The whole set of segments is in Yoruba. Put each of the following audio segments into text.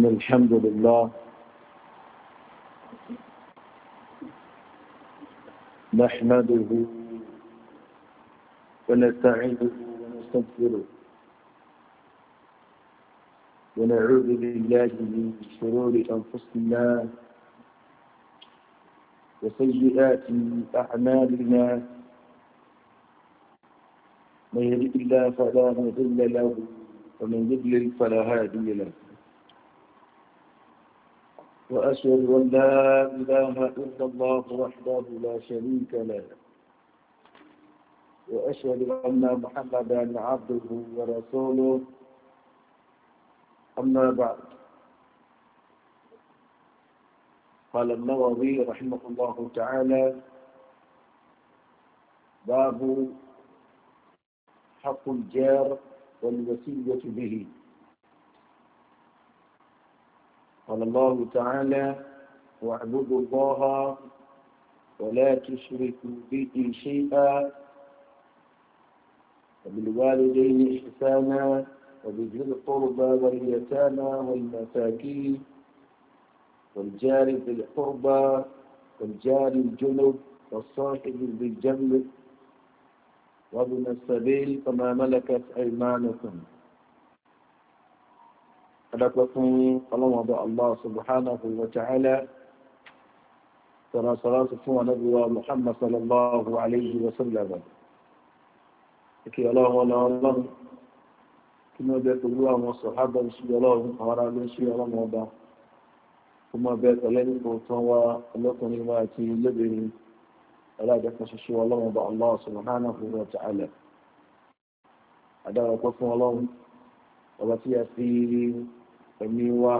إن الحمد لله نحمده ونستعينه ونستغفره ونعوذ بالله من شرور أنفسنا وسيئات أعمالنا من يهد الله فلا مضل له ومن يضلل فلا هادي له وأشهد أن لا إله إلا الله وحده لا شريك له وأشهد أن محمدا عبده ورسوله أما بعد قال النووي رحمه الله تعالى باب حق الجار والوسيلة به قال الله تعالى واعبدوا الله ولا تشركوا به شيئا وبالوالدين إحسانا وبذي القربى واليتامى والمساكين والجار ذي القربى والجار الجنب والصاحب بالجنب وابن السبيل كما ملكت أيمانكم adápẹ́ fún ọlọ́wọ́n bá Allah subhanahu wa ta'ala sọ̀rọ̀sọ̀rọ̀ sí fún ọ̀nàbíwá Muhammad sallallahu alayhi wa sallam ìkè ọlọ́wọ́n lọ́wọ́n kí ní ọjọ́ pẹ̀lú àwọn sọ̀hábà sí fún ọlọ́run ọba tí a fi ẹ̀mí wa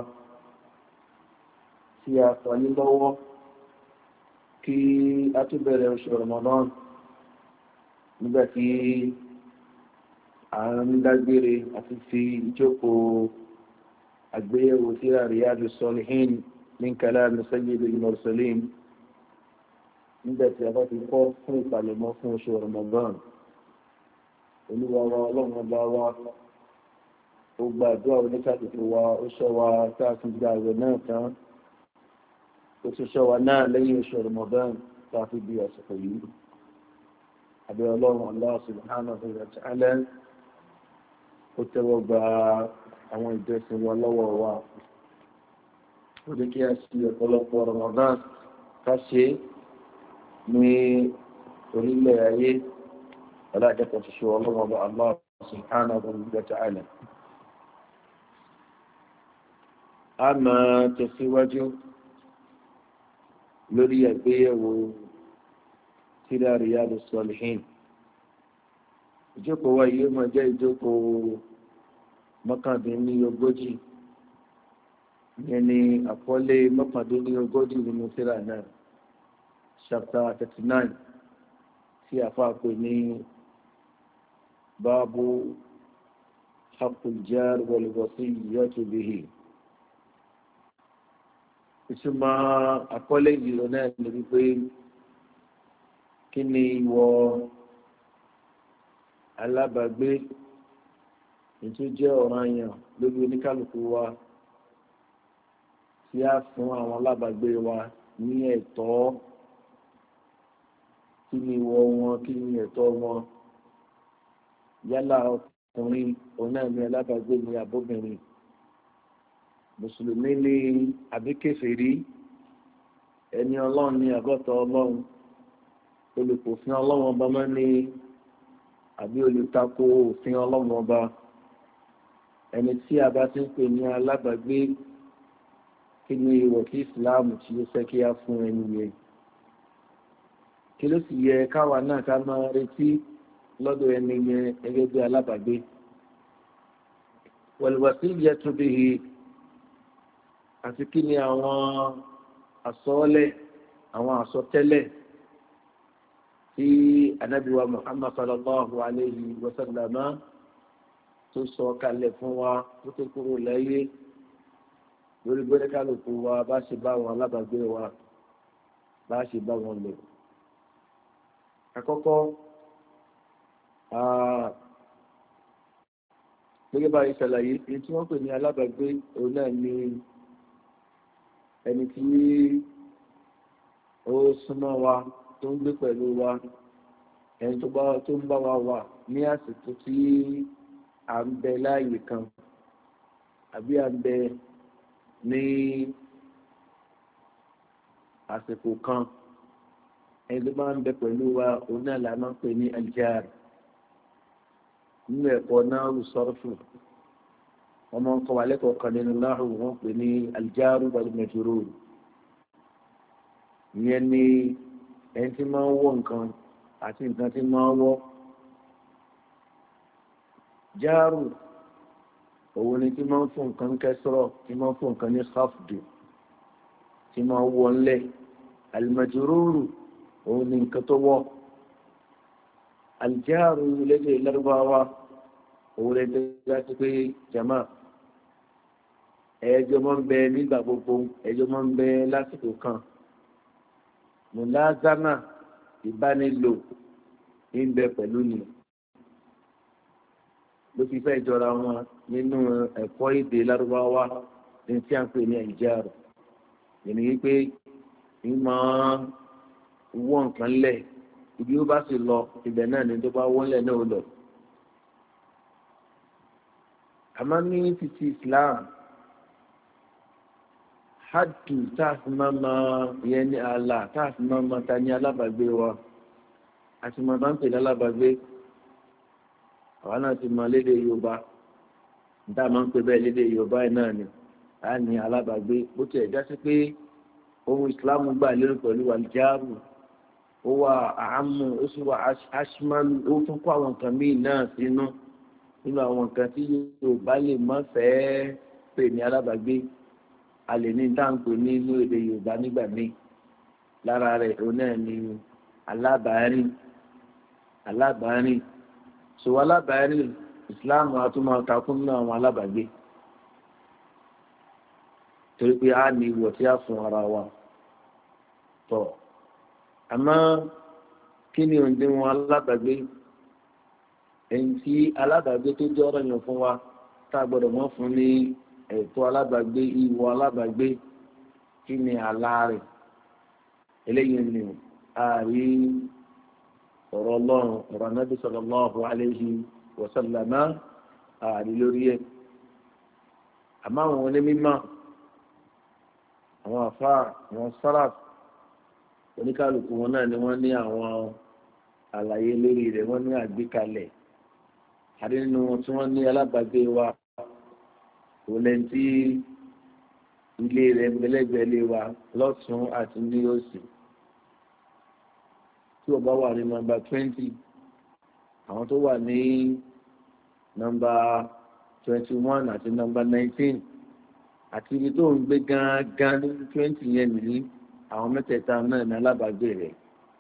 tí a fà ní lọ́wọ́ kí a tó bẹ̀rẹ̀ oṣù Ramadan nígbàtí àwọn onídágbére àti fi ìjókòó àgbéyẹ̀wò tí a Riyadu Salihin ní kalam Sayyidil Mursalin nígbàtí a bá ti kọ́ fún ìpalẹ̀mọ́ fún oṣù Ramadan olúwa ọlọ́run ọba wa ó gba àdúrà oníkàtúntò wa ó ṣọ́ wa tá fi gba àwẹ̀ náà kan ó ti ṣọ́ wa náà lẹ́yìn oṣù ramadan tá a fi bí àsìkò yìí àbí ọlọ́run allah subhanahu wa ale ó tẹ́wọ́ gba àwọn ìjọsìn wa lọ́wọ́ wa ó ní kí a sì ọ̀pọ̀lọpọ̀ ramadan ká ṣe ní orílẹ̀ ayé ọlọ́jọ́ kan ṣoṣo ọlọ́run allah subhanahu wa ta'ala. a máa tẹ̀síwájú lórí àgbéyẹ̀wò tíra ríyàdù sọlìhìn ìjókòó wa yìí máa jẹ́ ìjókòó mọ́kàndínlógójì ìyẹn ni àkọlé mọ́kàndínlógójì nínú tíra náà chapter thirty nine tí àfáàpè ní báàbù haqqul jar wal ìtumọ̀ àkọlé ìlò náà ni wípé kí ni ìwọ alábàágbé ètò jẹ́ ọ̀ràn yàn lórí oníkálukú wa tí a fún àwọn alábàágbé wa ní ẹ̀tọ́ kí ni ìwọ wọn kí ni ẹ̀tọ́ wọn yálà ọkùnrin òun náà ni alábàágbé ni abóbìnrin mùsùlùmí ni àbí kèfèrí ẹni ọlọ́run ni àgọ́tọ̀ ọlọ́run olùkòfin ọlọ́run ọba máa ní àbí olùtakò òfin ọlọ́run ọba ẹni tí a bá ti ń pè ní alábàágbé kí ni ìwọ̀ tí ìsìláàmù tí ó fẹ́ kí á fún ẹni yẹn kí ló sì yẹ káwa náà ká máa retí lọ́dọ̀ ẹni yẹn gẹ́gẹ́ bí alábàágbé wal wasiyyatu bihi àti kí ni àwọn àsọọ́lẹ̀ àwọn àsọtẹ́lẹ̀ tí anábìwa muhammad sallallahu alayhi wa sallam tó sọ kalẹ̀ fún wa tó tó kúrò láyé lórí gbọ́dọ̀ kálukú wa bá ṣe bá wọn alábàgbé wa bá ṣe bá wọn lò. àkọ́kọ́ gẹ́gẹ́ bá ṣàlàyé èyí tí wọ́n pè ní alábàgbé òun náà ni ẹni tí ó súnmọ́ wa tó ń gbé pẹ̀lú wa ẹni tó ń bá wa wà ní àsìkò tí à ń bẹ láàyè kan àbí à ń bẹ ní àsìkò kan ẹni tó bá ń bẹ pẹ̀lú wa òun náà la máa ń pè ní aljaar nínú ẹ̀kọ́ náà rú sọ́rọ́fù wọ́n máa ń kọ́ wa lẹ́kọ̀ọ́ kan nínú láhù wọ́n pè ní aljaru balimẹtiro ìyẹn ni ẹni tí máa ń wọ́ nǹkan àti nǹkan tí máa ń wọ́ jaru òun ni tí máa ń fún nǹkan kẹsọ́rọ̀ tí máa ń fún nǹkan ní káfùdù tí máa ń wọ́ ńlẹ̀ alimẹtiro òun ni nǹkan tó wọ́ aljaru lédè lárúbáwá òun lè láti pé jama ẹjọ́ mọ́ ń bẹ nígbà gbogbo ẹjọ́ mọ́ ń bẹ lásìkò kan mùláàzámà ìbánilò ń bẹ pẹ̀lú ni ló fi fẹ́ jọra wọn nínú ẹ̀kọ́ èdè lárúbáwá ní tí a ń pè ní ẹ̀jẹ̀ rẹ̀ èmi wípé ń máa wọ́ nǹkan lẹ̀ ibi ó bá sì lọ ibẹ̀ náà ni tó bá wọ́lẹ̀ náà lọ. àmọ́ ní títí islam hàtù táàfimọ́mọ́ yẹn ní àlà táàfimọ́mọ́ ta ní alábàgbé wa àti mọ̀ bá ń pèlè alábàgbé àwa náà ti mọ lédè yorùbá níta máa ń pè bẹ́ẹ̀ lédè yorùbá yìí náà ni a ní alábàgbé bó tiẹ̀ já sí pé ohun ìsìlámù gbà lérò pẹ̀lú àlùjáàrù ó wà àhámù ó sì wà aṣímánú ó tún kó àwọn nǹkan míì náà sínú nínú àwọn nǹkan tí yorùbá lè má fẹ́ẹ́ pè ní alábàgbé a lè ní táǹpù ní inú èdè yorùbá nígbà míì lára rẹ̀ òun náà ni alábàárìn alábàárìn so alábàárìn ìsìláàmù àtúmọ̀ takún náà àwọn alábàágbé torí pé a ní ìwọ̀ tí a fún ara wa tọ̀ àmọ́ kí ni òǹdí wọn alábàágbé ẹni tí alábàágbé tó jẹ́ ọ̀rọ̀ yàn fún wa tá a gbọ́dọ̀ mọ́ fún ní ẹ̀tọ́ alábàágbé ìwọ alábàágbé kí ni àlá rẹ̀ eléyìí ni ààrí ọ̀rọ̀ ọlọ́run ọ̀rọ̀ anábì sallallahu alayhi wa sallama ààrí lórí ẹ̀ àmọ́ àwọn onímọ̀ àwọn àfa àwọn sáraf oníkálukú wọn náà ni wọ́n ní àwọn àlàyé lórí rẹ̀ wọ́n ní àgbékalẹ̀ àdínú tí wọ́n ní alábàágbé wa kò lẹ́ni tí ilé rẹ̀ gbẹlẹ́gbẹ̀lé wa lọ́tún àti ní òsì tí o bá wà ní nọmba twenty àwọn tó wà ní nọmba twenty one àti nọmba nineteen àti ibi tó ń gbé gangan ní twenty yẹn nìyí àwọn mẹ́tẹ̀ẹ̀ta náà ní alábàágbé rẹ̀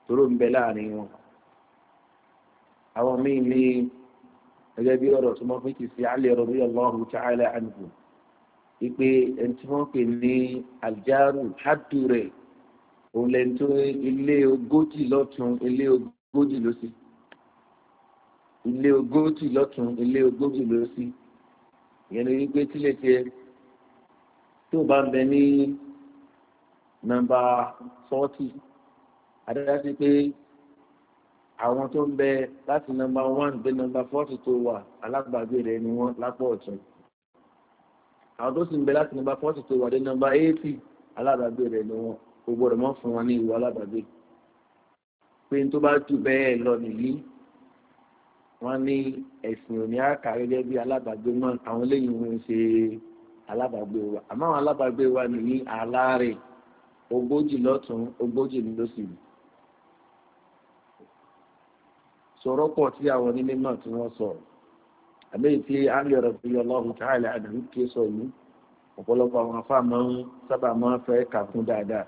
tóró ń bẹ láàrin wọn àwọn míì ní gẹ́gẹ́ bí ọ̀rọ̀ tó mọ́ fún kìsì alẹ́ rọ̀bí ọlọ́run tí a lẹ́ àǹkù wípé ẹni tí pè ní aljaru hadu rẹ̀ òun lẹ́ni tó ilé ogójì lọ́tún ilé ogójì lọ́sí ilé ogójì lọ́tún ilé ogójì lọ́sí ìyẹn ni wípé tílé tiẹ̀ tó bá ń bẹ ní nọ́mbà fọ́tì adájọ́ sí pé àwọn tó ń bẹ láti nọ́mbà one dé nọ́mbà fọ́tì tó wà alábàgbé rẹ̀ ni wọ́n lápò ọ̀tún àwọn tó sì ń bẹ láti nọmba fọ́tì tó wà dé nọmba éètì alábàágbé rẹ̀ ni wọn kò gbọ́dọ̀ mọ́ fún wọn ní ìwọ alábàágbé pé n tó bá jù bẹ́ẹ̀ lọ nìyí wọ́n ní ẹ̀sìn òní àkà gẹ́gẹ́ bí alábàágbé mọ́ àwọn eléyìí wọn ṣe alábàágbé wa àmọ́ àwọn alábàágbé wa nìyí aláàrẹ̀ ogójì lọ́tún ogójì lọ́sì sọ̀rọ̀ pọ̀ tí àwọn onílé náà tí wọ́n sọ̀rọ̀ àbẹ́yì tí Ali radiyallahu ta'ala anhu ké sọ yìí ọ̀pọ̀lọpọ̀ àwọn afá máa ń sábà máa ń fẹ́ kàkún dáadáa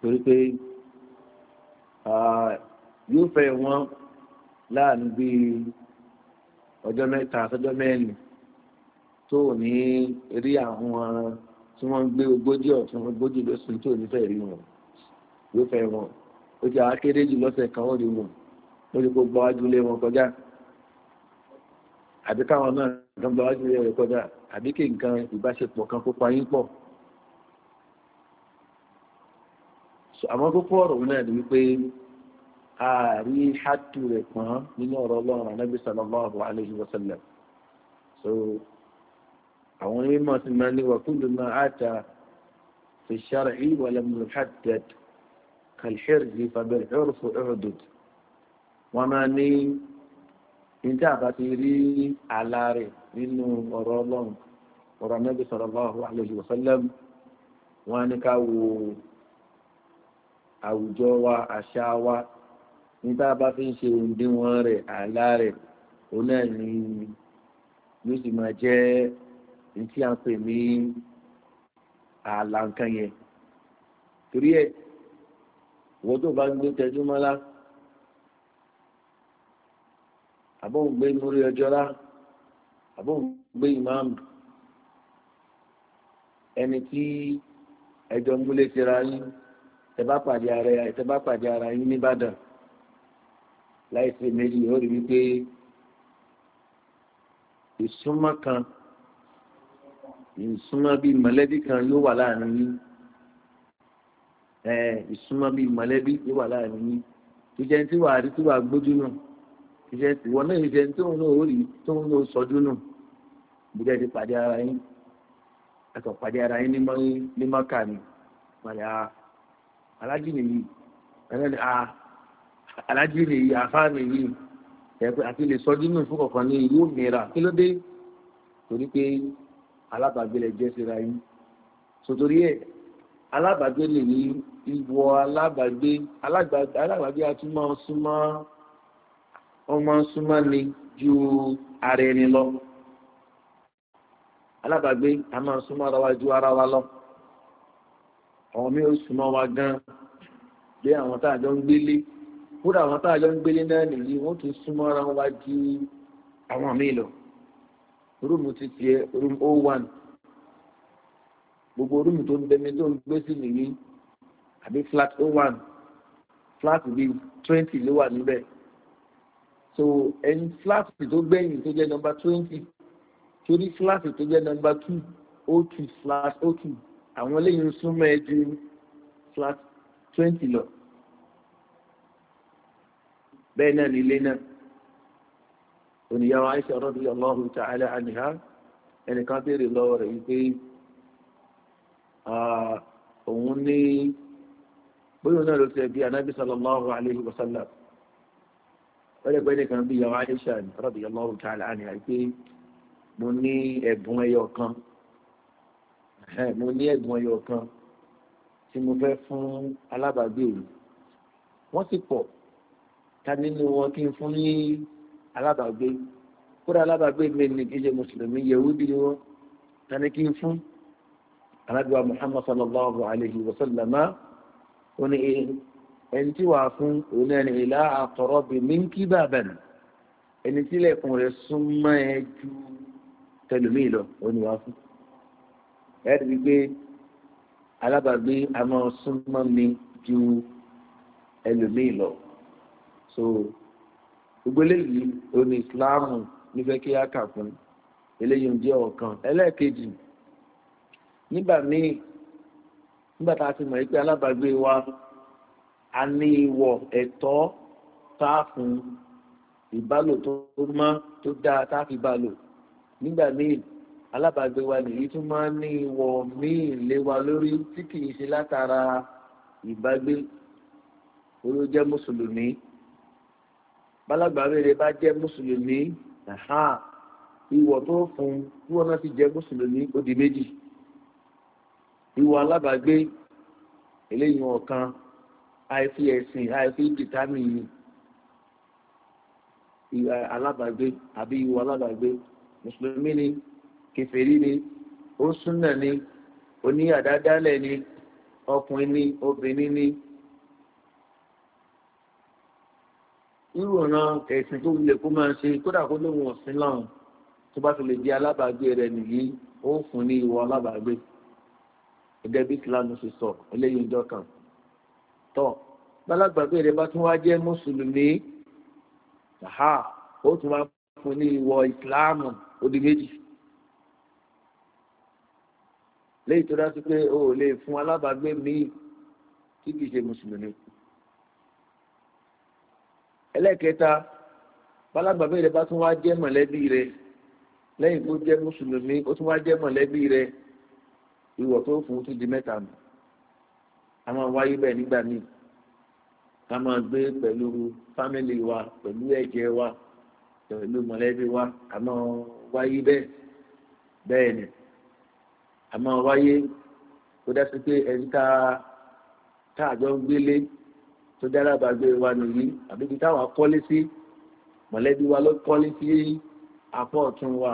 torí pé yóò fẹ́ wọn láàánú bí ọjọ́ mẹ́ta sọ́jọ́ mẹ́rin tó ní rí àwọn tí wọ́n ń gbé ogójì ọ̀tún ogójì lóṣù tó ní fẹ́ rí wọn yóò fẹ́ wọn ó ti àákéré jù lọ́sẹ̀ kan ó rí wọn ó gbogbo ajúlé wọn kọjá àbí káwọn náà kan gba wájú rẹ̀ kọjá àbí kí nǹkan ìbáṣepọ̀ kan kó pa yín pọ̀. àmọ́ kókó ọ̀rọ̀ náà ni wípé ààrí hátù rẹ̀ pọ̀n nínú ọ̀rọ̀ ọlọ́run anábì sallallahu alayhi wa sallam. so àwọn onímọ̀ sì máa ní wàkúlù náà àtà fi ṣáraì walam yuhaddad kalhirzi fabẹ̀rẹ̀ ọ̀rọ̀ fún ọ̀rọ̀ dùd. wọ́n máa ní níta àbá ti rí àlá rẹ̀ nínú ọ̀rọ̀ ọlọ́run ọ̀rọ̀ Ànábì sallallahu alayhi wa sallam wọ́n ní ká wo àwùjọ wa àṣà wa níta bá fi ń ṣe òǹdíwọ̀n rẹ̀ àlá rẹ̀ òun náà ni jẹ́ ntí à ń pè ní ààlà nǹkan yẹn torí ẹ̀ wọ́n tó bá ń gbé tẹjúmọ́lá àbóhùn gbé múrí ọjọ́lá àbóhùn gbé ìmáàmù ẹni tí ẹjọ́ múlé ti ra yín tẹ́bá pàdé ara ẹ̀ tẹ́bá pàdé ara yín nìbàdàn láìsí méjì ó rí wípé ìsúnmọ́ kan ìsúnmọ́ bíi mọ̀lẹ́bí kan yóò wà láàrin yín ìsúnmọ́ bíi mọ̀lẹ́bí yóò wà láàrin yín tó tí wàá rí tí wàá gbójú náà iṣẹ́ ìwọ náà iṣẹ́ tó ń lò rí tó ń lò sọdún nù bóyá ti pàdé ara yín ẹ̀sọ̀ pàdé ara yín ní mọ́kà ni pàdé ah, alájì nìyí ẹ̀rọ ni ah, alájì nìyí afá nìyí ẹ̀pẹ́ àti lè sọdún nù fún kọ̀ọ̀kan ní ìlú mìíràn kí ló dé torí pé alábàgbélẹ̀ jẹ́ síra yín sotori ẹ̀ alábàgbé nìyí ìwọ alábàgbé alábàgbé atúmọ̀ súnmọ́ wọ́n máa ń súnmọ́ ni ju ara ẹni lọ alábàágbé a máa ń súnmọ́ ara wa ju ara wa lọ àwọn mi ò súnmọ́ wa gan bí àwọn tá a jọ ń gbélé kódà àwọn tá a jọ ń gbélé náà nìyí wọ́n tún súnmọ́ ara wa ju àwọn mi lọ rúùmù ti tiẹ̀ rúùmù o oh one gbogbo rúùmù tó ń bẹmi tó ń gbé sí nìyí àbí flat o oh one flat bíi twenty ló wà níbẹ̀ so ẹni fúláàtì tó gbẹ̀yìn tó jẹ́ nọmba twenty torí fúláàtì tó jẹ́ nọmba two o two slash o two àwọn eléyìí ń súnmọ́ ẹ ju slash twenty lọ bẹ́ẹ̀ náà ní ilé náà oníyàwó aisha rọ́bì ọlọ́run tààlà àníhá ẹnìkan béèrè lọ́wọ́ rẹ̀ wípé òun ní bóyá náà ló ti ẹbí anábì sallallahu alayhi wa sallam pẹ́lẹ́pẹ́ nìkan bí yàrá aisha rọ̀bì ọlọ́rù tààlà ní àìpé mo ní ẹ̀bùn ẹyọ kan mo ní ẹ̀bùn ẹyọ kan tí mo fẹ́ fún alábàágbé mi wọ́n sì pọ̀ ta nínú wọn kí n fún ní alábàágbé kódà alábàágbé mi ní kí mùsùlùmí yẹ̀wúdí ni wọ́n ta ní kí n fún alábàá muhammad sallallahu alayhi wa sallam ó ní ẹni tí wàá fún òun náà ní ìlà àtọ̀rọ̀ bíi mínkì bàbà nù ẹni tí ilẹ̀kùn rẹ̀ súnmọ́ ẹ ju tẹlómìn lọ òun ni fún ẹ rí pé alábàgbé a súnmọ́ mi ju ẹlòmíì lọ so gbogbo eléyìí oní ìsìláàmù nífẹ̀ẹ́ kí á kà fún eléyìí ń jẹ́ ọ̀kan ẹlẹ́ẹ̀kejì nígbà míì nígbà tá a ti mọ̀ pé alábàgbé wa a ní ìwọ̀ ẹ̀tọ́ táàfún ìbálò tó mọ́ tó dáa táàfin bálò nígbà míì alábàágbé wa nìyí tún máa ń ní ìwọ̀ míì léwa lórí tí kìí ṣe látara ìbágbé olú jẹ́ mùsùlùmí bálágbàáre rẹ bá jẹ́ mùsùlùmí ìwọ̀ tó fún tí wọ́n náà ti jẹ́ mùsùlùmí ó di méjì ìwọ̀ alábàágbé eléyìí ọ̀kan àìfi ẹ̀sìn àìfi dìtámì alábàgbé àbí ìwọ alábàgbé mùsùlùmí ni kẹfẹ́rí ni ó súnà ni oníyàdádálẹ̀ ni ọkùnrin ni obìnrin ni irú ọ̀nà ẹ̀sìn tó wulẹ̀ kó máa ṣe kódà kó lóun ọ̀sìn lọ́hùn tó bá fi lè jẹ́ alábàgbé rẹ̀ nìyí ó fún ní ìwọ alábàgbé gẹ́gẹ́ bí kìláàmù ṣe sọ eléyìí ń jọ tọ́ bálágbàgbé rẹ bá tún wá jẹ́ mùsùlùmí ṣáà ó tún wá fún ní ìwọ ìsìláàmù odi méjì léyìí tó dájú pé o ò lè fún alábàágbé míì tí kìí ṣe mùsùlùmí ẹlẹ́kẹta bálágbàgbé rẹ bá tún wá jẹ́ mọ̀lẹ́bí rẹ lẹ́yìn tó jẹ́ mùsùlùmí ó tún wá jẹ́ mọ̀lẹ́bí rẹ ìwọ̀ tó fún ti di mẹ́ta mọ̀ a máa wáyé bẹ́ẹ̀ nígbà míì ká máa gbé pẹ̀lú fámìlì wa pẹ̀lú ẹ̀jẹ̀ wa pẹ̀lú mọ̀lẹ́bí wa a máa wáyé bẹ́ẹ̀ bẹ́ẹ̀ ni a máa wáyé kó dásí pé ẹni tá àjọ ń gbélé tó dára bàgbé wa nìyí àbí táwọn akọ́lé sí mọ̀lẹ́bí wa ló kọ́lé sí apá ọ̀tún wa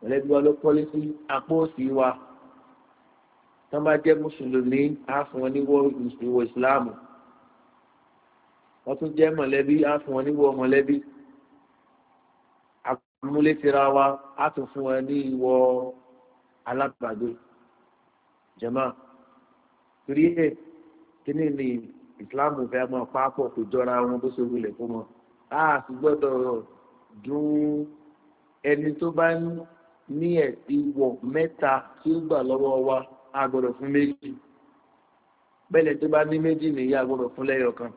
mọ̀lẹ́bí wa ló kọ́lé sí apá òsì wa tán bá jẹ́ mùsùlùmí á fún wọn níwọ̀ ìwọ̀ ìsìláàmù wọ́n tún jẹ́ mọ̀lẹ́bí á fún wọn níwọ̀ mọ̀lẹ́bí amúlétira wa á tún fún wọn ní ìwọ̀ alábàgbé jẹ̀má torí ẹ̀ kíní ni ìsìláàmù fẹ́ mọ́ pápọ̀ kò jọra wọn bó ṣe wulẹ̀ fún wọn á sì gbọ́dọ̀ dún ẹni tó bá ní ẹ̀ ìwọ̀ mẹ́ta tí ó gbà lọ́wọ́ wa. agbọ́dọ̀ fún méjì bẹ́ẹ̀lẹ̀ tó bá ní méjì nìyí agbọ́dọ̀ fún lẹ́yọ kan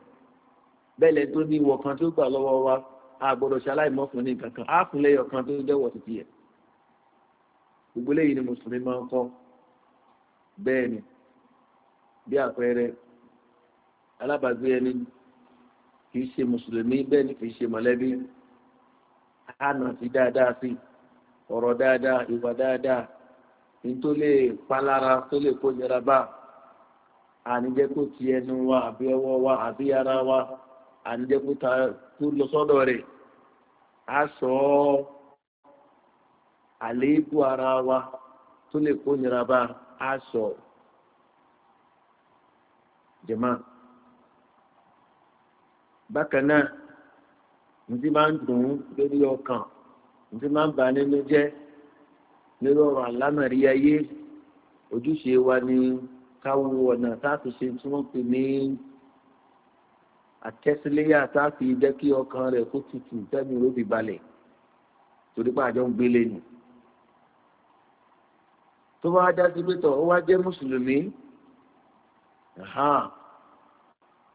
bẹ́ẹ̀lẹ̀ tó ní ìwọ̀ kan tó gbà lọ́wọ́ wa agbọ́dọ̀ ṣaláìmọ́ fún ní nǹkan á fún lẹ́yọ kan tó jẹ́wọ̀ títí ẹ̀ gbogbo lẹ́yìn ni mùsùlùmí máa ń kọ́ bẹ́ẹ̀ ni bí àpẹẹrẹ alábàgbé ẹni kìí ṣe mùsùlùmí bẹ́ẹ̀ ni kìí ṣe mọ̀lẹ́bí hànà sí dáadáa sí ọ̀rọ̀ dáadáa ìwà dáadáa tó lè palára tó lè kó jẹra bá ànijẹ́ kó ti ẹnu wa àbí ọwọ́ wa àbí ara wa ànijẹ́ kó ta kú lọ sọ́dọ̀ rẹ̀ á sọ ọ́ àléébù ara wa tó lè kó jẹra bá á sọ jẹ̀má. bákan náà ntí máa ń dùn ún lórí ọkàn ntí máa lórí ọ̀rọ̀ àlámẹ̀rí ayé ojúṣe wa ni káwo ọ̀nà táàtù ṣe tí wọ́n pè ní àtẹ́síléyà táàtù jẹ́ kí ọkàn rẹ̀ kó tutù tẹ́mi ló fi balẹ̀ torí pé àjọ ń gbélé nù. tó bá dá sí pé tọ̀ ó wá jẹ́ mùsùlùmí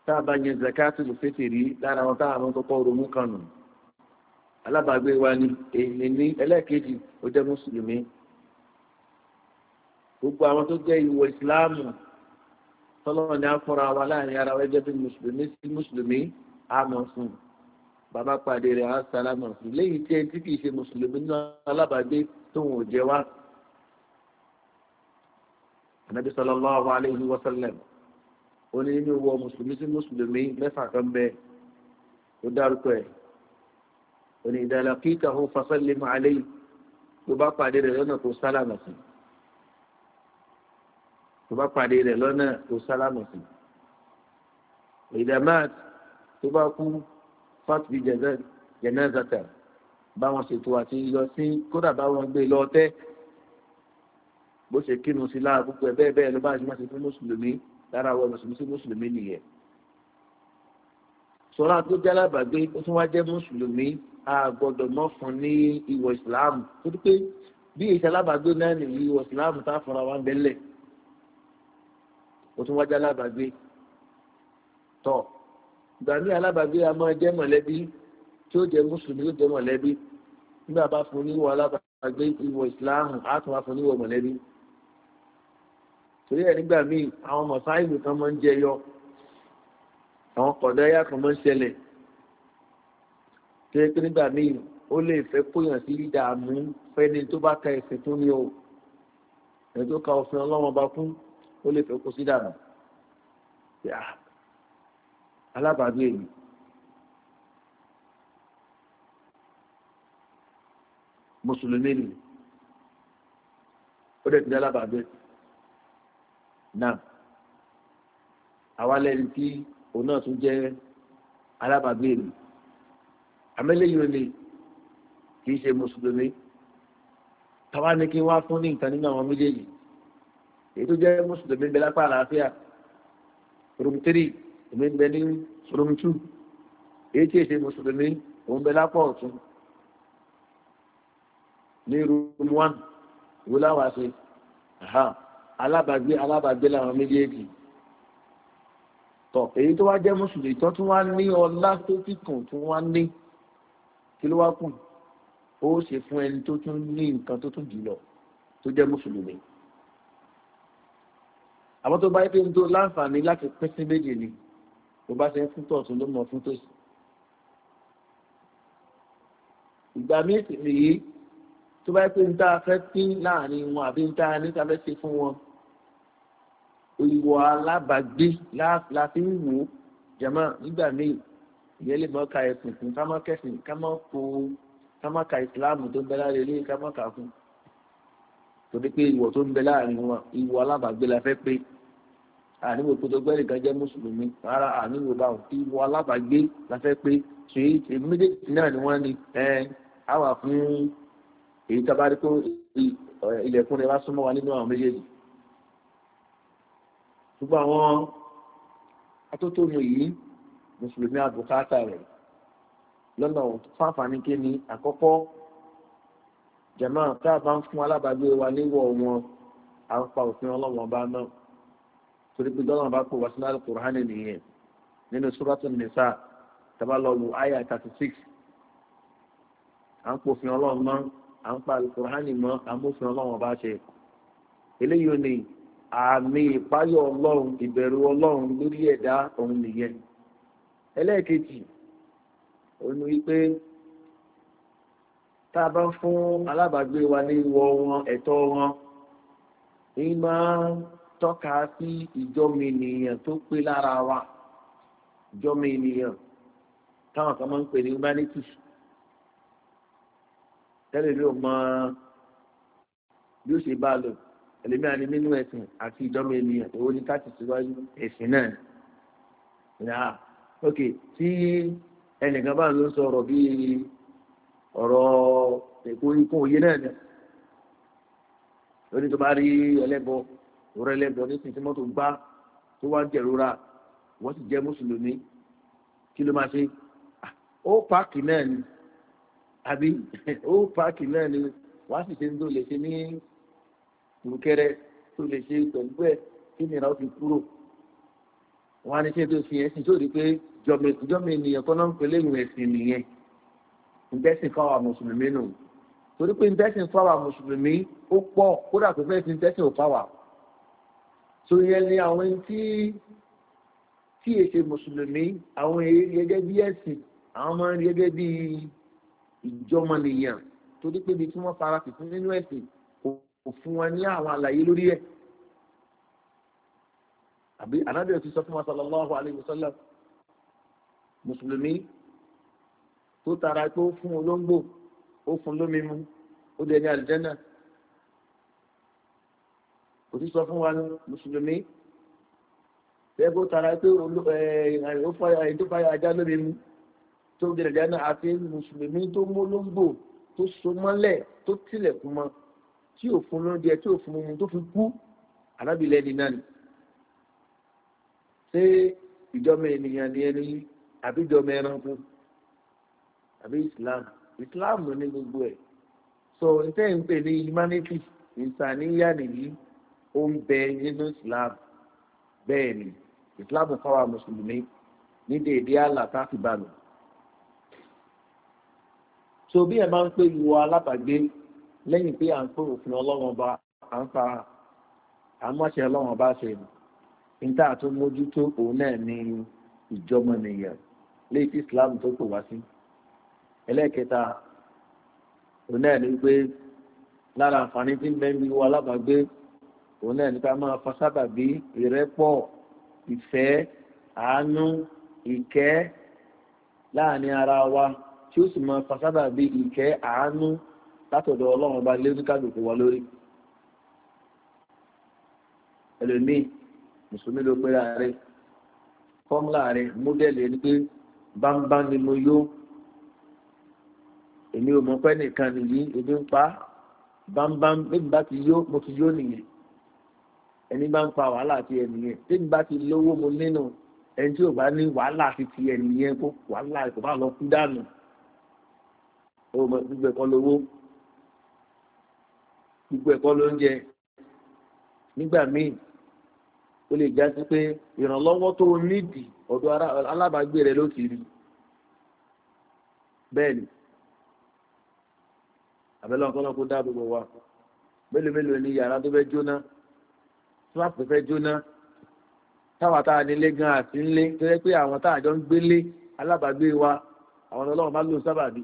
tá a bá yẹn zakatul fitri lára wọn tá a mọ́ tó kọ́ ronú kan alábàágbé wa ni èyí ní ẹlẹ́ẹ̀kejì ó jẹ́ mùsùlùmí gbogbo àwọn tó jẹ́ ìwọ̀ ìsìláàmù tọ́lọ́wọ́n ni a fọ́ra wa láàrin ara wa jẹ́ bí mùsùlùmí sí mùsùlùmí àmọ́ fún bàbá pàdé rẹ̀ á sálámà fún léyìí tí ẹni tí kìí ṣe mùsùlùmí náà alábàágbé tóun ò jẹ wá. ànábi sallallahu alayhi wa sallam ó ní nínú wọ mùsùlùmí sí mùsùlùmí mẹ́fà kan bẹ́ẹ̀ ó dárúkọ ẹ̀ òní ìdàlàkítà ó fasalé mọ́ alẹ́ yìí tó bá pàdé rẹ̀ lọ́nà kó sálàmù sí tó bá pàdé rẹ̀ lọ́nà kó sálàmù sí ìdàmáàt tó bá kú fásitì jẹnẹzàtà bá wọn ṣètò àti lọ sí kódà bá wọn gbé lọ tẹ́ bó ṣe kírun sí lára púpọ̀ bẹ́ẹ̀ bẹ́ẹ̀ ló bá ṣe máa ṣe fún mùsùlùmí lára wọn mùsùlùmí sí mùsùlùmí nìyẹn sọlá tó jẹ́ alábàgbé ó tún wá jẹ́ mùsùlùmí a gbọ́dọ̀ mọ́ fún ní ìwọ̀ ìsìláàmù tó dí pé bí èsì alábàgbé náà nìyí ìwọ̀ ìsìláàmù tá a fara wa ń bẹ́lẹ̀ ó tún wá jẹ́ alábàgbé tọ̀ ìgbà ní alábàgbé a máa jẹ́ mọ̀lẹ́bí tí ó jẹ́ mùsùlùmí tó jẹ́ mọ̀lẹ́bí nígbà bá fún níwọ̀ alábàgbé ìwọ̀ ìsìláàmù á tún wá fún níwọ̀ mọ̀lẹ́bí torí ẹ̀ nígbà míì àwọn mọ̀sáìlì kan máa ń jẹyọ àwọn kọ̀dáyà kan mọ́ ṣẹlẹ̀ tó yẹ pé nígbà míì ó lè fẹ́ kóyàn sí ìdààmú fẹ́ni tó bá ka ẹ̀sìn tó ní o ẹni tó ka òfin ọlọ́wọ́n bá fún ó lè fẹ́ kó sí dànù alábàágbé èyí. mùsùlùmí ni ó dẹ̀ ti dá alábàágbé náà àwa lẹ́ni tí òun náà tún jẹ́ alábàgbé mi amẹ́lẹ́yìn olè kìí ṣe mùsùlùmí tọ́wá ní kí wá fún ní nǹkan nínú àwọn méjèèjì èyí tó jẹ́ mùsùlùmí bẹ lápá àlàáfíà room three èmi ń bẹ ní room two èyí tí èṣe mùsùlùmí òun bẹ lápá ọ̀tún ní room one ìwúláwàṣe alábàgbé alábàgbé làwọn méjèèjì tọ̀ èyí tó wá jẹ́ mùsùlùmí tó tún wá ní ọlá tó kíkùn tó wá ní kí ló wá kù ó ṣe fún ẹni tó tún ní nǹkan tó tún jùlọ tó jẹ́ mùsùlùmí àmọ́ tó bá yẹ pé ń tó láǹfààní láti pín sí méjì ni bó bá ṣe ń fún tọ̀tún ló mọ̀ fún tòsí ìgbà míì sì nìyí tó bá yẹ pé ń tá a fẹ́ pín láàrin wọn àbí ń tá a ní ká ṣe fún wọn ìwọ alábàágbé la fi ń wò ó jẹ̀mọ́ nígbà míì ìyẹn lè mọ́ ka ẹ̀sìn fún ká mọ́ kẹ́sìn ká mọ́ po ká mọ́ ka ìsìláàmù tó ń bẹ láàrin ilé ká mọ́ kà fún torí pé ìwọ tó ń bẹ láàrin wọn ìwọ alábàágbé la fẹ́ pé àníwò kó tó gbẹ́rì kan jẹ́ mùsùlùmí rárá àníwò báwọn ìwọ alábàágbé la fẹ́ pé ṣe èmi méjèèjì náà ni wọ́n ní ẹ àwà fún èyí tábàárí kó ilẹ̀kùn rẹ̀ wá súnmọ́ wa nínú àwọn méjèèjì gbogbo àwọn atótónu yìí mùsùlùmí àbùkátà rẹ̀ lọ́nà fáfàní ké ní àkọ́kọ́ jẹ̀mọ́ tá a bá ń fún alábàágbé wa níwọ̀ wọn à ń pa òfin ọlọ́wọ́n bá náà torí pé dọ́là bá pò wá sínú alukur'an nìyẹn nínú sùrọ́tù nìsa tabalọ́lù àyà thirty six à ń pòfin ọlọ́run mọ́ à ń pa alukur'an mọ́ à ń mọ́fin ọlọ́wọ́n bá ṣe eléyìí ò ní àmì ìpáyọ̀ ọlọ́run ìbẹ̀rù ọlọ́run lórí ẹ̀dá òun nìyẹn ẹlẹ́ẹ̀kejì òun ni wípé tá a bá fún alábàágbé wa ní ìwọ wọn ẹ̀tọ́ wọn ní máa tọ́ka sí ìjọ́mi ènìyàn tó pé lára wa ìjọ́mi ènìyàn táwọn kan máa ń pè ní humanity tẹ́lẹ̀ ló mọ bí ó ṣe bá lò ẹlẹ́mí àní nínú ẹ̀sìn àti ìjọba ènìyàn èwo ni ká ti síwájú ẹ̀sìn náà yà ok tí ẹnìkan bá ń lọ sọ̀rọ̀ bí ọ̀rọ̀ èkó ikú òye náà ni lórí tó bá rí ẹlẹ́bọ òrẹ́ ẹlẹ́bọ ní títí mọ́tò gbá tó wá ń jẹ̀rora wọ́n sì jẹ́ mùsùlùmí kí ló máa ṣe ó páàkì náà ni àbí ó páàkì náà ni wọ́n á sì ṣe ń tó ṣe ní ìrúkẹrẹ tó lè ṣe pẹ̀lú ẹ̀ kí nìyẹn ó fi kúrò wọn á ní ṣe tó fi ẹ̀sìn tó rí pé jọmọ ìjọmọ ènìyàn kan náà ń pèlè ìwé ẹ̀sìn nìyẹn ìbẹ́sìn fáwọn mùsùlùmí nù torí pé ìbẹ́sìn fáwọn mùsùlùmí ó pọ̀ kódà tó fẹ́ fi ìbẹ́sìn ò fáwọn so yẹn ni àwọn tí tí èsè mùsùlùmí àwọn gẹ́gẹ́ bí ẹ̀sìn àwọn máa ń gẹ́gẹ́ bí ìjọmọnìyàn torí pé ibi tí wọ́n fara fìfún nínú ẹ̀sìn kò fún wọn ní àwọn àlàyé lórí ẹ̀ àbí anábìyà ti sọ fún wa sallallahu alayhi wa sallam mùsùlùmí tó tara pé ó fún olóńgbò ó fún lómi mu ó dẹ̀ ní àlìjẹ́nà kò sí sọ fún wa mùsùlùmí tẹ́gbó tara pé ó fáyà ajá lómi mú tó gẹ̀rẹ̀ dáná àti mùsùlùmí tó mú lóńgbò tó so mọ́lẹ̀ tó tilẹ̀kùn mọ́ tí ò fún lóúnjẹ tí ò fún mímu tó fi kú arábìlẹ̀ ẹni náà ni ṣé ìjọba ènìyàn ni ẹni àbíjọba ẹranko àbí islam islam ní gbogbo ẹ̀ so ntẹ́ ń pè ní humanity ìsàníyà nìyí ó ń bẹ nínú islam bẹ́ẹ̀ ni islam fáwa mùsùlùmí ní dèédé àlàtà àfibàlù so bí ẹ máa ń pè ìwọ alábàgbé lẹ́yìn pé à ń pè òfin ọlọ́run bá à ń fa àmọ́ṣe ọlọ́run bá ṣe nù níta tó mójútó òun náà ní ìjọmọ nìyẹn léyìí tí islam tó pè wá sí ẹlẹ́ẹ̀kẹta òun náà ní pé lára àǹfààní tí ń bẹ́ ń bí wa alábàágbé òun náà ní ká máa fa sábà bí ìrẹ́pọ̀ ìfẹ́ àánú ìkẹ́ láàrin ara wa tí ó sì máa fa sábà bí ìkẹ́ àánú látọ̀dọ̀ ọlọ́run ọba lérúkàjòkó wa lórí ẹlòmíì mùsùlùmí ló pé láàrin fọ́mùlà rẹ̀ mọ́dẹ́lì ẹni pé bámbá ni mo yó èmi ò mọ̀ pé nìkan nìyí ebi ń pa bámbá bẹ́ẹ̀ bá ti yó mo ti yó nìyẹn ẹni bá ń pa wàhálà ti ẹ nìyẹn bẹ́ẹ̀ bá ti lówó mo nínú ẹni tí ò bá ní wàhálà ti ti ẹ nìyẹn kó wàhálà kò bá lọ kú dànù ó mọ gbígbẹ kọ lówó gbogbo ẹ̀kọ́ ló ń jẹ nígbà míì ó lè já sí pé ìrànlọ́wọ́ tó o nídìí ọ̀dọ̀ alábàágbé rẹ ló ti rí bẹ́ẹ̀ ni àbẹ́lẹ́ ọ̀kan náà kó dá gbogbo wa mélòó mélòó ni yàrá tó fẹ́ jóná fúláàpù fẹ́ jóná táwa tá a nílé gan àti ńlé tó yẹ pé àwọn tá a jọ ń gbélé alábàágbé wa àwọn ọlọ́run bá lò sábàbí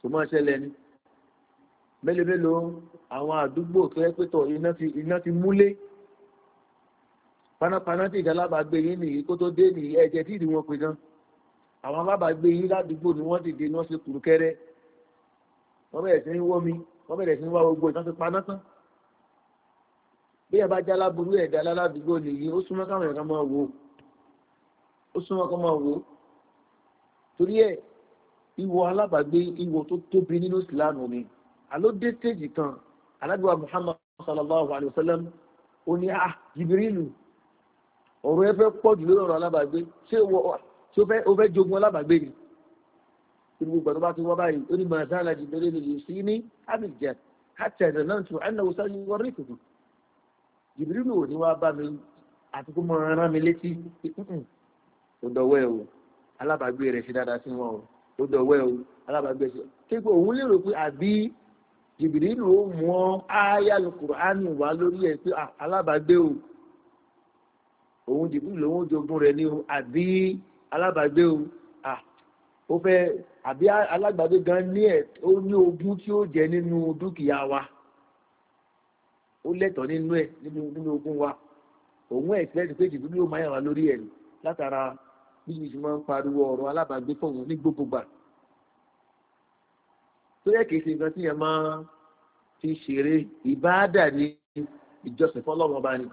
kò mọ́ ṣẹlẹ̀ ni mélòó àwọn àdúgbò tó yẹ pétọ̀ iná ti múlé panápaná tí ìdálábàgbé yín nìyí kó tó dé nìyí ẹ̀jẹ̀ tí ìdí wọn pe gan àwọn alábàgbé yín ládùúgbò ni wọ́n ti dé ní wọ́n ṣe kùrù kẹ́rẹ́ wọ́n bẹ̀rẹ̀ sí ń wọ́ mi wọ́n bẹ̀rẹ̀ sí ń wá gbogbo ìtàn ti paná tán bí ẹ bá já láburú ẹ̀dá aládùúgbò nìyí ó súnmọ́ káwọn ẹ̀ka máa wò ó súnmọ́ kó máa wò torí ẹ̀ ìwọ alábàgbé ìwọ tó tóbi nínú ìsìlámù ni àlódé stage kan alágbèwà muhammad sallallahu alayhi wa sallam ó ní ah jibirilu ọ̀rọ̀ ẹ fẹ́ pọ̀ jù lórí ọ̀rọ̀ alábàgbé ṣé o fẹ́ jogun alábàgbé ni ìlú gbàdúrà bá ti wá báyìí ó ní máa dáhàlà jìbìrì lè sí ní abidjan hàtì ẹ̀dẹ̀ náà tún ẹ̀ náà sáyé wọ́n rí kùkù jìbìrì lò ní wá bá mi àti kó máa rán mi létí ó dọ̀wọ́ o alábàgbé rẹ̀ ṣe dáadáa sí wọn o ó dọ̀wọ́ o alábàgbé ṣe kéko òun lérò pé àbí jìbìrìlù ó mú ọ ááyá alukur'ani wá lórí ẹ pé alábàágbé o òun jìbìrìlù òun jogún rẹ ni o àbí alábàágbé o ó fẹ́ àbí alágbàdo gan ní ẹ̀ ó ní ogún tí ó jẹ nínú dúkìá wa ó lẹ́tọ̀ nínú ẹ̀ nínú ogún wa òun ẹ̀ tẹ́lẹ̀ pé jìbìrìlù ó máa yà wá lórí ẹ̀ látara bí jìbìrìlù máa ń pariwo ọ̀rọ̀ alábàágbé fọ̀hún ní gbogbo gbà tó yẹ kìí ṣe nǹkan tí yẹn máa fi ṣeré ìbáàdà ní ìjọsìn fọlọ́wọ́n bá ní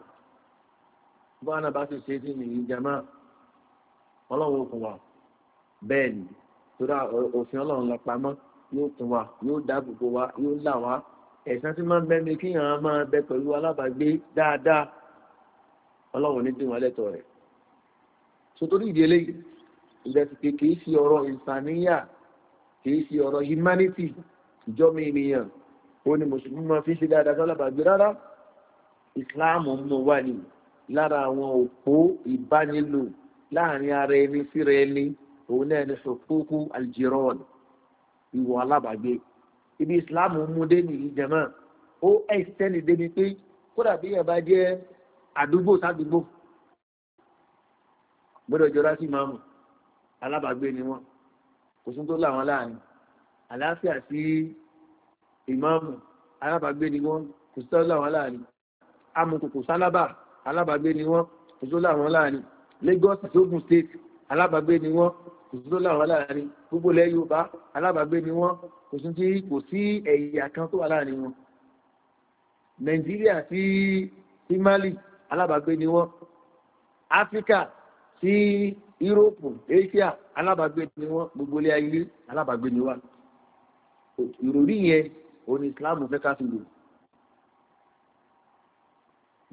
báwọn náà bá ti ṣe sí ní ìjàmá ọlọ́run òkun wa bẹ́ẹ̀ ni torí òfin ọlọ́run lọ pamọ́ yóò kún wa yóò dáàbòbò wa yóò là wá ẹ̀sán tí máa ń bẹ́ mi kíyàn máa bẹ pẹ̀lú alábàágbé dáadáa ọlọ́run ní bí wọn lẹ́tọ̀ọ́ rẹ̀ sotori ìdílé ìdẹ̀sìkè kìí fi ọ̀rọ̀ ìsàníyà kìí ṣe ọ̀rọ̀ humanity ìjọba ènìyàn ó ní mùsùlùmí máa fi ṣe dáadáa sálábàgbé rárá ìsìláàmù mú wà ní lára àwọn òpó ìbánilò láàrin ara ẹni síra ẹni òun náà ní sọ̀kókó algeron ìwọ̀ alábàgbé ibi ìsìláàmù mú dé nìyí jẹ̀mọ́ ó ẹ̀sítẹ́nì débi pé kódà bí ẹ̀ bá jẹ́ àdúgbò sádùúgbò gbọ́dọ̀ jọra sí máàmù alábàgbé ni wọ́n kò sí tó láwọn láàrin àlàáfíà sí ìmọ̀ọ́mù alábàgbé ni wọ́n kò sí tó láwọn láàrin amukoko sálábà alábàgbé ni wọ́n kò sí tó láwọn láàrin lagos ogun state alábàgbé ni wọ́n kò sí tó láwọn láàrin gbogbo ilẹ̀ yorùbá alábàgbé ni wọ́n kò sí tí kò sí ẹ̀yà kan tó wà láàrin wọn nàìjíríà sí sí mali alábàgbé ni wọ́n áfíríkà sí. Si, yúróòpù asia alábàágbé ni wọ́n gbogbo ilé ayé alábàágbé ni wà ìròrí yẹn òun ni islam fẹ́ ká fi lò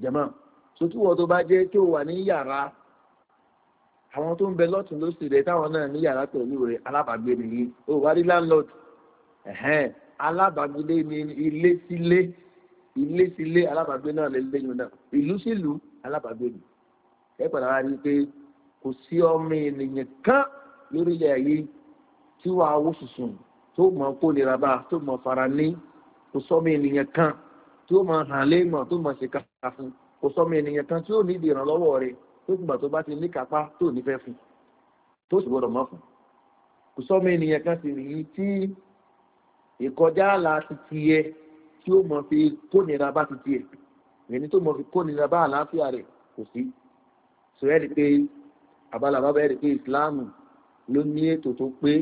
jẹ̀mọ́ sotúwọ́ tó bá jẹ́ tí ó wà ní yàrá àwọn tó ń bẹ lọ́tún lósì rẹ̀ táwọn náà ní yàrá pẹ̀lú rẹ̀ alábàágbé nìyí ó wá rí landlord alábàágbé ni ilé sílé ilé sílé alábàágbé náà lè léyìn náà ìlú sílùú alábàágbé ni ẹ padà wá rí pé kò sí ọmọ ènìyàn kan lórílẹ̀ ayé tí wàá wó sùsùn tó mọ̀ kó lera bá tó mọ̀ fara ní kò sọmọ ènìyàn kan tí ó máa hàn léèmọ̀ tó máa ṣe kápá fún kò sọmọ ènìyàn kan tí ó ní ìdìrànlọ́wọ́ rẹ̀ tó gbà tó bá ti ní kápá tó ní fẹ́ fún tó sì gbọ́dọ̀ mọ́ fún kò sọmọ ènìyàn kan sì nìyí tí ìkọjá àlà ti tiẹ̀ tí ó mọ̀ fi kónira bá ti tiẹ̀ ẹni tó mọ̀ fi kónira bá àlàáfíà rẹ̀ kò sí sọ ẹ́ pé abala bá bẹ̀rẹ̀ pé ìsìláàmù ló ní ètò tó pé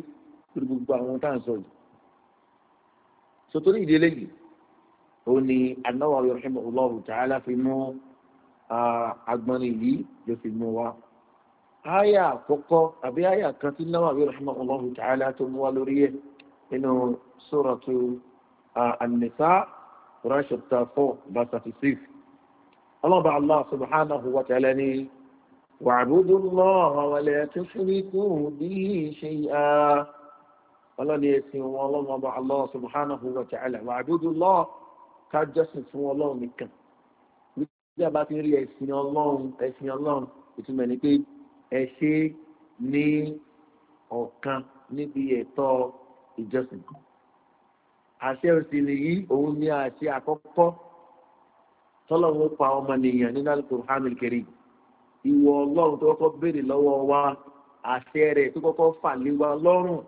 lórí gbogbo àwọn tá à ń sọ yìí sotori ìdílé yìí ó ní anáwó ayọ̀ṣẹ́mọ̀ ọlọ́run tààlà fi mú agbọ́nrin yìí ló fi mú wa aya àkọ́kọ́ àbí aya kan tí náwó ayọ̀ṣẹ́mọ̀ ọlọ́run tààlà tó mú wa lórí ẹ̀ nínú sóràtú ànìsá ránṣẹ́ tàfọ́ bá sàtìsí ọlọ́ba allah subhanahu wa ta'ala ni wa'budu Allaha wa la tushriku bihi shay'a ọlọ́ni ẹ̀sìn wọn ọlọ́run ọba Allah subhanahu wa ta'ala wa'budu Allaha ká jọ́sìn fún ọlọ́run nìkan bí a bá ti rí ẹ̀sìn ọlọ́run ẹ̀sìn ọlọ́run ìtumọ̀ ni pé ẹ ní ọ̀kan níbi ẹ̀tọ́ ìjọsìn àṣẹ òsìlè yìí òun ni àṣẹ àkọ́kọ́ tọ́lọ́run pa ọmọnìyàn nínú Al-Qur'an al ìwọ ọlọ́run tó kọ́kọ́ béèrè lọ́wọ́ wa àṣẹ rẹ̀ tó kọ́kọ́ fà lé wa lọ́rùn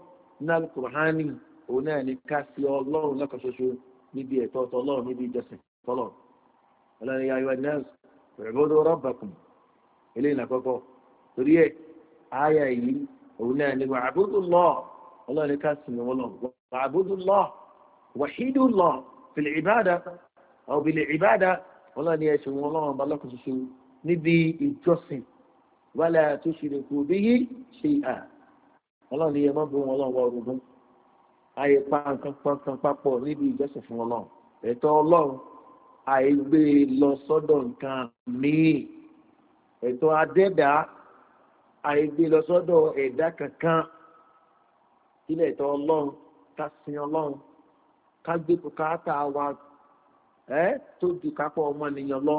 náà kùránì òun náà ní ká sí ọlọ́run lọ́kàn ṣoṣo níbi ẹ̀tọ́ ọ̀tọ̀ ọlọ́run níbi ìjọsìn tọ́lọ̀ ọlọ́run ya ìwà náà rẹ̀bọ́dọ̀ rọ́bàkùn eléyìí náà kọ́kọ́ torí ẹ̀ àyà yìí òun náà ní wàhálàbùdù lọ ọlọ́run ní ká sìn ọlọ́run ní níbi ìjọsìn wálé tó ṣeré kù bí yí ṣe à ọlọ́run yẹ mọ́ bí wọn lọ́wọ́ ọdún ayé pa nǹkan kan papọ̀ níbi ìjọsìn fún ọlọ́run ẹ̀tọ́ ọlọ́run àìgbé lọ sọ́dọ̀ nǹkan míì ẹ̀tọ́ adẹ́dá àìgbé lọ sọ́dọ̀ ẹ̀dá kankan ilẹ̀ ẹ̀tọ́ ọlọ́run ká sin ọlọ́run ká gbé kòkátà wa ẹ́ tó ju kápọ̀ ọmọnìyàn lọ.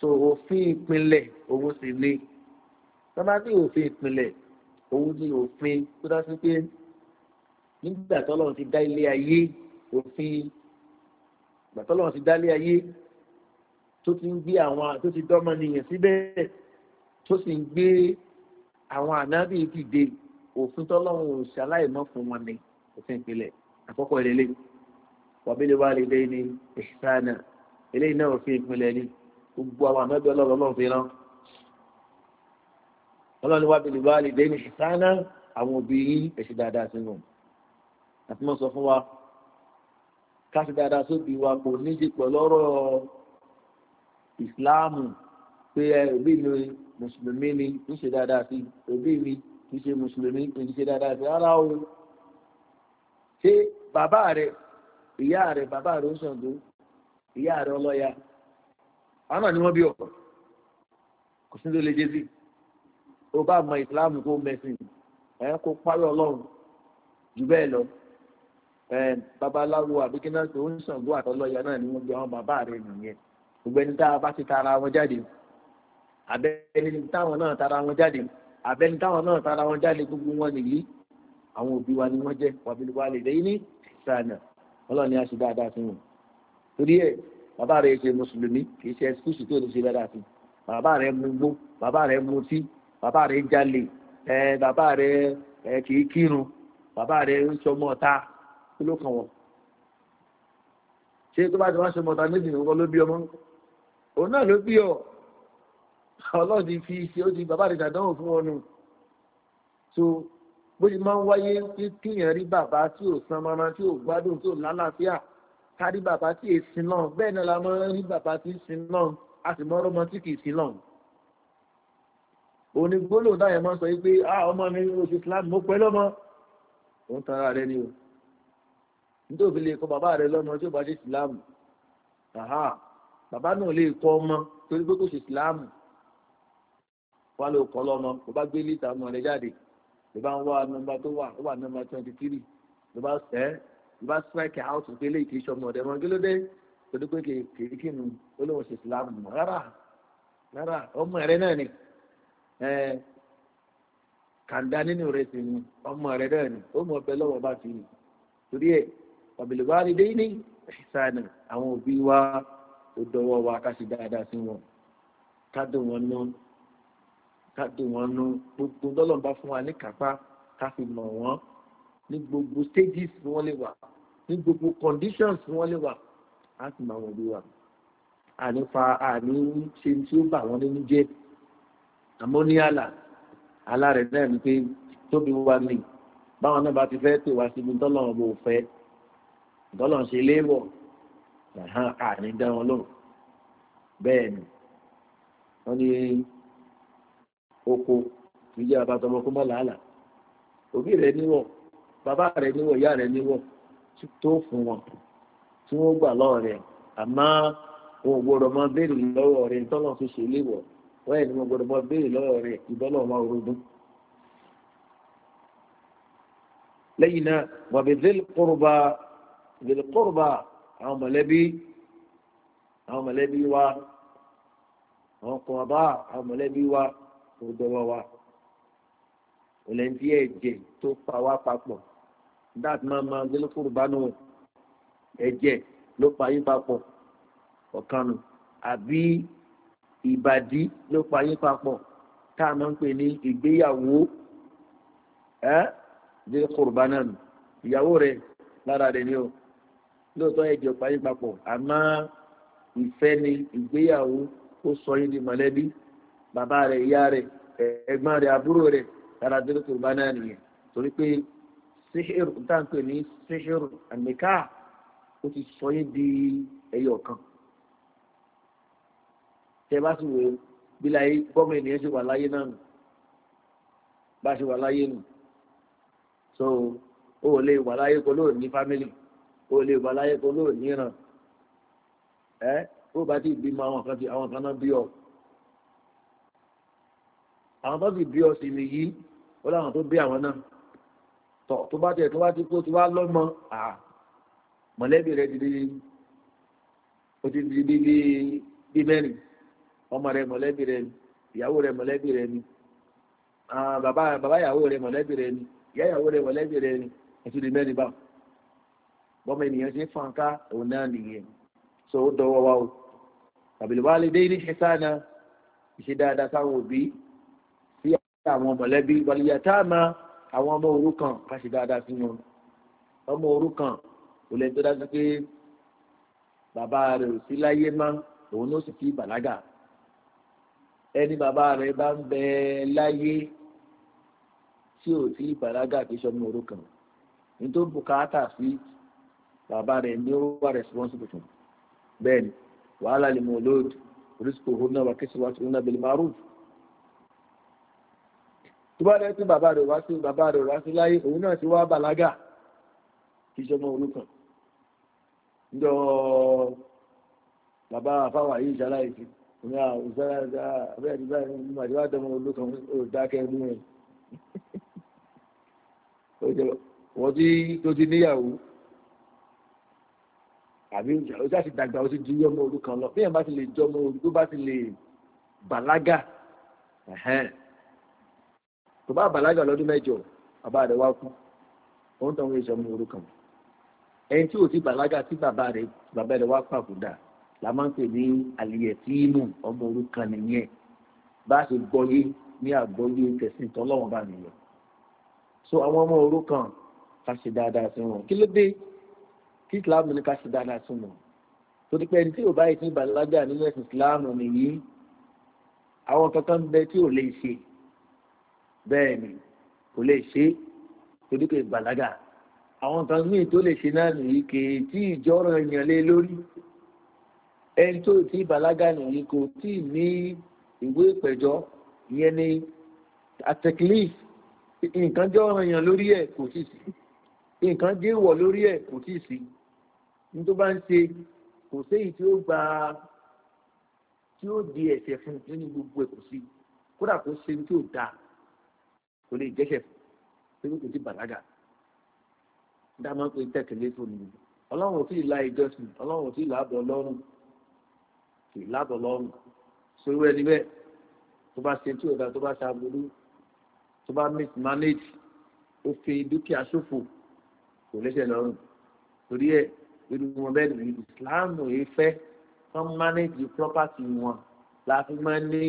so òfin ìpínlẹ̀ owó sì lé tọ́ba tí òfin ìpínlẹ̀ owó ní òfin tó dá sí pé nígbà tọ́lọ́run ti dá ilé ayé òfin ìgbà tọ́lọ́run ti dá ilé ayé tó ti ń gbé àwọn tó ti dọ́mọ nìyẹn síbẹ̀ tó sì ń gbé àwọn ànábì dìde òfin tọ́lọ́run ò ṣaláìmọ́ fún wọn ni òfin ìpínlẹ̀ àkọ́kọ́ ìrẹ̀lẹ̀ wàbílẹ̀ wà lè ní ìṣáná eléyìí náà òfin ìpínlẹ̀ ni gbogbo àwọn ànábẹ́ ọlọ́run ọlọ́run fi rán ọlọ́run wá bẹ̀rẹ̀ wá lè dé ní ìsáná àwọn òbí yìí ẹ̀ṣẹ̀ dáadáa sínú àti mọ́ sọ fún wa káṣí dáadáa sóbì wa kò ní í ṣe pọ̀ lọ́rọ̀ ìsìláàmù pé òbí mi mùsùlùmí ni ń ṣe dáadáa sí òbí mi kì í ṣe mùsùlùmí kì í ṣe dáadáa sí rárá o ṣé bàbá rẹ ìyá rẹ bàbá rẹ ó ṣàǹdó ìyá rẹ ọlọ́ya àánà ni wọ́n bí ọ̀pọ̀ kò sí tó lè jẹ́ sí o bá mọ ìsìláàmù kó mẹ́sìn ẹ̀ kó parí ọlọ́run jù bẹ́ẹ̀ lọ babaláwo àbíkínà tó ń ṣàǹgó àtọlọ́yà náà ni wọ́n bí àwọn bàbá rẹ̀ nìyẹn gbogbo ẹni tá a bá ti tara wọn jáde abẹ́ni táwọn náà tara wọn jáde abẹ́ni táwọn náà tara wọn jáde gbogbo wọn nìyí àwọn òbí wa ni wọ́n jẹ́ wàbílúwà lè dẹ́yìn ní ìsànà ọlọ́ni a ṣe wọn torí ẹ̀ bàbá rẹ̀ ṣe mùsùlùmí kì í ṣe ẹsikúùsì tó lè ṣe dáadáa sí bàbá rẹ̀ mu gbó bàbá rẹ̀ mutí bàbá rẹ̀ jalè ẹ bàbá rẹ̀ ẹ kì í kírun bàbá rẹ̀ ń sọmọ ọ̀tá kí ló kàn wọ́n. ṣé tó bá ti wá sọmọ ọ̀tá méjì nìkan ló bí ọmọ òun náà ló bí ọ ọlọ́ọ̀dì fi ṣe ó ti bàbá rẹ̀ dàdánwò fún ọ nù so bó ti máa ń wáyé kíyàn rí bàbá tí ò kárí bàbá tí è sin náà bẹ́ẹ̀ náà la máa ń rí bàbá tí ń sin náà a sì mọ́ ọmọ tí kì sin náà òní gbólóhùn táyẹ̀ máa ń sọ wípé ah ọmọ mi oṣù islam mo pẹ́ lọ́mọ òun tara rẹ ni o nítorí òfin lè kọ bàbá rẹ lọ́mọ tí ó bá ṣe islam bàbá náà lè kọ ọmọ torí pé kò ṣe islam wà ló kọ́ lọ́mọ kò bá gbé lítà ọmọ rẹ jáde ló bá ń wá nọmba tó wà ó wà nọmba twenty three ló bá sẹ́ ìbá strike out gbé lè kìí ṣọmọ ọdẹ wọn gílódé torí pé kìí kí nu olóhùn ṣe islam mọ rárá rárá ọmọ rẹ náà ni kàńdá nínú rẹ sì ni ọmọ rẹ náà ni ó mọ ọbẹ lọwọ bá fi ni torí ẹ ọbẹlẹwà ni dé ní ìsànà àwọn òbí wa ó dọwọ wa ká ṣe dáadáa sí wọn ká dùn wọn náà ká dùn wọn nú gbogbo dọ́lọ́mbà fún wa ní kápá ká fi mọ̀ wọ́n ní gbogbo stages ni wọ́n lè wà ní gbogbo conditions ni wọ́n lè wà á sì máa wọ̀n bí wà àní fa àní ṣe tí ó bà wọ́n nínú jẹ́ àmọ́ ní àlà àlà rẹ̀ náà ni pé tóbi wá ní báwọn náà bá ti fẹ́ pè wá síbi tọ́lọ̀ ọmọ òfẹ́ tọ́lọ̀ ṣe léwọ̀ àní dá wọn lóhùn bẹ́ẹ̀ ni wọ́n ní oko ìjẹ́ àbátọmọ kó òbí rẹ̀ níwọ̀n bàbá rẹ̀ níwọ̀ ìyá rẹ̀ níwọ̀ tó fún wọn tí wọ́n gbà lọ́wọ́ rẹ̀ àmọ́ wọn ò gbọ́dọ̀ máa béèrè lọ́wọ́ rẹ̀ tọ́lọ̀ fi ṣe léwọ̀ wọ́n yẹn ni wọ́n gbọ́dọ̀ máa béèrè lọ́wọ́ rẹ̀ ìbọ́lọ̀ máa rogún. lẹ́yìn náà wọ́n bẹ zilkóruba zilkóruba àwọn mọ̀lẹ́bí àwọn mọ̀lẹ́bí wa àwọn kọ̀ọ̀bá àwọn mọ̀lẹ́bí wa kò dọ̀wọ́ wa òlẹ́ntì ẹ̀jẹ̀ tó pa wá papọ̀ dat máa máa délókòrò bá nù ẹ̀jẹ̀ ló pa yín papọ̀ ọ̀kanu àbí ìbàdí ló pa yín papọ̀ tá a máa ń pè ní ìgbéyàwó ẹ́ délókòrò bá náà nù ìyàwó rẹ̀ lára rẹ̀ ni o lóòótọ́ ẹ̀jẹ̀ pa yín papọ̀ àmọ́ ìfẹ́ ni ìgbéyàwó ó sọ yín di mọ̀lẹ́bí bàbá rẹ̀ ìyá rẹ̀ ẹ̀gbọ́n rẹ̀ àbúrò rẹ̀ lára délókòrò náà nìyẹn torí pé síhìrù tá n pè ní síhìrù àníká ó ti sọ yín di ẹyọ kan tẹ bá sì wò ó bí láyé bọ́mọ ènìyàn ṣe wà láyé náà bá ṣe wà láyé nù so ó lè wà láyé kó lóò ní fámìlì ó lè wà láyé kó lóò ní ìran ẹ ó bá ti bímọ àwọn kan ti àwọn kan náà bí ọ àwọn tó ti bí ọ sì nìyí ó láwọn tó bí àwọn náà tọ̀ tó bá tẹ̀ tó bá ti kó ti wá lọ́mọ à mọ̀lẹ́bí rẹ̀ ti di ó ti di bí bí mẹ́rin ọmọ rẹ̀ mọ̀lẹ́bí rẹ̀ ni ìyàwó rẹ̀ mọ̀lẹ́bí rẹ̀ ni bàbá bàbá ìyàwó rẹ̀ mọ̀lẹ́bí rẹ̀ ni ìyá ìyàwó rẹ̀ mọ̀lẹ́bí rẹ̀ ni ó ti di mẹ́rin báwọn bọ́mọ ènìyàn ṣe fànká òun náà nìyẹn so ó dọwọ́ wa o tàbílẹ̀ wá lè dé ní ṣẹ́sánà ìṣe dáadáa sáwọn òbí sí àwọn mọ̀lẹ́bí wàlúyàtá máa àwọn ọmọ òrukàn ká ṣe dáadáa sí wọn ọmọ òrukàn kò lẹ́ni tó dájú pé bàbá rẹ̀ ò sí láyé má òun ló sì fi bàlágà ẹni bàbá rẹ̀ bá ń bẹ láyé tí ò sí bàlágà kì í ṣọmọ òrukàn ní tó bùkátà sí bàbá rẹ̀ ní ó wà responsible fún bẹ́ẹ̀ ni wàhálà lè mọ̀ lóòdù orísìkò òun náà wà kí sí wàá tó ń náà máa rúdù tó bá rẹ̀ tí bàbá rẹ̀ wá sí bàbá rẹ̀ wá sí láyé òun náà ti wá bàlágà kì í ṣọmọ orúkàn ńjọ bàbá àfáwà yìí ṣaláyé sí òun yà òṣèlú o àdìbá ẹni màdìbá dọmọ olókan ò dákẹ́ mú ẹ wọ́n tí tó ti o àbí ó sì o ó sì ju ọmọ orúkàn lọ bí ẹ̀ bá ti lè jọmọ orúkàn tó bá ti lè bàlágà ẹ̀hẹ́n tó bá bàlágà lọ́dún mẹ́jọ bàbá rẹ̀ wá kú òun tó ń wé ìṣọmọ orúkọ ẹni tí ò ti bàlágà tí bàbá rẹ̀ bàbá rẹ̀ wá pàkúdà la máa ń pè ní àlìyẹ̀tìmù ọmọ orúkọ nìyẹn bá a ṣe gbọ́yé ní àgbọ́yé tẹ̀sìn tọ́lọ́wọ́n bá nìyẹn so àwọn ọmọ orúkọ ká ṣe dáadáa sí wọn kí ló dé kí islam ní ká ṣe dáadáa sí wọn torí pé ẹni tí ò bá yìí ti nínú ẹ̀sìn islam nìyí àwọn kankan bẹ tí ò lè ṣe bẹ́ẹ̀ ni kò lè ṣe é torí kò bàlágà àwọn kan míì tó lè ṣe náà nìyí kèé tí ìjọra èèyàn lé lórí ẹni tó ti bàlágà nìyí kò tí ì ní ìwé ìpẹ̀jọ́ ìyẹn ni atẹ̀kìlíf nǹkan jẹ́ ọ̀ràn èèyàn lórí ẹ̀ kò tí sí nǹkan jẹ́ ìwọ̀ lórí ẹ̀ kò tí sí ní tó bá ń ṣe kò séyìí tí ó gba tí ó di ẹ̀sẹ̀ fún nínú gbogbo ẹ̀ kò sí kódà kó ṣe tí ò dáa kò lè jẹ́sẹ̀ pé kò ti bàlágà dáná pé tẹ̀kẹ̀lé fún mi ọlọ́run tí ìlà ìjọsìn ọlọ́run tí ìlàbọ̀ lọ́rùn kì í lábọ̀ lọ́rùn sórí ẹni bẹ́ẹ̀ tó bá ṣe tí ọ̀dà tó bá ṣàbùrú tó bá mismanage ó fi dúkìá ṣòfò kò lẹ́sẹ̀ lọ́rùn torí ẹ̀ irú wọn bẹ́ẹ̀ ní ìsìláàmù yìí fẹ́ wọ́n manage property wọn láti máa ní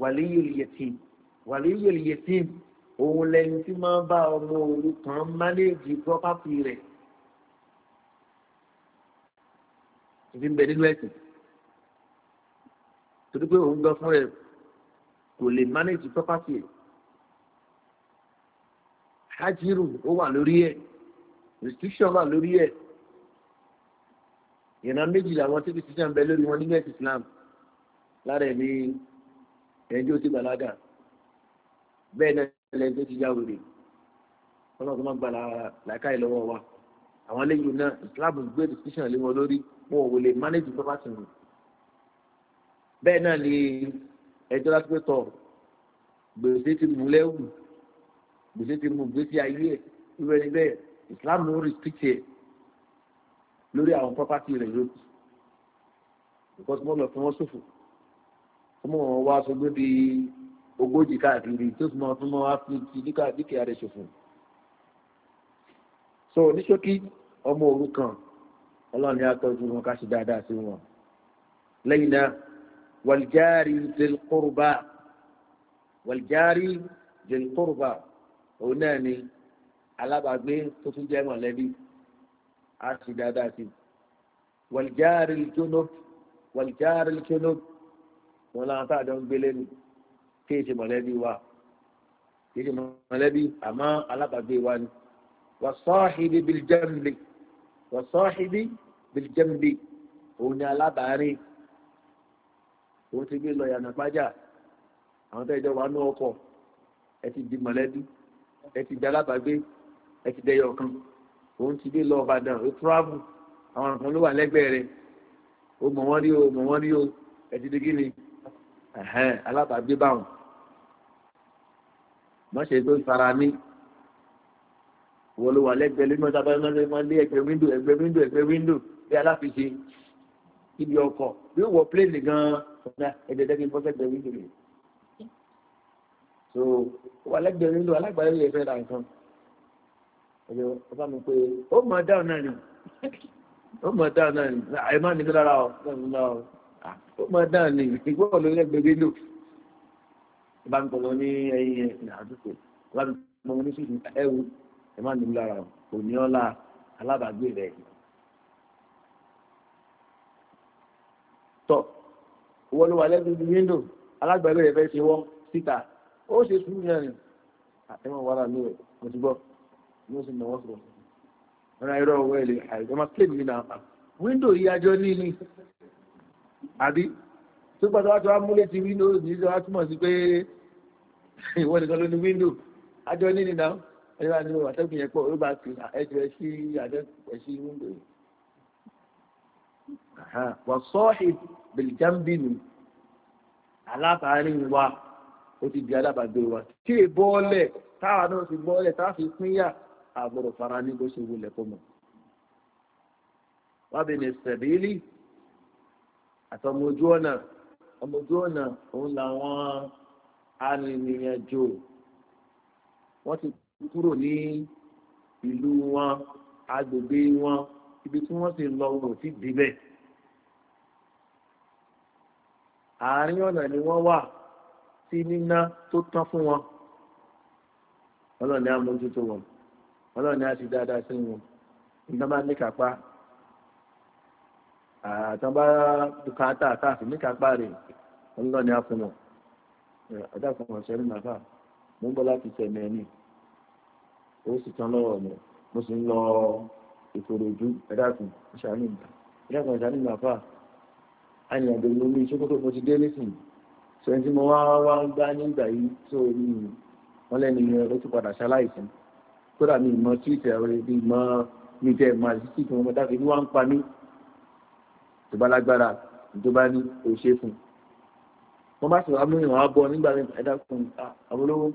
wàlíyìí yẹtìm wàlíyé yẹtìm òun lẹni tí máa bá ọmọ òrukàn mánéèjì pọ́pátì rẹ̀ ìdí ń bẹ nínú ẹ̀sìn torí pé òun gan fún ẹ kò lè mánéèjì pọ́pátì rẹ̀ hajiru ó wà lórí ẹ̀ restriction wà lórí ẹ̀ ìran méjì làwọn tí kìí ṣiṣẹ́ ń bẹ lórí wọn nínú ẹ̀sìn islam lára ẹ̀ ní ẹjọ́ tí bẹ́ẹ̀ náà lẹ́yìn tó ti já wèrè ọlọ́run máa gbà láàká ìlọ́wọ́ wa àwọn eléyìí náà islam gbé decision lé wọn lórí wọn ò lè manage property wọn bẹ́ẹ̀ náà ni ẹjọ́ láti pé tọ̀ gbèsè ti mú lẹ́wù gbèsè ti mú gbèsè ayé ẹ̀ irú ẹni bẹ́ẹ̀ islam ń restrict ẹ̀ lórí àwọn property rẹ̀ yòókù because wọ́n lọ fún wọn ṣòfò ọmọ wọn wá sọgbó bíi ogójì káàkiri tó fi mọ́ fún mọ́ wá fi ti níkà dúkìá rẹ̀ ṣòfò so ní ṣókí ọmọ òrukàn ọlọ́run ni a tọ́jú wọn ká ṣe dáadáa sí wọn lẹ́yìn náà wàlìjáàrí zilkórbà wàlìjáàrí zilkórbà òun náà ni alábàgbé tó tún jẹ́ mọ̀lẹ́bí a ṣe dáadáa sí wàlìjáàrí jónób wàlìjáàrí jónób wọn làwọn tá jọ ń gbélé nù kí èsì mọ̀lẹ́bí wa kí èsì mọ̀lẹ́bí àmọ́ alábàgbé wa ni wàsọ́ọ̀hìbí bìljẹ́mbì wàsọ́ọ̀hìbí bìljẹ́mbì òun ni alábàárín òun ti gbé lọ yànnà pàjá àwọn tó ìjọba ní ọkọ̀ ẹ ti di mọ̀lẹ́bí ẹ ti di alábàgbé ẹ ti dẹyọ kan òun ti gbé lọ ọ̀bàdàn ó tíráàbù àwọn nǹkan ló wà lẹ́gbẹ̀ẹ́ rẹ̀ ó mọ̀ wọ́n rí o mọ̀ wọ́n rí o ẹ ti di gíni alábàgbé báwọn mọ́ṣe tó fara ní wọ́n ló wà lẹ́gbẹ̀ẹ́ lórí mọ́ta bá lọ́dọ̀ máa lé ẹgbẹ́ wíńdò ẹgbẹ́ wíńdò ẹgbẹ́ wíńdò bí aláfiṣe ibi ọkọ̀ bí ó wọ pléènì gan ọ̀dà ẹ̀jẹ̀ jẹ́ kí n rẹ̀ so wà lẹ́gbẹ̀ẹ́ wíńdò alágbàáyé yẹ fẹ́ ra nǹkan ẹ̀jẹ̀ ọba mi pé ó mọ̀ dáhùn náà ni ó mọ̀ dáhùn náà ni àìmọ́ ni mi lára ọ̀ ó ah, mọ̀ dáhùn ni ìgbọ́ bá ń tọrọ ní ẹyin ẹ̀sìn àdúgbò bá ń tọrọ ní sísun ẹwù ẹ má nílò ara kò ní ọlá alábàágbé rẹ. tọ wọ́n ló wà lẹ́nu ibi wíńdò alágbàgbé rẹ fẹ́ ṣe wọ́n síta ó ṣe sùúrù yẹn rìn àtẹ̀wọ̀n wàrà ló rẹ̀ ti gbọ́ ní oṣù náà wọ́n sọ̀rọ̀ ọ̀nà ìrọ̀ òwe ẹ̀ lè àìsàn máa claim mi náà wíńdò yìí ajọ́ ní ni àbí tó gbàdúrà tó wá múlẹ̀ ti wíńdò ní ìjọba túmọ̀ sí pé ìwọ nìkan ló ní wíńdò àjọ ní nìdá ẹni bá ní wọn àtẹ́kùn yẹn pọ̀ ó bá pè ẹjọ ẹ sí àtẹ́kùn ẹ sí wíńdò yìí. wọ́n sọ́ọ̀hì bìlìjàmbínú alábàárín wa ó ti di alábàgbé wa tí è bọ́ọ̀lẹ̀ táwa náà ti bọ́ọ̀lẹ̀ táwa fi pínyà àbọ̀rọ̀ fara ní bó ṣe wulẹ̀ fún mi. wábi ní sẹ̀bílì àtọmọ ojú ọ̀nà ọmọ ojú ọ̀nà òun làwọn arìnrìnàjò wọ́n ti kúrò ní ìlú wọn agbègbè wọn ibi tí wọ́n sì lọ wọn ò sì àárín ọ̀nà ni wọ́n wà tí níná tó tán fún wọn ọlọ́ọ̀ni á mójútó wọn ọlọ́ọ̀ni á sì dáadáa sí wọn nígbà bá ní àtàn bá dùkátà káàfin ní kápá rẹ̀ ọlọ́ọ̀ni á fún àdàkùn ọ̀sẹ̀ rí màfà mo ń bọ́ láti tẹ̀mẹ̀ ni ó sì tán lọ́wọ́ mi mo sì ń lọ ìkòròdú ẹ̀dàkùn ìṣàánú ìgbà ẹ̀dàkùn ìṣàánú màfà àyìnàdò mo ní ìṣókòtò mo ti dé nísìnyí sọ ẹni tí mo wá wá ń gbá nígbà yìí tó ní wọn lẹ́nu yẹn ó ti padà ṣaláìsí kódà mi ìmọ̀ tíìtẹ̀ rẹ̀ bí ìmọ̀ mi jẹ́ ìmọ̀ àti tíìtẹ̀ wọn dáfẹ́ ní wọ́n bá sì wá mú ìwọ̀n abọ́ nígbà tí ẹ̀dá kun àwọn olówó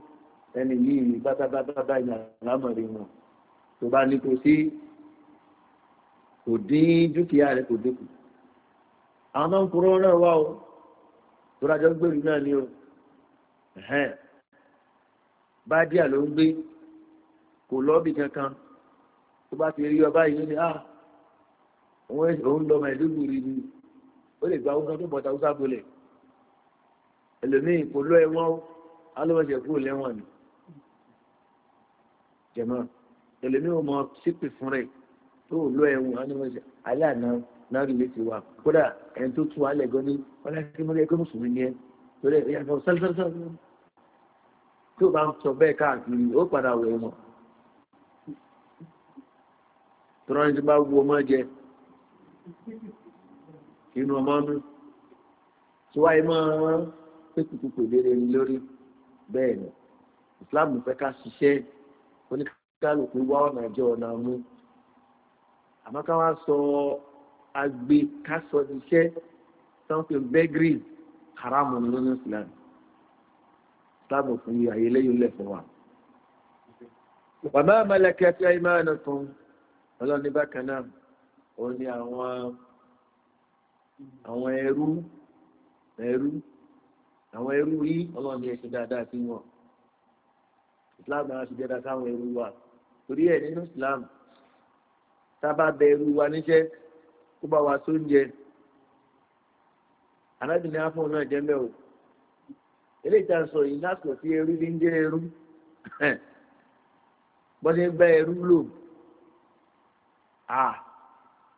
ẹni yìí bábábábá ìyá lámọ̀rin wọn tó bá ní kò sí kò dín dúkìá rẹ̀ kò dínkù àwọn tó ń kúrò náà wá o tó rájọ ń gbèrú náà ni o bá díà ló ń gbé kò lọ́ọ̀bì kankan tó bá ti rí ọba yìí ni ah òun lọ mọ̀ ẹ̀dúgbò rí ni ó lè gba ọgbọ́n tó bọ̀ta ó sábọ̀lẹ̀ ẹlòmíì ìpolówó ẹ̀wọ̀n alówọ́sẹ̀ kúrò lẹ́wọ̀n ni jẹ̀mọ́ ẹlòmíì ò mọ sípì fún rẹ̀ tó lọ ẹ̀wọ̀n alówọ́sẹ̀ aláàná náà rí létí wa kódà ẹni tó tún alẹ́ gan ni wọn láti kí mọ́lẹ́ ẹgbẹ́ mùsùlùmí ni ẹ torí ẹ̀ yàtọ̀ sálísálísálí tó bá ń sọ bẹ́ẹ̀ káàkiri ó padà wọ̀ ẹ̀wọ̀n tó rán ní ti bá wú ọmọ jẹ inú ọmọ nù tí wáyé máa pẹ́kùtùkù lére ní lórí bẹ́ẹ̀ ni islam fẹ́ ká ṣiṣẹ́ oníkálukú wá ọ̀nà àjọ ọ̀nà mú àmọ́ ká wá sọ agbe ká sọ iṣẹ́ something begri haramu nínú islam islam ò fún ayé lẹ́yìn lẹ̀ fún wa. wàmọ́ àmàlẹ́kẹ́ tí ayé máa nà tún ọlọ́ni bákan náà ó ní àwọn àwọn ẹrú ẹrú àwọn ẹrù rí ọlọ́run ní dáadáa sí wọn islam náà ti sáwọn wa torí ẹ̀ nínú islam bẹ ẹrù wa níṣẹ́ kó bá wa sóúnjẹ arábìnrin afọ́n náà jẹ́ eléyìí tá sọ yìí ní ń bá ẹrú lò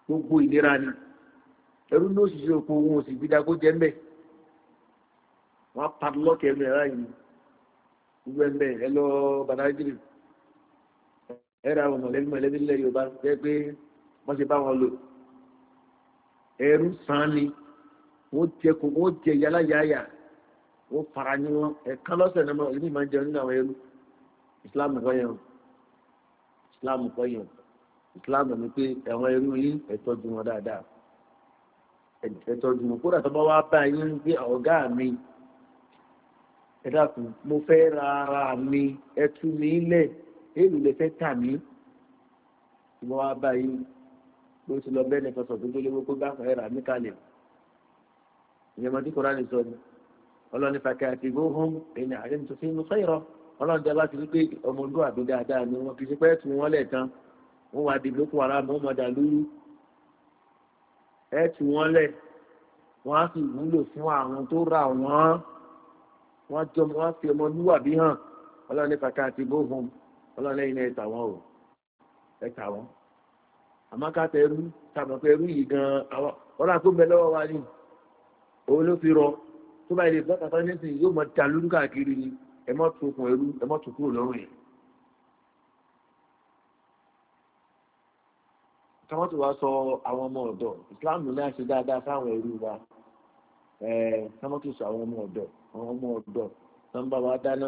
gbogbo ìlera ni ẹrú ní òṣìṣẹ́ òkú òun òsì wọ́n á padlọ́ọ̀kì ẹnu ẹ̀rá yìí gbogbo ẹ̀mẹ́ ẹ lọ bàdájìrì ẹ ra àwọn mọ̀lẹ́bí yorùbá jẹ́ pé wọ́n ṣe bá wọn lò ẹrú sàn ni wọ́n jẹ kò wọ́n jẹ yálà yáyà wọ́n fara ní wọn ẹ̀kan lọ́sẹ̀ náà mọ̀ èmi máa ń jẹun nínú àwọn ẹrú ìsìláàmù kọ́ yẹn o ìsìláàmù kọ́ yẹn o ìsìláàmù ni pé àwọn ẹrú yín ẹ tọ́jú wọn dáadáa ẹ tọ́jú ẹ dákun mo fẹ́ ra ara mi ẹ tú mi lẹ̀ èlò lè fẹ́ tà mí ìwọ́n wá báyìí bó ti lọ bẹ́ẹ̀ nìkan sọ̀tún tó léwó kó bá fẹ́ rà mí kalẹ̀ ìyẹn mo ti kọ́ra ní sọ ni ọlọ́ni fàkẹ́ àti ìwé hàn ẹni àárẹ̀ ní tuntun ìmúfẹ́ ìrọ̀ ọlọ́run tí a bá ti rí pé ọmọlúwàbí dáadáa ni wọ́n fi ṣe tún wọ́n lẹ̀ tán wọ́n wá di lóko ara mọ́ ọmọdà lórí ẹ̀ tún wọ́n lẹ̀ wọ́n á sì wúlò fún àwọn tó ra wọ́n wọ́n jọ wọ́n fi ọmọ lúwàbí hàn ọlọ́run ní kàkà àti bóhùn ọlọ́run lẹ́yìn náà ẹ̀ta wọn o ẹ̀ta wọn àmọ́ ká tẹrú tàbọ̀ pé ẹrú yìí gan-an àwọn ọlọ́run tó bẹ lọ́wọ́ wa ni òun ló fi rọ tó bá ilé bọ́tà tó ní sìn yóò mọ ta lórí káàkiri ni ẹ mọ́ tó kun ẹrú ẹ mọ́ tó kúrò lọ́rùn yẹn. káwọn tó wá sọ àwọn ọmọ ọ̀dọ́ ìsìláàmù náà ṣe dáadáa fáwọn ẹrú wa ẹ̀ẹ́d àwọn ọmọ ọ̀dọ̀ tó ń bá wa dáná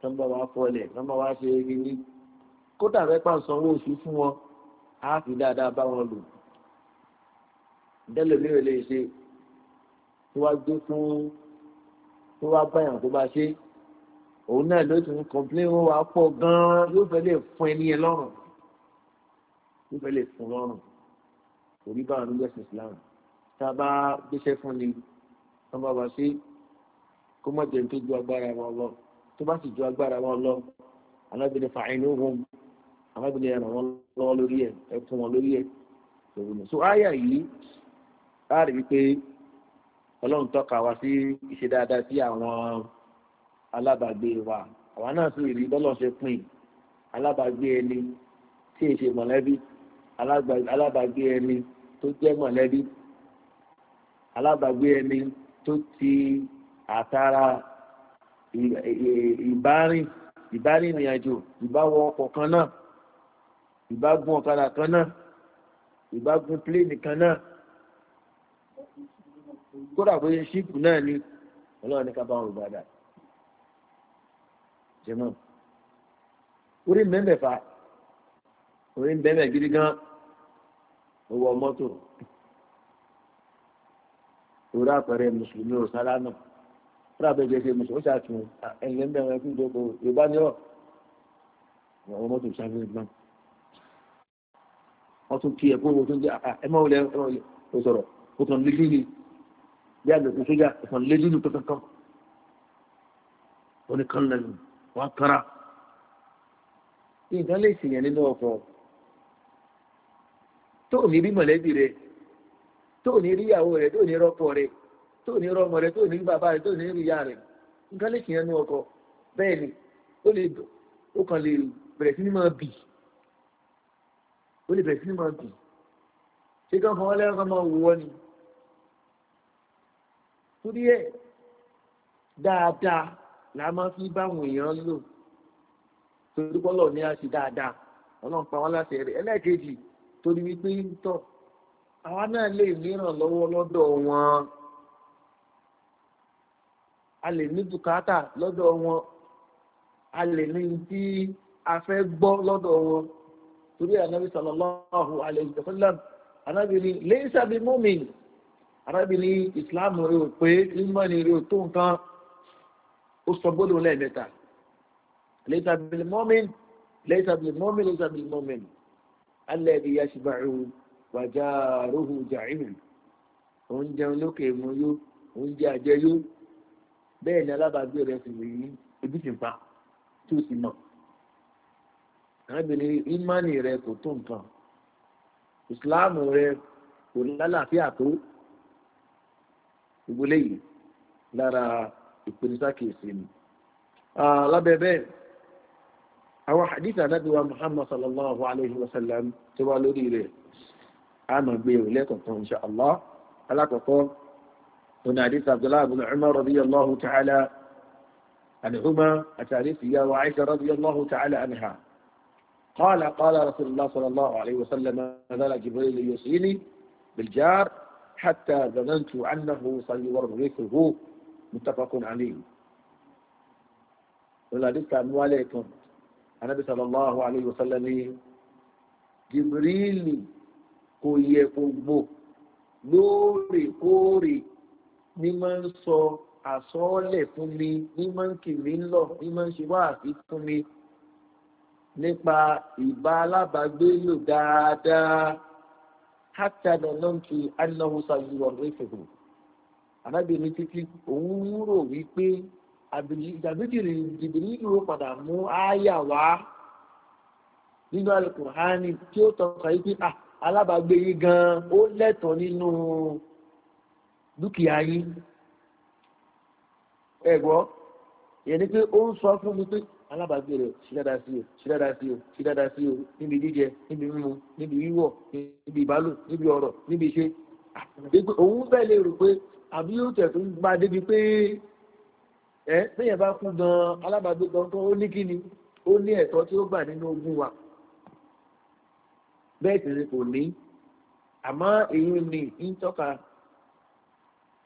tó ń bá wa fọlẹ̀ tó ń bá wa ṣe eré ní kódà fẹ́pà sanwó oṣù fún wọn á fi dáadáa bá wọn lò dẹ́lẹ̀ mi ò lè ṣe tí wàá gbé fún tí wàá báyàn tó bá ṣe òun náà ló ti ń kọ́ńplé wọn wá pọ̀ gan-an yóò fẹ́ lè fún ẹni ẹ lọ́rùn yóò fẹ́ lè fún lọ́rùn orí báwọn ló gbẹ̀sìn islam tá a bá gbéṣẹ́ fún ni wọ́n bá wá kó má jẹun tó ju agbára wọn lọ tó bá sì ju agbára wọn lọ alábìnrin fàáyínú wọn alábìnrin ẹ̀ràn wọn lọ́wọ́ lórí ẹ̀ ẹ̀fún wọn lórí ẹ̀ lòun so àyà yìí a rí wípé ọlọ́run tọ́ka wa sí ìṣe dáadáa sí àwọn alábàgbé wa àwa náà sì rí bọ́lọ̀ ṣe pin alábàgbé ẹni tí èṣe mọ̀lẹ́bí alábàgbé ẹni tó jẹ́ mọ̀lẹ́bí alábàgbé ẹni tó ti àtàrà ìbárìn ìbárìn ìrìn àjò ìbáwọ ọkọ̀ kan náà ìbágun ọ̀kadà kan náà ìbágun pléènì kan náà kódà bóyá ṣíìpù náà ni ọlọ́run ní ká bá wọn gbàdá jẹmọ́ orí mẹ́mẹ́ fa orí mẹ́mẹ́ gidi gan owó mọ́tò orí àpẹẹrẹ mùsùlùmí ọ̀sálá náà fúlàbẹ̀ jẹ́ ṣe mùsùlùmí ṣàtún ẹ̀yẹ mẹ́rin ẹkùn ìjọba yorùbá ní ọ̀ àwọn mọ́tò ìṣàfihàn ìgbà wọ́n tún kí ẹ̀kọ́ owó tó jẹ́ ẹmọ́ ilẹ̀ ẹ̀rọ sọ̀rọ̀ ó ni bí àgbẹ̀kù sójà ìtàn lédí ni kankan ó ní kan lẹ́nu wọ́n kára nǹkan lè ṣèyàn nínú ọkọ̀ tó ní rí mọ̀lẹ́bí rẹ̀ tó ní rí ìyàwó rẹ̀ tó ní rọ́pọ̀ rẹ̀ tó ní ọmọ rẹ tó ní bàbá rẹ tó ní ìyá rẹ nǹkan lè ọkọ bẹ́ẹ̀ ni ó lè ó kàn lè bẹ̀rẹ̀ sí ní máa bì ó lè bẹ̀rẹ̀ sí ní máa bì ṣé wọ́n lẹ́yìn kan máa ni torí ẹ̀ dáadáa la máa fi báwọn èèyàn lò torí pọ́lọ̀ ní àṣì dáadáa ọlọ́run pa láti ẹlẹ́ẹ̀kejì torí wípé ń tọ̀ àwa a lè ní bùkátà lọ́dọ̀ wọn a lè ní tí a fẹ́ gbọ́ lọ́dọ̀ wọn torí anabi sallallahu alayhi wa sallam anabi ni leisa bi mumin anabi ni islam rẹ ò pé imani rẹ ò tó nǹkan ó sọ gbọ́dọ̀ lẹ́ẹ̀mẹ́ta leisa bi mumin leisa bi mumin leisa bi mumin alẹ́ bi yasibaru wàjà rohu jàìmù oúnjẹ olókè mu yó oúnjẹ àjẹyó bẹ́ẹ̀ ni alábàágbé rẹ̀ sì rí ojúṣe pa tí ó sì mọ̀ arábìnrin ìmánì rẹ̀ kò tó nǹkan ìsìláàmù rẹ̀ kò lálàáfíà tó gbogbo léyìí lára ìpènisá kìí ni lábẹ́ bẹ́ẹ̀ àwọn hadith anábíwá muhammad sallallahu alayhi wa sallam tí wá lórí rẹ̀ a gbé ìrìnlẹ̀ e kọ̀ọ̀kan alákọ̀ọ́kọ́ هنا حديث عبد الله بن عمر رضي الله تعالى عنهما أتعريف يا وعيشة رضي الله تعالى عنها قال قال رسول الله صلى الله عليه وسلم نزل جبريل يوصيني بالجار حتى ظننت أنه سيورثه متفق عليه ولذلك عليكم النبي صلى الله عليه وسلم جبريل كويكم لوري كوري ní máa ń sọ àsọ́ọ́lẹ̀ fún mi ní máa ń kì mí lọ ní máa ń ṣe wáàfí fún mi nípa ìbá alábàágbé lò dáadáa hátàdà náà ti anáwó sáyé ọ̀rọ̀ ìfẹ̀kọ̀ arábìnrin títí òun rò wípé àbíjìrì jìbìrì ìlú padà mú ááyà wá nínú alukùránì tí ó tọkà yìí pé ah, alábàágbé yìí gan-an ó lẹ́tọ̀ọ́ nínú. No dúkìá yín ẹ̀gbọ́ ìyẹn ni pé ó ń sọ fún mi pé alábàágbé rẹ̀ ṣe dáadáa sí o ṣe dáadáa sí o ṣe dáadáa sí o níbi jíjẹ níbi mímu níbi wíwọ̀ níbi ìbálò níbi ọ̀rọ̀ níbi iṣẹ́ òun bẹ́ẹ̀ lè rò pé àbí yóò tẹ̀ tó ń gba débi pé ẹ bẹ́yẹn bá kú gan-an alábàágbé gan-an ó ní kíni ó ní ẹ̀tọ́ tí ó gbà nínú ogún wa bẹ́ẹ̀ sì ni kò ní àmọ́ èyí ni ń tọ́ka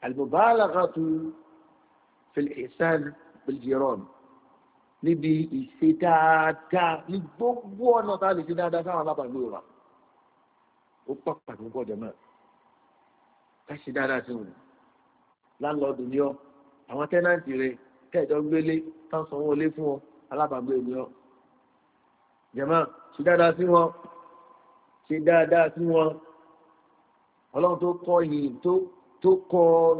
àlùbọ́bálàkàtú fìlẹ̀sán bìlìjìrọ̀n níbi ìṣe dáadáa ní gbogbo ọ̀nà tá a lè ṣe dáadáa sáwọn alábàágbé wa ó pàpàdé gbọ́dọ̀ náà ká ṣe dáadáa sí wọn láńlọ́ọ̀dù ni ọ́ àwọn tẹ́nàntì rẹ̀ kẹ́ẹ̀dọ́ gbélé tán sanwó lé fún ọ alábàágbé ni ọ́ jẹ̀mọ́ ṣe dáadáa sí wọn ṣe dáadáa sí wọn ọlọ́run tó kọ́ yìí tó tó kọ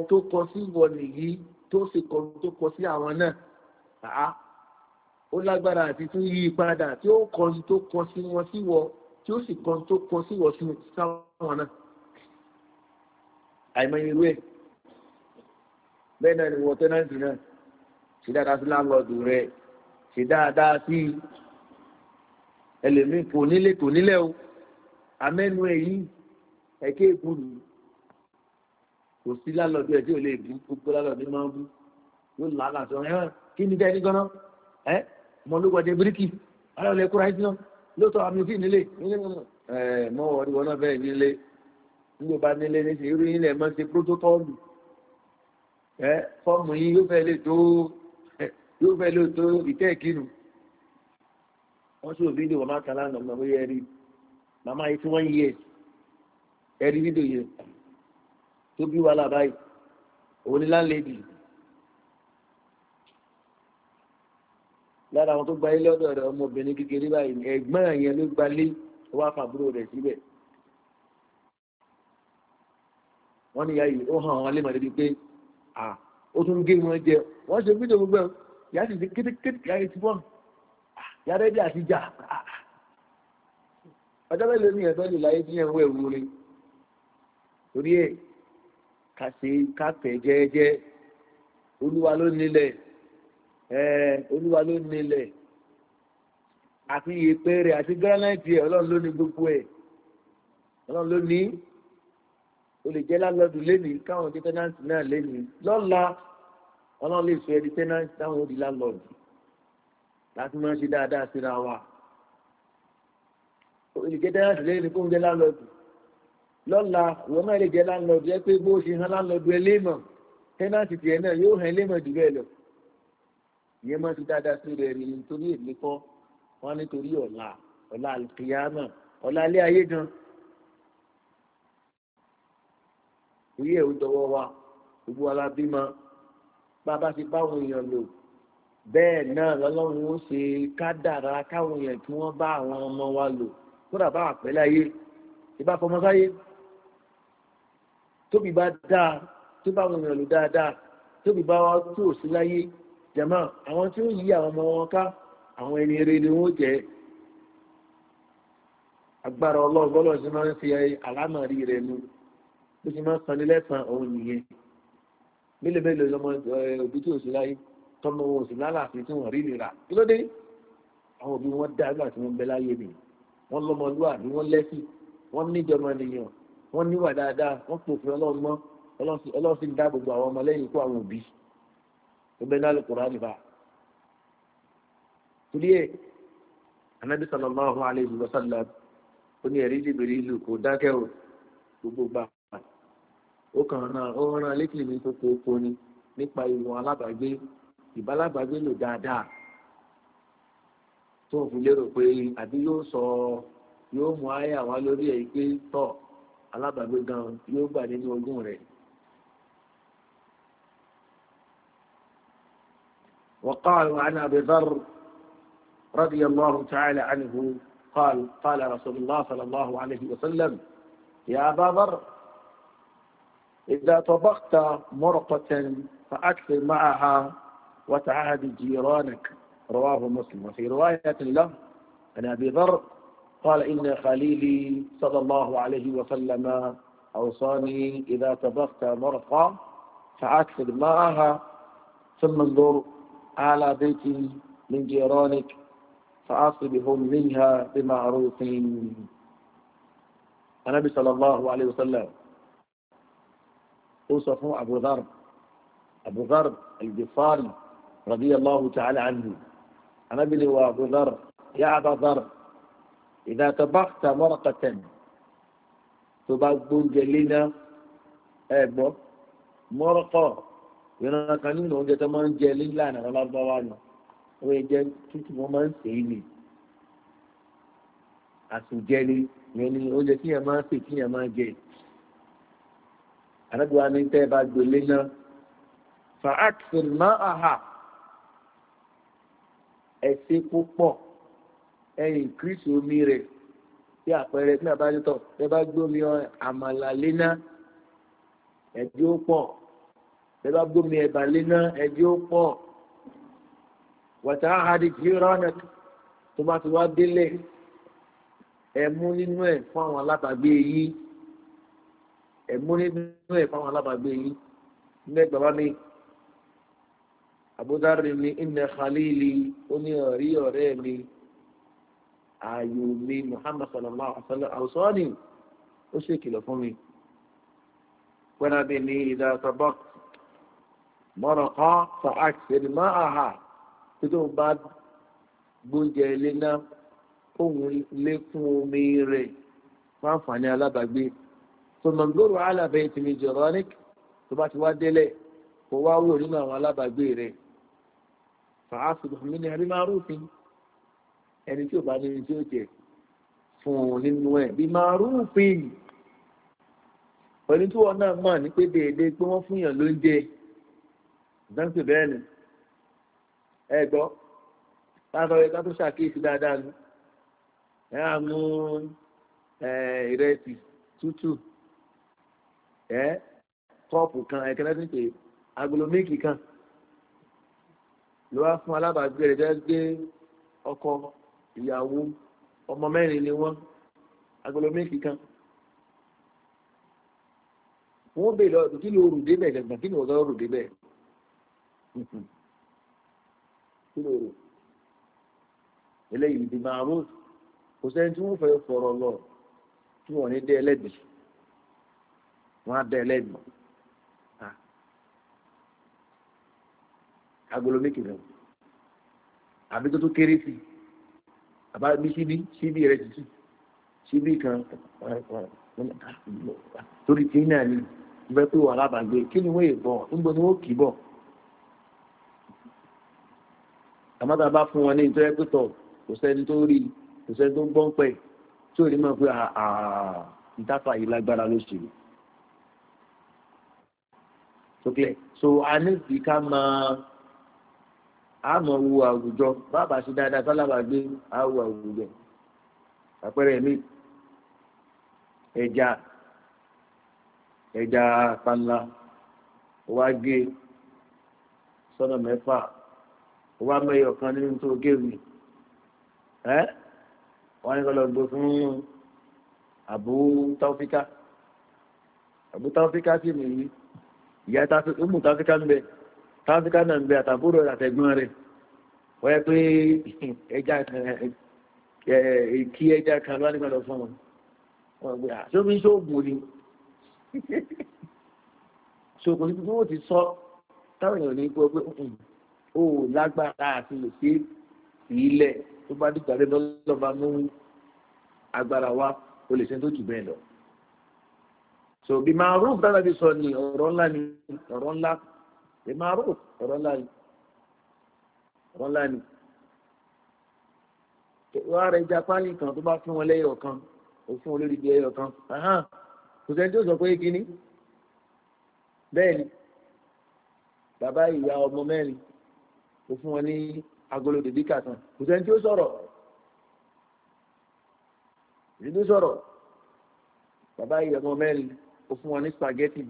tó kọ sí ìwọ nìyí tó sì kọ tó kọ sí àwọn náà àá ó lágbára àti tún yí padà tí ó kọ tó kọ sí wọn sí wọ tí ó sì kọ tó kọ sí wọ sí sáwọn náà àìmọye irú bẹ́ẹ̀ náà ni wọ́n tẹ́nàntì náà ṣe dáadáa sí láńlọ́ọ̀dù rẹ̀ ṣe dáadáa sí ẹlòmíì kò nílé kò nílẹ̀ o amẹ́nu ẹ̀yìn ẹ̀kẹ́ ìbùdó kò sí lálọ́dún ẹ̀ tí ò lè bú gbogbo lálọ́dún máa ń bú yóò lálà sọ ẹ kí ni dẹ́ni gan-an ẹ mọ ló gbọdẹ bíríkì ara ọ̀lẹ́ kúra ẹ̀sìn náà lóòótọ́ àmì òfin nílé nílé ẹ mọ ọ̀rí wọn náà bẹ́ẹ̀ nílé nígbà bá nílé ní irú yín lẹ̀ máa ń ṣe prótókọ́ọ̀lù ẹ fọ́ọ̀mù yín yóò fẹ́ lè tó yóò fẹ́ lè tó ìtẹ́ ìkínu wọ́n sì tó bí wàhálà báyìí òun ni láńlẹ́dì lára àwọn tó gba ilé ọ̀dọ̀ rẹ̀ ọmọbìnrin kékeré báyìí ẹ̀gbọ́n yẹn ló gba lé wá fàbúrò rẹ̀ síbẹ̀ wọ́n ní ìyá yìí ó hàn wọn lé màdébí pé à ó tún gé wọn jẹ wọ́n ṣe fídíò gbogbo ẹ̀ yá sì ti kétékété yá ti bọ́ yá rẹ́dí àti jà ọjọ́ mẹ́lẹ̀ ní ẹ̀fẹ́ lè láyé tí yẹn ń wẹ̀ wúre torí ẹ̀ kàṣe kápẹ̀ jẹ́ẹ́jẹ́ olúwa ló nílẹ̀ ẹ̀ẹ́ olúwa ló nílẹ̀ àti ìyèpẹ̀ rẹ̀ àti gíránáìtì ẹ̀ ọlọ́run ló ní gbogbo ẹ̀ ọlọ́run ló ní o lè jẹ́ lálọ́dún lẹ́nìí káwọn ti tẹ́nàǹtì náà lẹ́nìí lọ́la ọlọ́run lè sọ ẹni tẹ́nàǹtì táwọn òdì lálọ́dún láti máa ṣe dáadáa síra wa o lè jẹ́ tẹ́nàǹtì jẹ́ lálọ́dún lọ́la ìwọ náà lè jẹ́ láńlọ́dù ẹ pé bó ṣe hàn láńlọ́dù ẹ léèmọ̀ tẹ́nàtì tiẹ̀ náà yóò hàn léèmọ̀ jù bẹ́ẹ̀ lọ. ìyẹn máa ti dáadáa sí rẹ̀ rí nítorí èmi kọ́ wọn nítorí ọ̀la ọ̀la àlùkìyàmọ̀ ọ̀la ilé ayé gan. orí ẹ̀ ń dọwọ́ wa gbogbo wa la bímọ bá a bá ti bá àwọn èèyàn lò bẹ́ẹ̀ náà lọ́lọ́run ó ṣe kádàrá káwọn èèyàn tí wọ́n bá àwọn ọmọ wa lò kódà bá àpẹ́lẹ́ ayé ìbá fọmọ sáyé tóbi bá dáa tó bá wọn lò dáadáa tóbi bá wá tó sí láyé jẹ̀mọ́ àwọn tí ó yí àwọn ọmọ wọn ká àwọn ẹni eré ni wọ́n jẹ́ agbára ọlọ́run bọ́lọ̀ sí máa ń fi àlámàrí rẹ̀ nu bó ti máa ń sanni lẹ́sàn òun nìyẹn mélòó mélòó lọmọ òbí tí ò sí láyé tọmọ wọn ò sí lálàáfíà tí wọn rí nira kí ló dé àwọn òbí wọn dá nígbà tí wọn bẹ láyé mi wọn lọmọlúwà ni wọn lẹsìn wọn níjọba nìyàn wọ́n níwà dáadáa wọ́n pòfin ọlọ́run mọ́ ń dá gbogbo àwọn ọmọlẹ́yìn ikú àwọn òbí ọbẹ̀ náà lè kóra nípa. torí ẹ̀ anabi sallallahu ó ní ẹ̀rí jìbìrì ìlú kò dákẹ́ o gbogbo gbà ó kàn ó rán létí mi ni nípa ìwọ̀n alábàágbé ìbálábàágbé lò dáadáa tó fi lérò pé àbí yóò sọ yóò mú ayé alábàágbé gan yóò gbà nínú ogún rẹ̀. وقالوا عن أبي ذر رضي الله تعالى عنه قال قال رسول الله صلى الله عليه وسلم يا أبا ذر إذا طبخت مرقة فأكثر معها وتعهد جيرانك رواه مسلم وفي رواية له عن أبي ذر قال إن خليلي صلى الله عليه وسلم أوصاني إذا تبغت مرقى فأكثر معها ثم انظر على بيتي من جيرانك فأصبهم منها بمعروف النبي صلى الله عليه وسلم أوصفه أبو ذر أبو ذر البصاري رضي الله تعالى عنه النبي أبو ذر يا أبا ذر ìdàtọ̀ báfta mọ́rakàtàn tó bá gbóúnjẹ léná ẹ gbọ́ mọ́rakọ̀ ìran kan nínú oúnjẹ tó máa ń jẹ lílànà ọlọ́gbọ́wá nù wọ́n yẹ jẹ́ tútù wọ́n máa ń sè é nì àsùnjẹ ni ìyẹn ni oúnjẹ tí yẹn máa ń sè tí yẹn máa ń jẹ àdàgbà ni tẹ́ ẹ bá gbélé náà fa àkìsìn máa hà ẹ̀sìn púpọ̀ ẹ̀yìn kírísì omi rẹ̀ bí àpẹẹrẹ tí nàbá tó tọ̀ ẹ bá gbómi àmàlà léná ẹ̀dí ó pọ̀ ẹ bá gbómi ẹ̀bà léná ẹ̀dí ó pọ̀ wàtá àdìjì rọ́nà tó bá ti wá délé ẹ̀mú nínú ẹ̀ fún àwọn alábàgbé yìí ẹ̀mú nínú ẹ̀ fún àwọn alábàgbé yìí nígbà bàbá mi àbúdá rẹ̀ mi ìnà khalili ó ní ọ̀rí mi ààyò mi muhammad sallallahu alaihi wa sallam àwòsọ́ọ̀nì ó sì kìlọ̀ fún mi pẹ́nàbí ní ìdá tabak mọ́rọ̀ kan fa'ak ṣèlú máa àhà tí tó bá gbóúnjẹ ilé náà kóhun lékún omi rẹ̀ fún àǹfààní alábàgbé tó mọ̀ gbòòrò alábẹ́ ti mi jọ̀rọ̀nic tó bá ti wá délẹ̀ kó wá wò nínú àwọn alábàgbé rẹ̀ fa'asùn mi ní àrímárùfin ẹni tí ò bá ní tí ó jẹ fún un nínú ẹ bí máa rúfin pẹ̀lú tí wọn náà mọ̀ ní pé déédéé pé wọ́n fúnyàn ló ń jẹ ìdánsì bẹ́ẹ̀ ni ẹ gbọ́ láti ọ̀rẹ́ ká tó ṣàkíyèsí dáadáa ni ẹ á mú ìrẹsì tútù ẹ kọ́ọ̀pù kan ẹ̀kẹ́lẹ́ tó ń pè agolo kan ló wá fún alábàágbé rẹ̀ jẹ́ gbé ọkọ̀ ìyàwó ọmọ mẹ́rin ni wọ́n agolo méjì kan wọ́n bèèrè ọ̀dọ̀ kí ló rù débẹ̀ gàngàn kí ni ọ̀gá rù débẹ̀ kí ló rù eléyìí ti máa rú kò sẹ́ni tí wọ́n fẹ́ fọ̀rọ̀ lọ tí wọ́n ní dé ẹlẹ́bi wọ́n á dé ẹlẹ́bi agolo méjì kan àbí tó tó kéré sí i àbá bí síbí síbí rẹ ti tù síbí kan torí tí náà ni mo fẹ́ pé wà lábàgbé kí ni wọ́n yè bọ̀ níbo ni wọ́n kì í bọ̀ àmọ́ tá a bá fún wọn ní ìtọ́jú pé tọ̀ kò sẹ́ni tó rí kò sẹ́ni tó gbọ́n pẹ̀ tí ò ní pé ìtafà yìí lágbára ló ṣe so clear so a ní ìdí máa a àmọ́ wo àwùjọ bàbá ṣe dáadáa sálábà gbé àwọ àwùjọ àpẹẹrẹ mi ẹja ẹja panla wá gé sọ́nà mẹ́fà wá mẹ́yọ̀ kan nínú tó géwì ẹ́ wọ́n ní kọ́lọ́ gbé fún àbú táwọ́fíkà àbú táwọ́fíkà sì nìyí ìyá táwọ́fíkà ń bẹ sáfíkà náà ń bẹ àtàbúrò àtẹ̀gbọ́n rẹ̀ wọ́n yẹ pé ẹja kan kí ẹja kan ló wá nígbà lọ fún wọn wọ́n gbé àṣọ́bí ṣóògùn ni ṣóògùn ní tuntun ó ti sọ táwọn èèyàn ní gbọ́ pé ó lágbára àti lè ṣe ìlẹ̀ tó bá dìgbà dé lọ́lọ́ba mú agbára wa o lè ṣe tó jù bẹ́ẹ̀ lọ. so bí máa rúùf dáadáa ti sọ ni ọ̀rọ̀ ńlá ni ọ̀rọ̀ ńlá lè máa rò ọ̀rọ̀ ńlá ni ọ̀rọ̀ ńlá ni wọ́n rẹ̀ japani kan tó bá fún wọn lẹ́yọ̀ kan ó fún olórí ibi ẹyọ̀ kan kò sẹ́ni tó sọ pé kíní bẹ́ẹ̀ ni bàbá ìyá ọmọ mẹ́rin ó fún wọn ní agolo dèbí kàtàn kò sẹ́ni tó sọ̀rọ̀ èyí tó sọ̀rọ̀ bàbá ìyá ọmọ mẹ́rin ó fún wọn ní spaghetti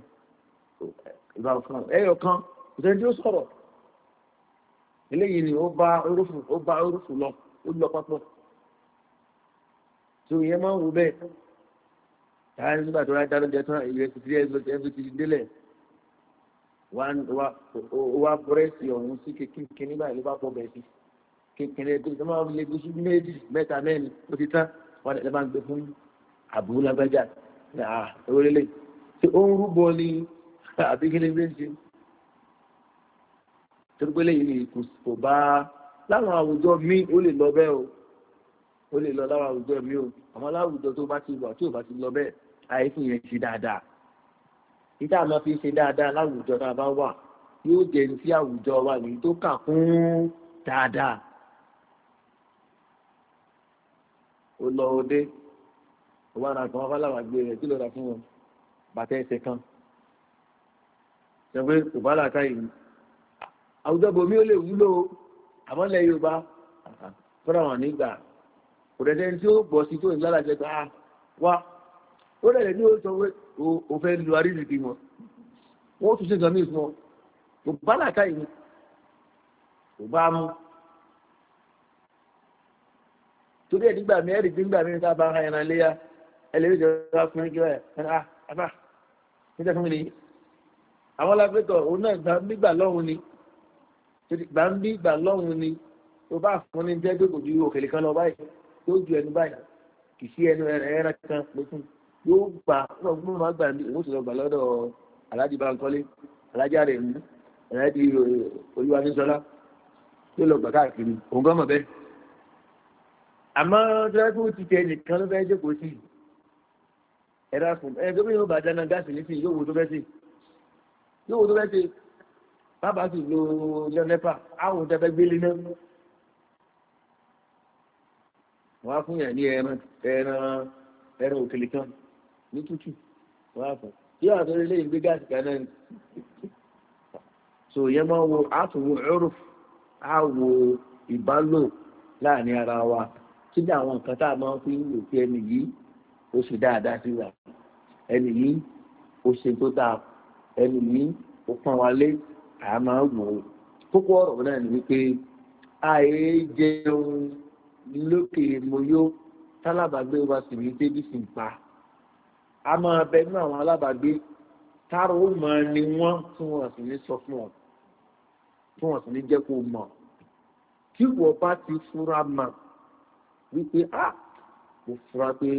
ìbá eh, kan kò sẹ́ni tí ó sọ̀rọ̀ eléyìí ni ó bá orúfù ó bá orúfù lọ ó lọ papọ̀ tó yẹ máa ń wo bẹ́ẹ̀ táyà nígbà tó rájá lóúnjẹ tán ìrẹsì tí ẹbí ti délẹ̀ wá búrẹ́sì ọ̀hún sí kékeré nígbà yìí ló bá pọ̀ bẹ́ẹ̀ sí kékeré tó ti máa ń lé gbósù méjì mẹ́ta mẹ́rin ó ti tán wọn lè máa ń gbé fún àbúrò lágbájá ẹ̀ ah ewúrẹ́lẹ̀ tí ó ń rúbọ ni àbí kí ni bí ń ṣe torí pé lẹ́yìn ni kò bá láwọn àwùjọ mi ó lè lọ bẹ́ẹ̀ o ó lè lọ láwọn àwùjọ mi o àmọ́ láwùjọ tó bá ti wà tí ò bá ti lọ bẹ́ẹ̀ àìsàn yẹn ṣe dáadáa ìdá àmọ́ fi ṣe dáadáa láwùjọ tá a bá wà yóò jẹ́ ní sí àwùjọ wa ní tó kà fún dáadáa ó lọ ọdẹ ó wá ra kan fáláwà gbé rẹ̀ kí ló ra fún wọn bàtà ẹsẹ̀ kan ṣe pé kò bá làákà yìí àwùjọ bòmí ó lè wúlò àmọ́ lẹ yorùbá fúnra wọn nígbà kò dẹ̀ sẹ́ni tí ó bọ̀ sí tó ń lálàjẹ́ pé ah wá ó dẹ̀ ní ó sọ pé o fẹ́ lu arísìkì wọn wọ́n tún ṣe sọ ní ìfún ọ kò bá làkà yìí kò bá mú torí ẹ̀ nígbà mi ẹ̀rì nígbà mi ká bá ara ẹran léyà ẹlẹ́yìn ìjọba fún mi kí wọ́n ẹ̀ ah àbá níta fún mi nìyí àwọn alágbètò òun náà nígbà lọ́hùn ni gbà ń bí gbà lọ́hùn ni tó bá fún ní jẹ́ gbogbo ju òkèlè kan lọ báyìí yóò ju ẹnu báyìí kì í sí ẹnu ẹran kan lókun yóò gbà náà gbọ́n máa gbà ní òun sì lọ gbà lọ́dọ̀ aláàjì bankole aláàjì àrẹ̀mú aláàjì olúwa nísọlá yóò lọ gbà káàkiri òun gan mọ̀ bẹ́ẹ̀ àmọ́ dírẹ́fù ti tẹ nìkan ló fẹ́ jókòó sí ẹ̀rọ àfùn ẹ̀ gómìnà bàdánà gáàsì nísìnyí yóò wo tó fẹ́ sí yóò wo tó fẹ́ sí bàbá sì lo iná nẹ́pà àwọn òtẹ́fẹ́ gbélé náà wọ́n á fún yàn ní ẹran ẹran ẹran òkèlè kan ní tútù wọ́n á fún yóò àtúrò ilé ìgbé gáàsì kan náà so yẹn máa wo àtúnwò ẹrù àwò ìbálò láàrin ara wa kí ni àwọn nǹkan tá a máa fi ń lò pé ẹni yìí ó ṣe dáadáa sí wa ẹni yìí ó ṣe tó dáa ẹni yìí ó pọn wa lé a máa wò ó kókó ọ̀rọ̀ náà ni wípé àìyé jẹun lókè moyó tálábàgbé wa sì ní débi sì ń pa a máa bẹ nínú àwọn alábàgbé táàrà ó mọ ni wọ́n tí wọ́n sì ní sọ fún ọ tí wọ́n sì ní jẹ́ kó mọ̀ tí wọ́n bá ti fura mọ̀ wípé a kò fura pé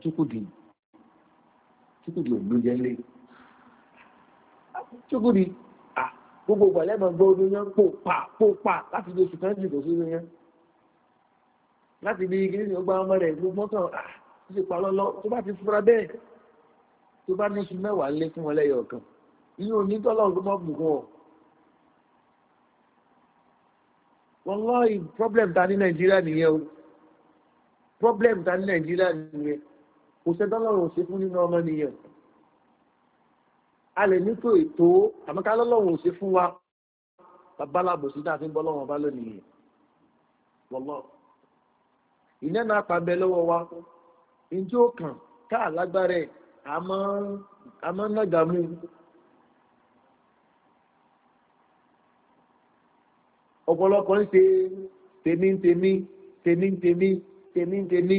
tukudi tukudi ò ló jẹ́ lé ṣókùdì gbogbo ìgbàlẹ́mọ̀ gbọ́ orí yẹn pò pa pò pa láti di oṣù kan jù kò sí orí yẹn láti bí igi nínú ọgbà ọmọ rẹ̀ gbogbo mọ́tàn ó sì pa lọ́lọ́ tó bá ti fura bẹ́ẹ̀ tó bá ní oṣù mẹ́wàá lé fún wọn lẹ́yọ̀ kan ìyẹn ò ní tọ́lọ́ tó mọ́ bùkún ọ. wọ́n lọ́ problem ta ní nàìjíríà nìyẹn o problem ta ní nàìjíríà nìyẹn kò sẹ́ńtọ́ lọ́rùn ò sí fún nínú ọmọ nìyẹn a lè ní tó ètò àmọ́ká lọ́lọ́run ò sí fún wa babaláàbò sí dáa fi ń bọ́ lọ́wọ́ bá lónìí lọ́lọ́ ìná náà pàbẹ lọ́wọ́ wa njẹ́ ó kàn ká lágbára ẹ̀ àmọ́ nága mú ọ̀pọ̀lọpọ̀ ń ṣe tèmi ń tèmi tèmi tèmi tèmi tèmi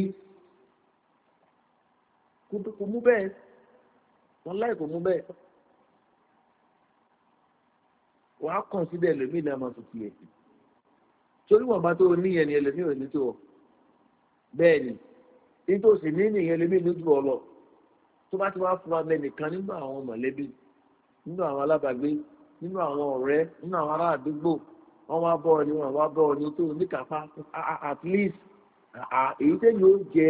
kò mú bẹ́ẹ̀ wọ́n láì kò mú bẹ́ẹ̀. Wa kàn síbẹ̀ ẹlòmíì náà máa tutù yẹn torí wọn bá tó ní níyẹn ni ẹlòmíì ò ní tó o bẹ́ẹ̀ ni nítòsí ní nìyẹn ẹlòmíì ní ju ọ tó bá ti wá fún abẹ nìkan nínú àwọn mọ̀lẹ́bí nínú àwọn alábàgbé nínú àwọn ni wọn wá bọ́ ọ ni at least èyí ó jẹ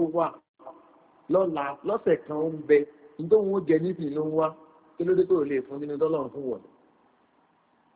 ó wà lọ́la kan ń bẹ nítorí wọn ó jẹ nísìnyí ló ń wá kí ló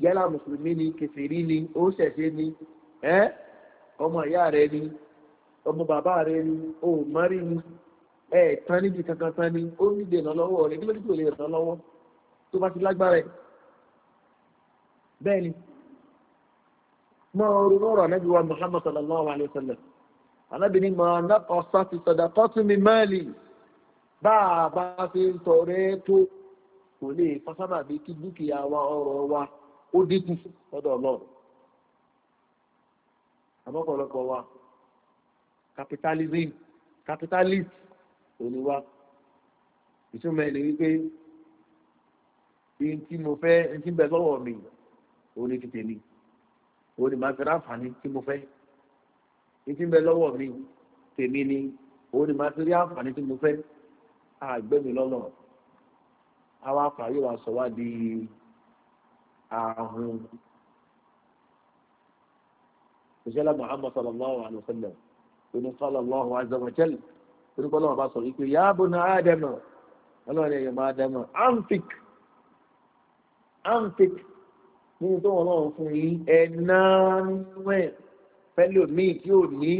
yálà mùsùlùmí ni kẹfìrí ni ó ṣẹ̀ṣẹ̀ ni ẹ́ ọmọ ìyá rẹ ni ọmọ bàbá rẹ ni ó mọ́rí ni ẹ̀ tán níbi kankan tán ni ó ní dènà lọ́wọ́ rẹ níbi tí kò lè tán lọ́wọ́ tó bá ti lágbára ẹ̀ bẹ́ẹ̀ ni mọ́ orí lọ́rọ̀ anábì wa muhammad sallallahu alayhi wa sallam anábì ni mọ̀ ọ̀sán ti sọ̀dà tọ́tún mi mẹ́ẹ̀lì bá a bá fi ń tọrẹ tó kò lè fasábàbí kí dúkìá wa ọrọ̀ wa ó dínkù lọ́dọ̀ ọlọ́run àmọ́pọ̀lọpọ̀ wa capitalism capitalist òní wa ìtumọ̀ ẹni wípé ihun tí mo fẹ́ ihun tí ń bẹ lọ́wọ́ mi òun ni tètè mi òun ni màá fi ráǹfààní tí mo fẹ́ ihun tí ń bẹ lọ́wọ́ mi tèmi ni òun ni màá fi rí àǹfààní tí mo fẹ́ àgbẹ̀mí lọ́nà àwa pààyè wa sọ wá di. ahụ òṣèlú muhammad sallallahu alayhi wa sallam oní bá ya buna ádámà ọlọ́run ẹ̀yọ̀ máa dámà amfik amfik nínú tó wọn náà fún yín ẹ̀nà níwẹ̀ pẹ̀lú mi tí ò ní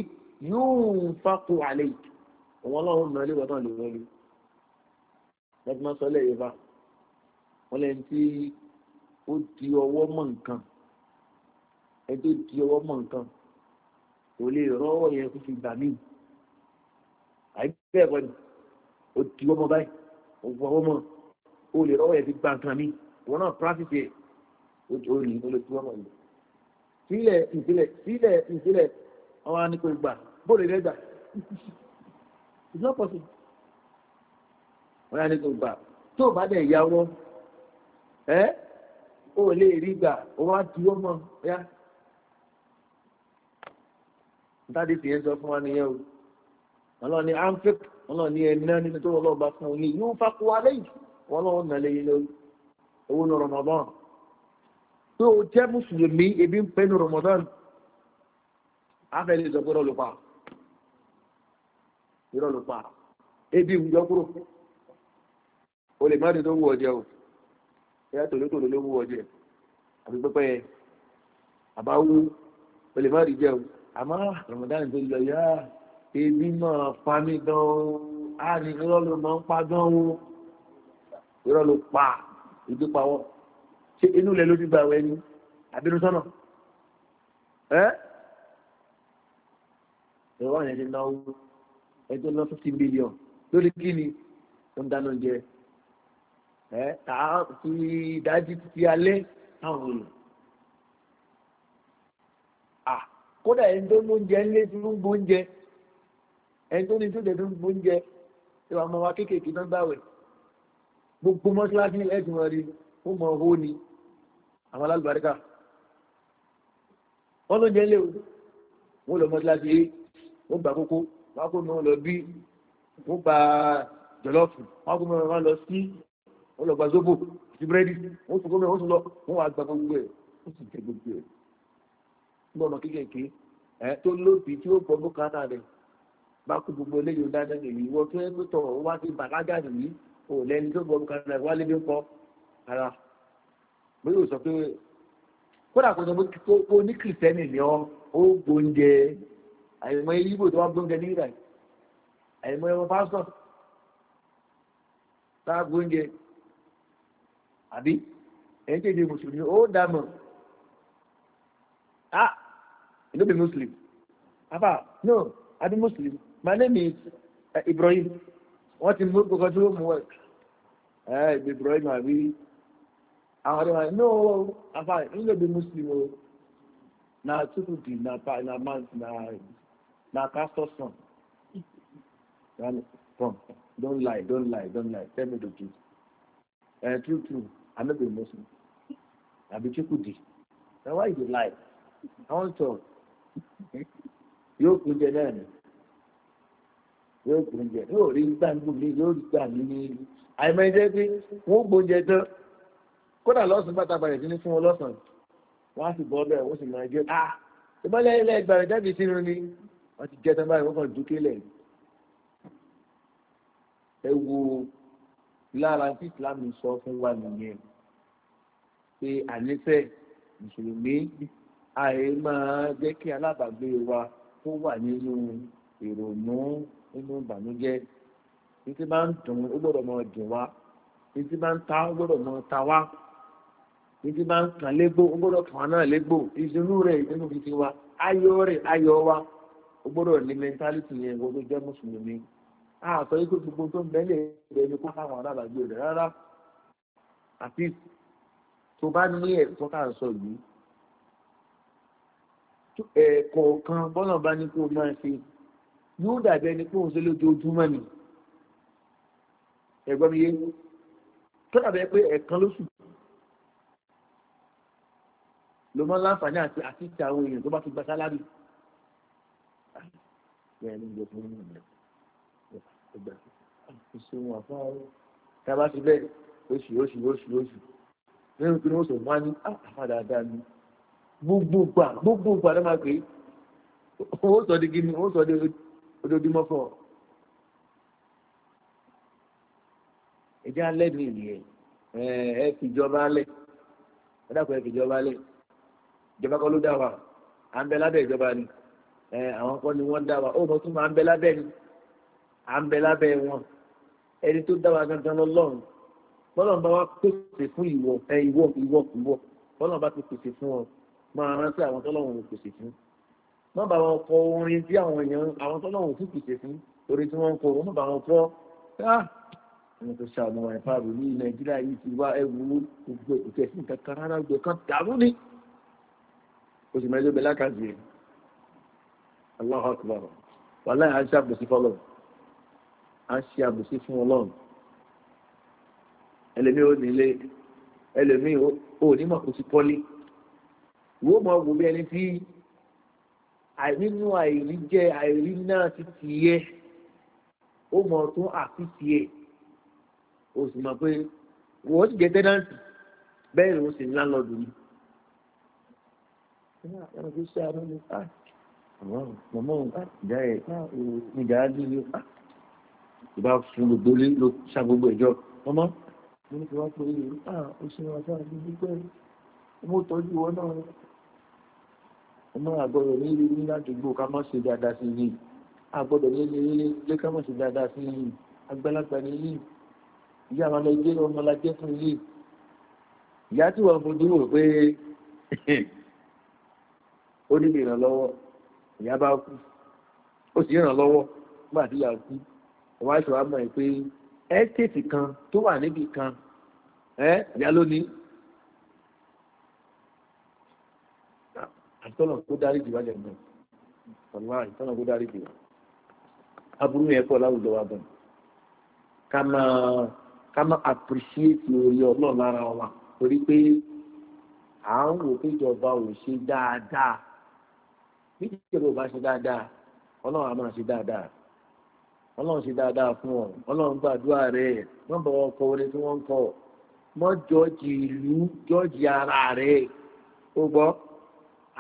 yóò ń fàkó àlẹ́ yìí òun ọlọ́run náà náà lè wọlé ó di ọwọ́ mọ̀ nǹkan ẹ tó di ọwọ́ mọ̀ nǹkan kò lè rọ́wọ́ yẹn kó fi gbà mí àìbẹ́ẹ̀ kọ́ni ó di ọwọ́ mọ̀ báyìí ó fọ ọwọ́ mọ̀ ó lè rọ́wọ́ yẹn fi gbà nǹkan mi wọn náà practice it ó ní ó lè di ọwọ́ mọ̀ yẹn sílẹ̀ ìsílẹ̀ sílẹ̀ ìsílẹ̀ àwọn anìkò ìgbà bóòlù ìrẹ́gbà it's not possible wọ́n yà ní kò gbà tó o bá dẹ̀ yàwọ́ ẹ́. ó lè rí gbà ó wá dúró yá fi yẹn sọ fún wa nìyẹn o ọlọ́run ni amfik ọlọ́run ni ẹ̀ná nínú tó ọlọ́run bá fún yìí yóò fa kó wa lẹ́yìn wọn nà lẹ́yìn lórí owó ní rọmọdán tó o jẹ́ mùsùlùmí ebi ń pẹ́ ní rọmọdán afẹ́lẹ́ ebi ń yọ kúrò o lè má tó wù o. ẹ̀yà tòlótòló ló wú ọjẹ́ àbí pẹ́pẹ́ àbá wú o lè má rí jẹun àmọ́ Ramadan tó lọ yá ebi náà pa mí gan o á ní irọ́ ló máa ń pa gan o irọ́ ló pa ìdí pawọ́ ṣé inú ilẹ̀ ló ti gbà wẹ́ni àbínú sọ́nà ẹ́ ẹ̀rọ ọ̀yàn ti náwó ẹjọ́ lọ fifty million lórí kí ni ó ń dáná jẹ ẹ tàá fi ìdájí títí alẹ́ táwọn olùrùn kódà ẹni tó lóúnjẹ ńlé tó ń gbóúnjẹ ẹni tó ní tó dẹ̀ tó ń gbóúnjẹ ìwà ọmọ wa kéékèèké náà báwẹ̀ gbogbo mọ́ṣáláṣí ẹ̀sìn wọn rí ó mọ owó ni àwọn alágbàríkà wọn lóúnjẹ ńlé o wọn lọ mọ́ṣáláṣí yé wọn gbà kókó wọn kó mi wọn lọ bí wọn gba jọlọ́ọ̀fù wọn kó mi wọn lọ sí wọ́n lọ gba zobo àti búrẹ́dì wọ́n sùn gómìnà wọ́n sùn lọ wọ́n wá gba gbogbo ẹ̀ wọ́n sì jẹ gbogbo ẹ̀ nígbà ọmọ kékèké ẹ̀ tó lóbi tí ó gbọ́ bókátà rẹ̀ bá kú gbogbo eléyìí dáadáa nìyí wọ́n tó ẹ́ pẹ́tọ̀ wá sí bàlágà nìyí ò lẹ́ni tó gbọ́ bókátà rẹ̀ wá lébi ń kọ́ ara bóyá ò sọ pé kódà kò sọ kó ní kìrìsìtẹ́nì ni ọ́ ó gbóúnjẹ àìmọ ibo tó wá gbóúnjẹ ní ìrà àìmọ ẹmọ pásítọ̀ tá a gbóúnjẹ àbí ẹ̀yìn tí èdè mùsùlùmí ó dámọ̀ ah you no be muslim papa no i be muslim my name is eh, ibrahim wọ́n ti mú kókó tí ó mú wẹ̀ ẹ̀ ibrahim àbí àwọn ọ̀dọ́ wọn no papa you no be muslim o na tukuti na pa na man na na pastor son don lie don lie don lie tell me the truth. Eh, true, true. I'm not a Muslim. I'll be Chikudi. Now, why you lie? I want to. Yóò kún jẹ náà ni. Yóò kún jẹ. Yóò rí gbàngbò mi, yóò rí gbà mí ní ìlú. Àìmọ̀ ẹ̀jẹ̀ pé wọ́n gbóúnjẹ tán. Kódà lọ́sùn bàtà balẹ̀ sí ní fún wọn lọ́sàn. Wọ́n á sì bọ́ bẹ́ẹ̀, wọ́n sì máa jẹ́. À ìbálẹ̀ ilẹ̀ ìgbàlẹ̀ jáde sínú ni. Wọ́n ti jẹ tán báyìí, wọ́n kàn dúkélẹ̀. Ẹ wo lára tí islam sọ fún wa nìyẹn pé ànífẹ́ mùsùlùmí àì máa jẹ́ kí alábàgbé wa fún wà nínú ìrònú nínú ìbànújẹ́ títí bá ń dùn ó gbọ́dọ̀ mọ dùn wá títí bá ń ta ó gbọ́dọ̀ ta wá títí bá ń kàn légbò ó gbọ́dọ̀ kàn náà légbò ìdùnnú rẹ̀ fi ti ayọ̀ rẹ̀ ayọ̀ wa ó gbọ́dọ̀ ní yẹn gbogbo jẹ́ mùsùlùmí àtọ yìí pé gbogbo tó ń bẹ́lẹ̀ ẹ̀rẹ́ ni kó fáwọn alábàágbé rẹ̀ rárá àti tó bá ní ẹ̀tọ́ ká sọ yìí ẹ̀kọ̀ọ̀kan bọ́nà bá ní kó máa ṣe yóò dàbí ẹni pé òun ṣe lójoojúmọ́ ni ẹ̀gbọ́n mi yé tó dàbí pé ẹ̀kan lóṣù ló mọ́ láǹfààní àti àtìtì àwọn èèyàn tó bá ti gba sálárì bẹ́ẹ̀ ni ìjọba ń rìn rẹ̀ ìgbà ìṣòwò àfáàrọ tá a bá ti bẹ́ẹ̀ oṣù oṣù oṣù oṣù nínú kí ni oṣù wọn á ní àfàdà dá mi gbogbo gbà gbogbo gbà ló máa pè é owó sọ di gíní owó sọ di ojoojúmọ́ fún ọ. ìdí alẹ́ mi nìyẹn ẹ fìjọba alẹ́ ẹ dàpọ̀ ẹ fìjọba alẹ́ ìjọba kọ́ ló dá wa à ń bẹ lábẹ́ ìjọba ni àwọn kan ni wọ́n dá wa ó mọ̀ tún máa ń bẹ ni à ń bẹ lábẹ́ wọn ẹni tó dá wa gangan lọ́lọ́run bọ́lọ̀n bá wa pèsè fún ìwọ ẹ ìwọ ìwọ ìwọ bọ́lọ̀n bá ti pèsè fún ọ máa rántí àwọn tọ́lọ́run ò pèsè fún má bá wọn kọ orin tí àwọn èèyàn àwọn tọ́lọ́run ò tún pèsè fún orin tí wọ́n ń kọ má bá wọn kọ́ ah ẹni tó ṣàmù àìfà rò ní nàìjíríà yìí ti wá ẹwù gbogbo ìkẹsìn kankan rárá gbogbo kan dàrú ni oṣù mẹ́jọ bẹ lákàtì ẹ̀ aláhàkùnrin wàláhà ń ṣàbòsí fọlọ́run à ń ṣe àbùsí fún ọlọ́run ẹlẹ́mí ò nílé ẹlẹ́mí ò ní mọ̀ kó ti pọ́lí wo mọ̀ wò bí ẹni tí nínú àìrí jẹ́ àìrí náà ti ti yẹ ó mọ̀ tó àfi ti yẹ o sì mọ̀ pé wọ́n ti jẹ́ tẹ́nàntì bẹ́ẹ̀ ló sì ń láńlọ́ọ̀dù ni àwọn ọmọ òun ìjà ẹ̀ nígbà á ní ilé ìbá fún gbogbo lé ló ṣá gbogbo ẹjọ́ ọmọ mo ní kí wọ́n pè é ah o ṣe wọn sáà ní gbígbẹ́ mo tọ́jú wọn náà ọmọ àgbọ̀dọ̀ ní ilé ní ládùúgbò ká má ṣe dáadáa sí yìí àgbọ̀dọ̀ ní ilé ilé lé ká má ṣe dáadáa sí yìí àgbàlagbà ní yìí ìyá àwọn ọmọlẹ́jẹ́ ọmọlẹ́jẹ́ fún yìí ìyá tí wọ́n fojú wò pé ó nílò ìrànlọ́wọ́ ìyá bá kú ó sì ìrànlọ́wọ́ nígbà tí ìyá kú wọ́n á ṣe wá mọ̀ ẹ́ pé ẹ́stéètì kan tó wà níbì kan ẹ́ ìyá lónìí àtọ́nà kó dárí jù wájà náà ọ̀nà àtọ́nà kó dárí jù aburú yẹn pọ̀ láwùjọ wa bọ̀ ká máa ká máa appreciate orí ọlọ́run lára wa torí pé à ń wò pé ìjọba ò ṣe dáadáa bí ìjọba ò bá ṣe dáadáa ọlọ́run á máa ṣe dáadáa ọlọ́run ṣe dáadáa fún ọ ọlọ́run gbàdúrà rẹ wọ́n bọ̀ ọkọ̀ orin tí wọ́n ń kọ̀ mọ́ jọ́ọ̀jì ìlú jọ́ọ̀jì ara rẹ ó gbọ́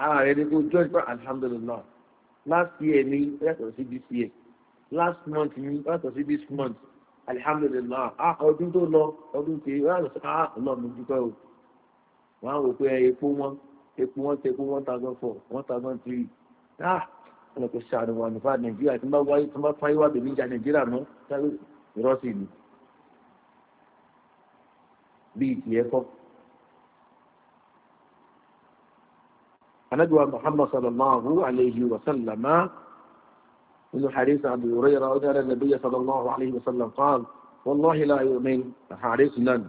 ara rẹ ni kó jọ́ọ̀jì pé alhamdulilah last year mi yàtọ̀ sí this year last month mi yàtọ̀ sí this month alhamdulilah ah ọdún tó lọ ọdún tí yàtọ̀ sí ah ọlọ́run dúpẹ́ o wọ́n á wò pé epo wọn epo wọn tẹ epo one thousand four one thousand three ah. ọlọ́pẹ́ ṣàánú wa nípa nàìjíríà tí wọ́n wáyé tí wọ́n fáyé wà bèbí ìjà nàìjíríà mọ́ sáré ìrọ́sì ni bí ìtì ẹ̀kọ́. anábìwá muhammad sallallahu alayhi wa sallama nínú xariṣà àbí òré ra ọjọ́ rẹ̀ nàbí yẹ sallallahu alayhi wa sallam qaal wàlláhi la yumin xariṣ nan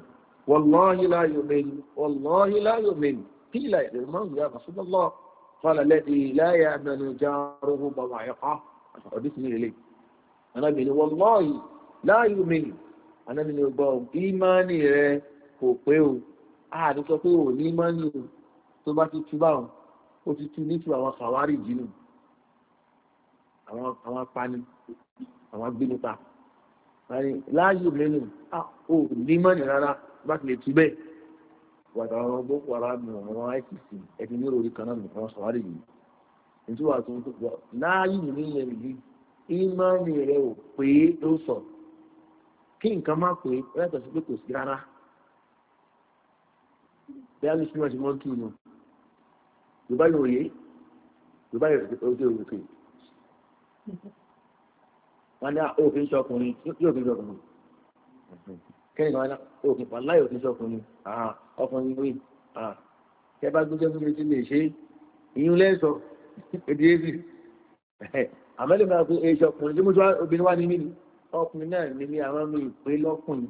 wàlláhi la yumin wàlláhi la yumin kí ilà ìrìnnà yà rasulullah. قال الذي لا يأمن جاره بضائقه حديث من إليه أنا من والله لا يؤمن أنا من يبقى إيماني كوكيو ààrẹ sọ pé ò ní mọ́ ní o tó bá ti tú báwọn ó ti tú ní tú àwọn kàwárì jìnnà àwọn apani àwọn agbẹnupa láàyò mẹ́nu ò ní mọ́ ní rárá bá ti lè tú bẹ́ẹ̀ wàtàwọn boko haram àwọn icc ẹbí ní orí kan náà nìkan sọ̀rọ̀ yìí nítorí wàá tó ń tó gbọ́ láàyè ní ilẹ̀ yìí ìmọ̀ọ́nì rẹ̀ ò pé ló sọ kí nǹkan má pé ó yàtọ̀ sí pé kò sí rárá bí a lè fi wọn ti mọ́ kí inú yorùbá yóò yé yorùbá yóò dé òkè wọn ní òfin ah, sọkùnrin yóò fi sọkùnrin kẹ́nìkan wọn ní òfin ah, pàláyò òfin sọkùnrin ọkùnrin wí ah tẹ fún mi lè ṣe ìyún lẹ́sọ̀ èdè èbì àmọ́lẹ̀ máa ọkùnrin tí mo tún obìnrin wá ní mí ni ọkùnrin náà ní ní àwọn lọ́kùnrin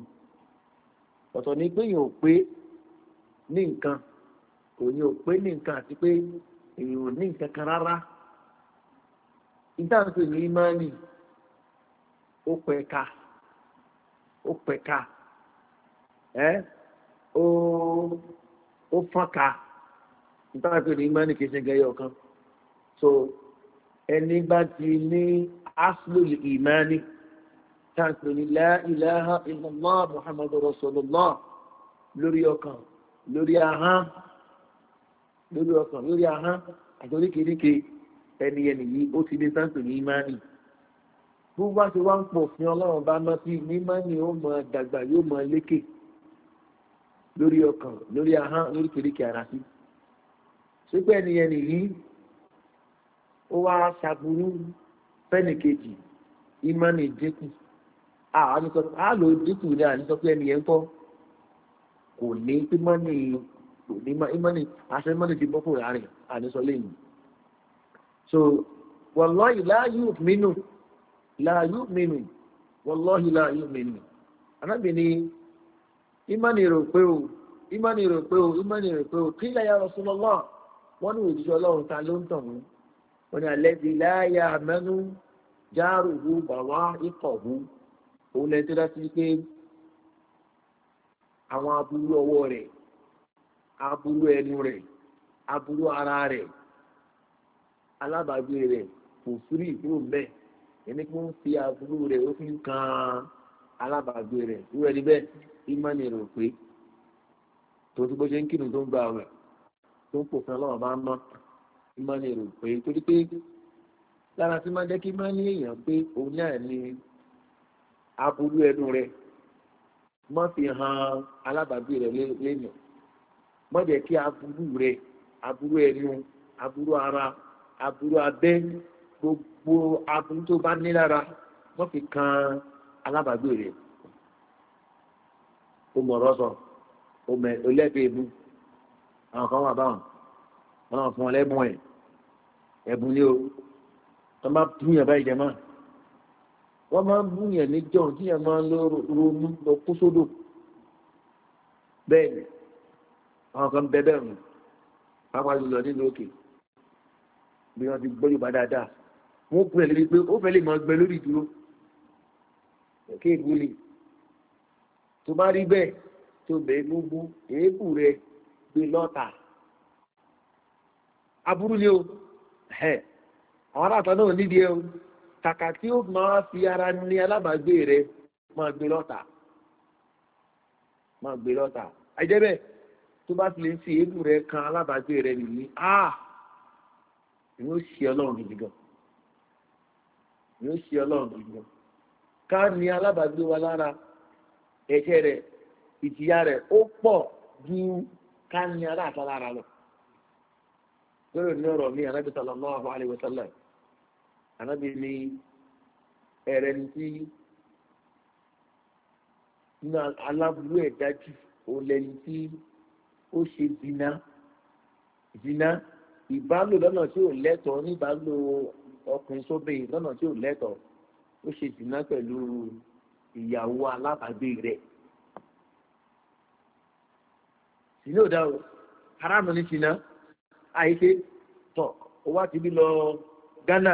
ọ̀tọ̀ ni pé èèyàn ò pé ní nǹkan kò ní ò pé ní nǹkan ó fọ́nka nítorí ní imani kìí ṣe ọ̀kan so ẹni bá ti ní aslul imani tàǹpẹ̀ ní láìláha ìmọ̀mọ́ muhammadu rasulullah lórí ọkàn lórí ahán lórí ọkàn lórí ahán àti ẹni ẹni yìí ti ní imani gbogbo àti wá ń pọ̀ fún ọlọ́run bá mọ́ imani ó mọ dàgbà yóò mọ lékè. lórí ọkàn lórí ahọ́n lórí kèrékè ara sí sípẹ́ ẹnìyẹn nìyí ó wá ṣàbùrú fẹ́nìkejì ìmọ̀nì dínkù àlò dínkù ni àní sọ pé ẹnìyẹn ń kọ́ kò ní ìmọ̀nì kò ní ìmọ̀nì àṣẹ ìmọ̀nì ti bọ́ fún àárín àní sọ lẹ́yìn so wàlọ́yì láàyè mínú láàyè mínú wàlọ́yì láàyè mínú anábìnrin. ìmánì rò pé o ìmánì rò pé o ìmánì rò pé o kí láyà Rasulullah wọ́n ní òjijì ọlọ́run ta ló ń tàn wọ́n wọ́n ní alẹ́ ti láyà mẹ́nu bàwá òun pé àwọn aburú ọwọ́ rẹ̀ ara rẹ̀ alábàágbé rẹ̀ kò sórí ìkúrò mbẹ́ ẹni kí wọ́n fi aburú rẹ̀ ó fi ń kan alábàágbé rẹ̀ wúrẹ́ níbẹ̀ ìmọ̀ni rò pé tòótú bó ṣe ń kírun tó ń gba ọ̀rẹ́ tó ń pòfin ọlọ́run bá ń mọ́ ìmọ̀ni rò pé torí pé lára tí máa ń jẹ́ kí máa èèyàn pé òun náà ni aburú ẹnu rẹ̀ mọ́ fi han alábàágbé rẹ̀ lẹ́nu mọ́ jẹ́ kí aburú rẹ̀ aburú ẹnu aburú ara aburú abẹ́ gbogbo aburú tó bá ní lára wọ́n fi kan alábàágbé rẹ̀ ó mọ̀rọ̀ sọ o mẹ olẹ́bí ebú àwọn kan wà báwọn wọn náà fún ọ lẹ́bùn ẹ̀ ẹ̀bùn ni o wọn bá búyàn báyìí jẹ mọ́ wọn máa búyàn ní john máa lọ ronú lọ kó sódò bẹ́ẹ̀ ni àwọn kan bẹ bẹ́ẹ̀ rùn pápá lọ nílùú òkè bí wọn ti gbọ́ yorùbá dáadáa wọn kú ẹ̀ lórí pé ó fẹ́ lè máa gbẹ lórí ìdúró. kí ègúlì tó bá rí bẹ́ẹ̀ tó gbogbo èébù rẹ gbé lọ́ta aburú ni o àwọn aráàtọ̀ náà nídìí ẹ o kàkà tí ó máa fi ara ní alábàágbé rẹ máa gbé lọ́ta máa gbé lọ́ta àìjẹ́ bẹ́ẹ̀ tó kan alábàágbé rẹ nìyí ni ó ṣe ọlọ́run gidi gan ni ká ní alábàágbé wa lára ẹ̀ṣẹ̀ rẹ̀ ìjìyà rẹ̀ ó pọ̀ ju ká ní aláàtà lára lọ. lórí ní ọ̀rọ̀ mi anábì sallallahu alaihi wasallam anábì ní ẹ̀rẹ́ ní tí aláburú ẹ̀dá jù ó lẹ́ni tí ó ṣe dìnnà dìnnà ìbálò lọ́nà tí ò lẹ́tọ̀ọ́ níbálò ọkùnrin lọ́nà tí ò lẹ́tọ̀ọ́. ó ṣe dìná pẹ̀lú ìyàwó alábàgbé rẹ̀ sínú ọ̀dà o haramu ní sinna àìṣe tọ̀ ó wá ti bí lọ ghana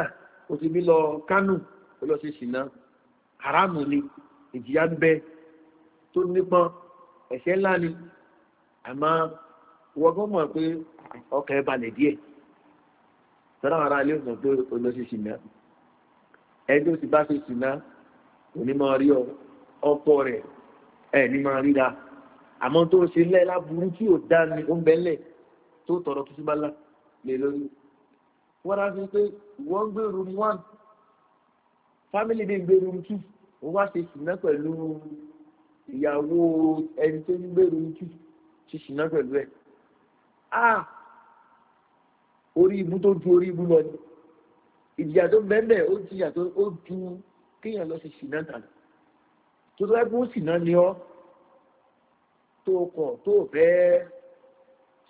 ó ti bí lọ kánò ó lọ sí sinna haramu ni ìjìyà ń bẹ tó nípọn ẹ̀ṣẹ́ ńlá ni àmọ́ wọ́n gbọ́n mọ̀ pé ọkàn balẹ̀ díẹ̀ sọ́dọ̀ àwọn ilé ìsìn ó lọ sí sinna ẹni ó ti bá ṣe sùn náà òní máa rí ọkọ rẹ̀ ẹni máa ríra àmọ́ tó ṣe lẹ́ láburú tí ò dá ni ó ń bẹ́lẹ̀ tó tọrọ tó síbá lá lè lórí wọ́n rá sí pé wọ́n gbé room one family dey gbé room two ó wá ṣe sùn pẹ̀lú ìyàwó ẹni tó ń gbé room two ṣe sùn pẹ̀lú ẹ̀ ah orí ibu tó ju orí ibu lọ ni ìjìyà tó bẹ́ẹ̀ ó jìyà tó ó ju kéèyàn lọ sí ṣìnà tàbí tó tó ẹgbẹ́ ṣìnà ni ọ́ tó kọ̀ tó fẹ́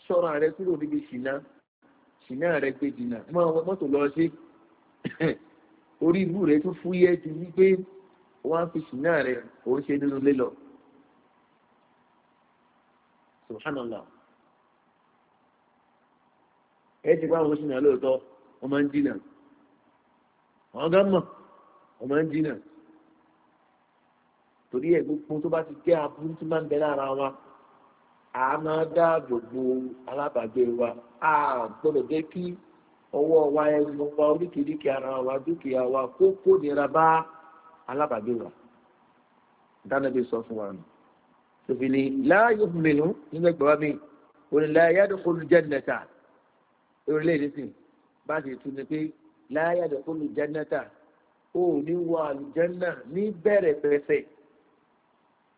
sọ́ra rẹ kúrò níbi ṣìnà ṣìnà rẹ gbé jìnà mọ́tò lọ sí orí ibú rẹ tó fúyẹ́ ju wípé wọ́n á fi ṣìnà rẹ òun ṣe nínú lélọ̀ subhanallah ẹ ti bá àwọn ṣìnà lóòótọ́ wọ́n máa ń dínà àwọn gánmọ̀ ọmọ ń jìnà torí ẹ̀ gbogbo tó bá ti jẹ́ aburú tí máa ń bẹ lára wa a máa dáàbò bo alábàgbé wa a gbọ́dọ̀ jẹ́ kí ọwọ́ wa ẹnu wa oríkèéríkèé ara wa dúkìá wa kó kó nira bá alábàgbé wa dánábì sọ fún wa nù tòfìlì láàyò mìíràn nínú ẹgbẹ́ mi òní láyé àdókòlù jẹ́ nẹ́ta orílẹ̀-èdè sì bá ti tún ni pé láyà dẹ̀ kólú jẹ́nẹ́tà ó ní wọ àlùjẹ́nà ní bẹ̀rẹ̀ pẹ̀sẹ̀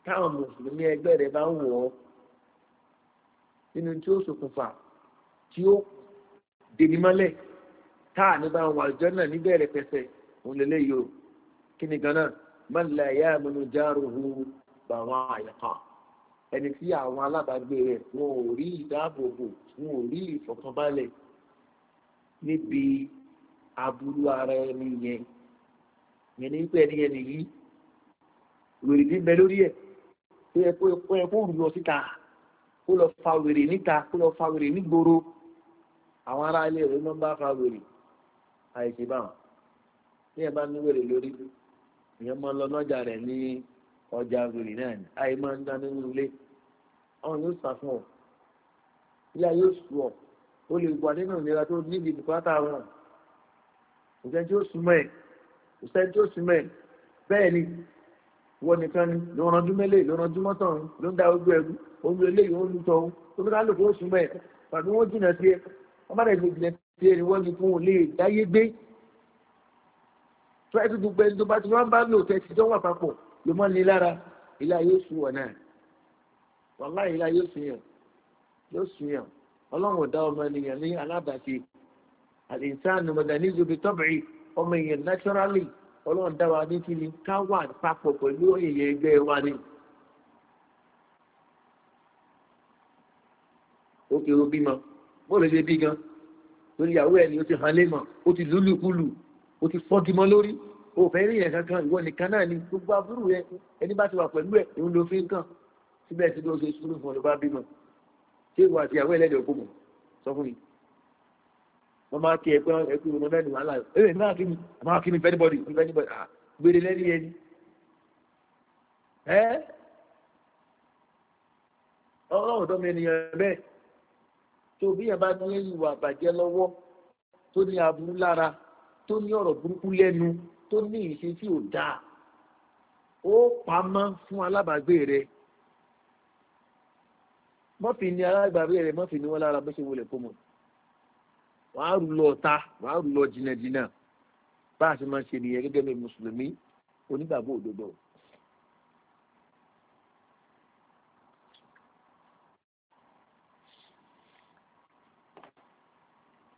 táwọn mùsùlùmí ẹgbẹ́ rẹ̀ bá ń wọ̀ ọ́ nínú tí ó ṣokùnfà tí ó dèní mọ́lẹ̀ táà ní bá ń wọ àlùjẹ́nà ní bẹ̀rẹ̀ pẹ̀sẹ̀ òun lélẹ́ yìí o kí ni ganan mọ́lẹ̀ ayé àmọ́nú járuhu bàwọn àyàkà ẹni tí àwọn alábàágbé rẹ̀ wọn ò rí ìdáàbòbò wọn ò rí ìfọ̀kànbalẹ̀ níbi aburú ara ẹni yẹn yẹn ní pé ẹni yẹn nìyí wèrèdí bẹ lórí ẹ tó yẹ kó yẹ kó rù lọ síta kó lọ fa wèrè níta kó lọ fa wèrè nígboro àwọn ará ilé rẹ ló ń bá fa wèrè àìsè báwọn ní ẹ bá ní wèrè lórí ìyẹn máa ń lọ lọ́jà rẹ̀ ní ọjà wèrè náà ni àyè máa ń dáná nínú ilé ọ̀hún yóò sà ọ ilé ayé sùn ọ o lè gbà nínú ìlera tó níbi bùkátà wọn kò sẹ́ni tí ó súnmọ́ ẹ̀ kò sẹ́ni tí ó súnmọ́ ẹ̀ bẹ́ẹ̀ ni wọ́n nìkan ni ló ranjú mẹ́lẹ̀ ló ranjú mọ́tàn ló ń da ojú ẹrú omi eléyìí ó ń lu tọ́ omi ká lò kó súnmọ́ ẹ̀ tàbí wọ́n jìnà sí ẹ wọ́n bá dẹ̀ fi jìnà sí ẹ ni wọ́n ní fún un lè dáyé gbé tó ẹ ti dùn pé tó bá ti wọ́n bá lò tẹ́ ti jọ́ papọ̀ ló mọ́ ni lára ilé ayé sùn wọ̀ náà wàláì ilé ayé sùn yàn yóò sùn yàn ọlọ́run ò dá ọmọ ènìyàn ní aládàáṣe àlìsáànù mọ̀dánìzù bíi tọ́bìrì ọmọ èèyàn naturally ọlọ́run dá wa ní kíni ká wà papọ̀ pẹ̀lú èèyàn ẹgbẹ́ wa ni. ó kéré bímọ bó lè ṣe bí gan lórí ìyàwó ẹ ni ó ti hàn lé mọ ó ti lúlùkulù ó ti fọ́gimọ lórí òfin rí yẹn kankan ìwọ nìkan náà ni gbogbo aburú yẹn ẹni bá ti wà pẹ̀lú ẹ̀ òun ló fi ń kàn síbẹ̀ tí ó ṣe sùúrù fún ọ ló bá bímọ ṣé ìwà àti ìyàwó ẹlẹ́dẹ̀ẹ́ òkú mọ̀ sọ fún mi wọ́n máa kí ẹgbẹ́ ẹgbẹ́ ọmọ náà ní wàhálà ẹ̀rẹ̀ ní máa kí ni máa kí ah, ni fẹ́nibọ́dì ní fẹ́nibọ́dì à gbére lẹ́rí ẹni ẹ́ ọlọ́ọ̀dọ́ mi ènìyàn bẹ́ẹ̀ tó bí yẹn bá ní ìwà àbàjẹ́ lọ́wọ́ tó ní aburú lára tó ní ọ̀rọ̀ burúkú lẹ́nu tó ní ìṣe tí ò dáa ó pamọ́ fún alábàágbé rẹ̀ mọ́fì ni alábàágbé rẹ̀ mọ́fì ni wọ́n lára bó ṣe wọlé fún mọ́ wàá rù lọ ta wàá rù lọ jìnnàjìnnà bá a ṣe máa ṣe nìyẹn gẹ́gẹ́ bí mùsùlùmí onígbàgbọ́ òdodo.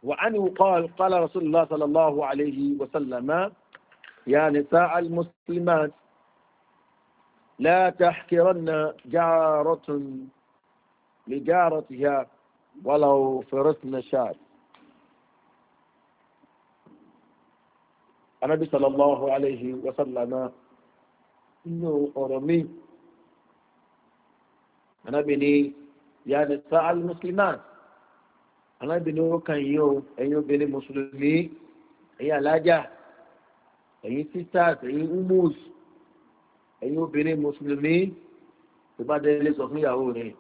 وعنه قال قال رسول الله صلى الله عليه وسلم يا نساء المسلمات لا تحكرن جارة لجارتها ولو فرسن شاة anábì sallallahu alayhi wa sallama inú ọ̀rọ̀ mi anábì ni ya nisa al-muslimat anábì ni ó kàn yín o ẹ̀yin obìnrin mùsùlùmí ẹ̀yin alájà ẹ̀yin sisters ẹ̀yin umus ẹ̀yin obìnrin mùsùlùmí tó bá dé ilé sọ fún ìyàwó rẹ̀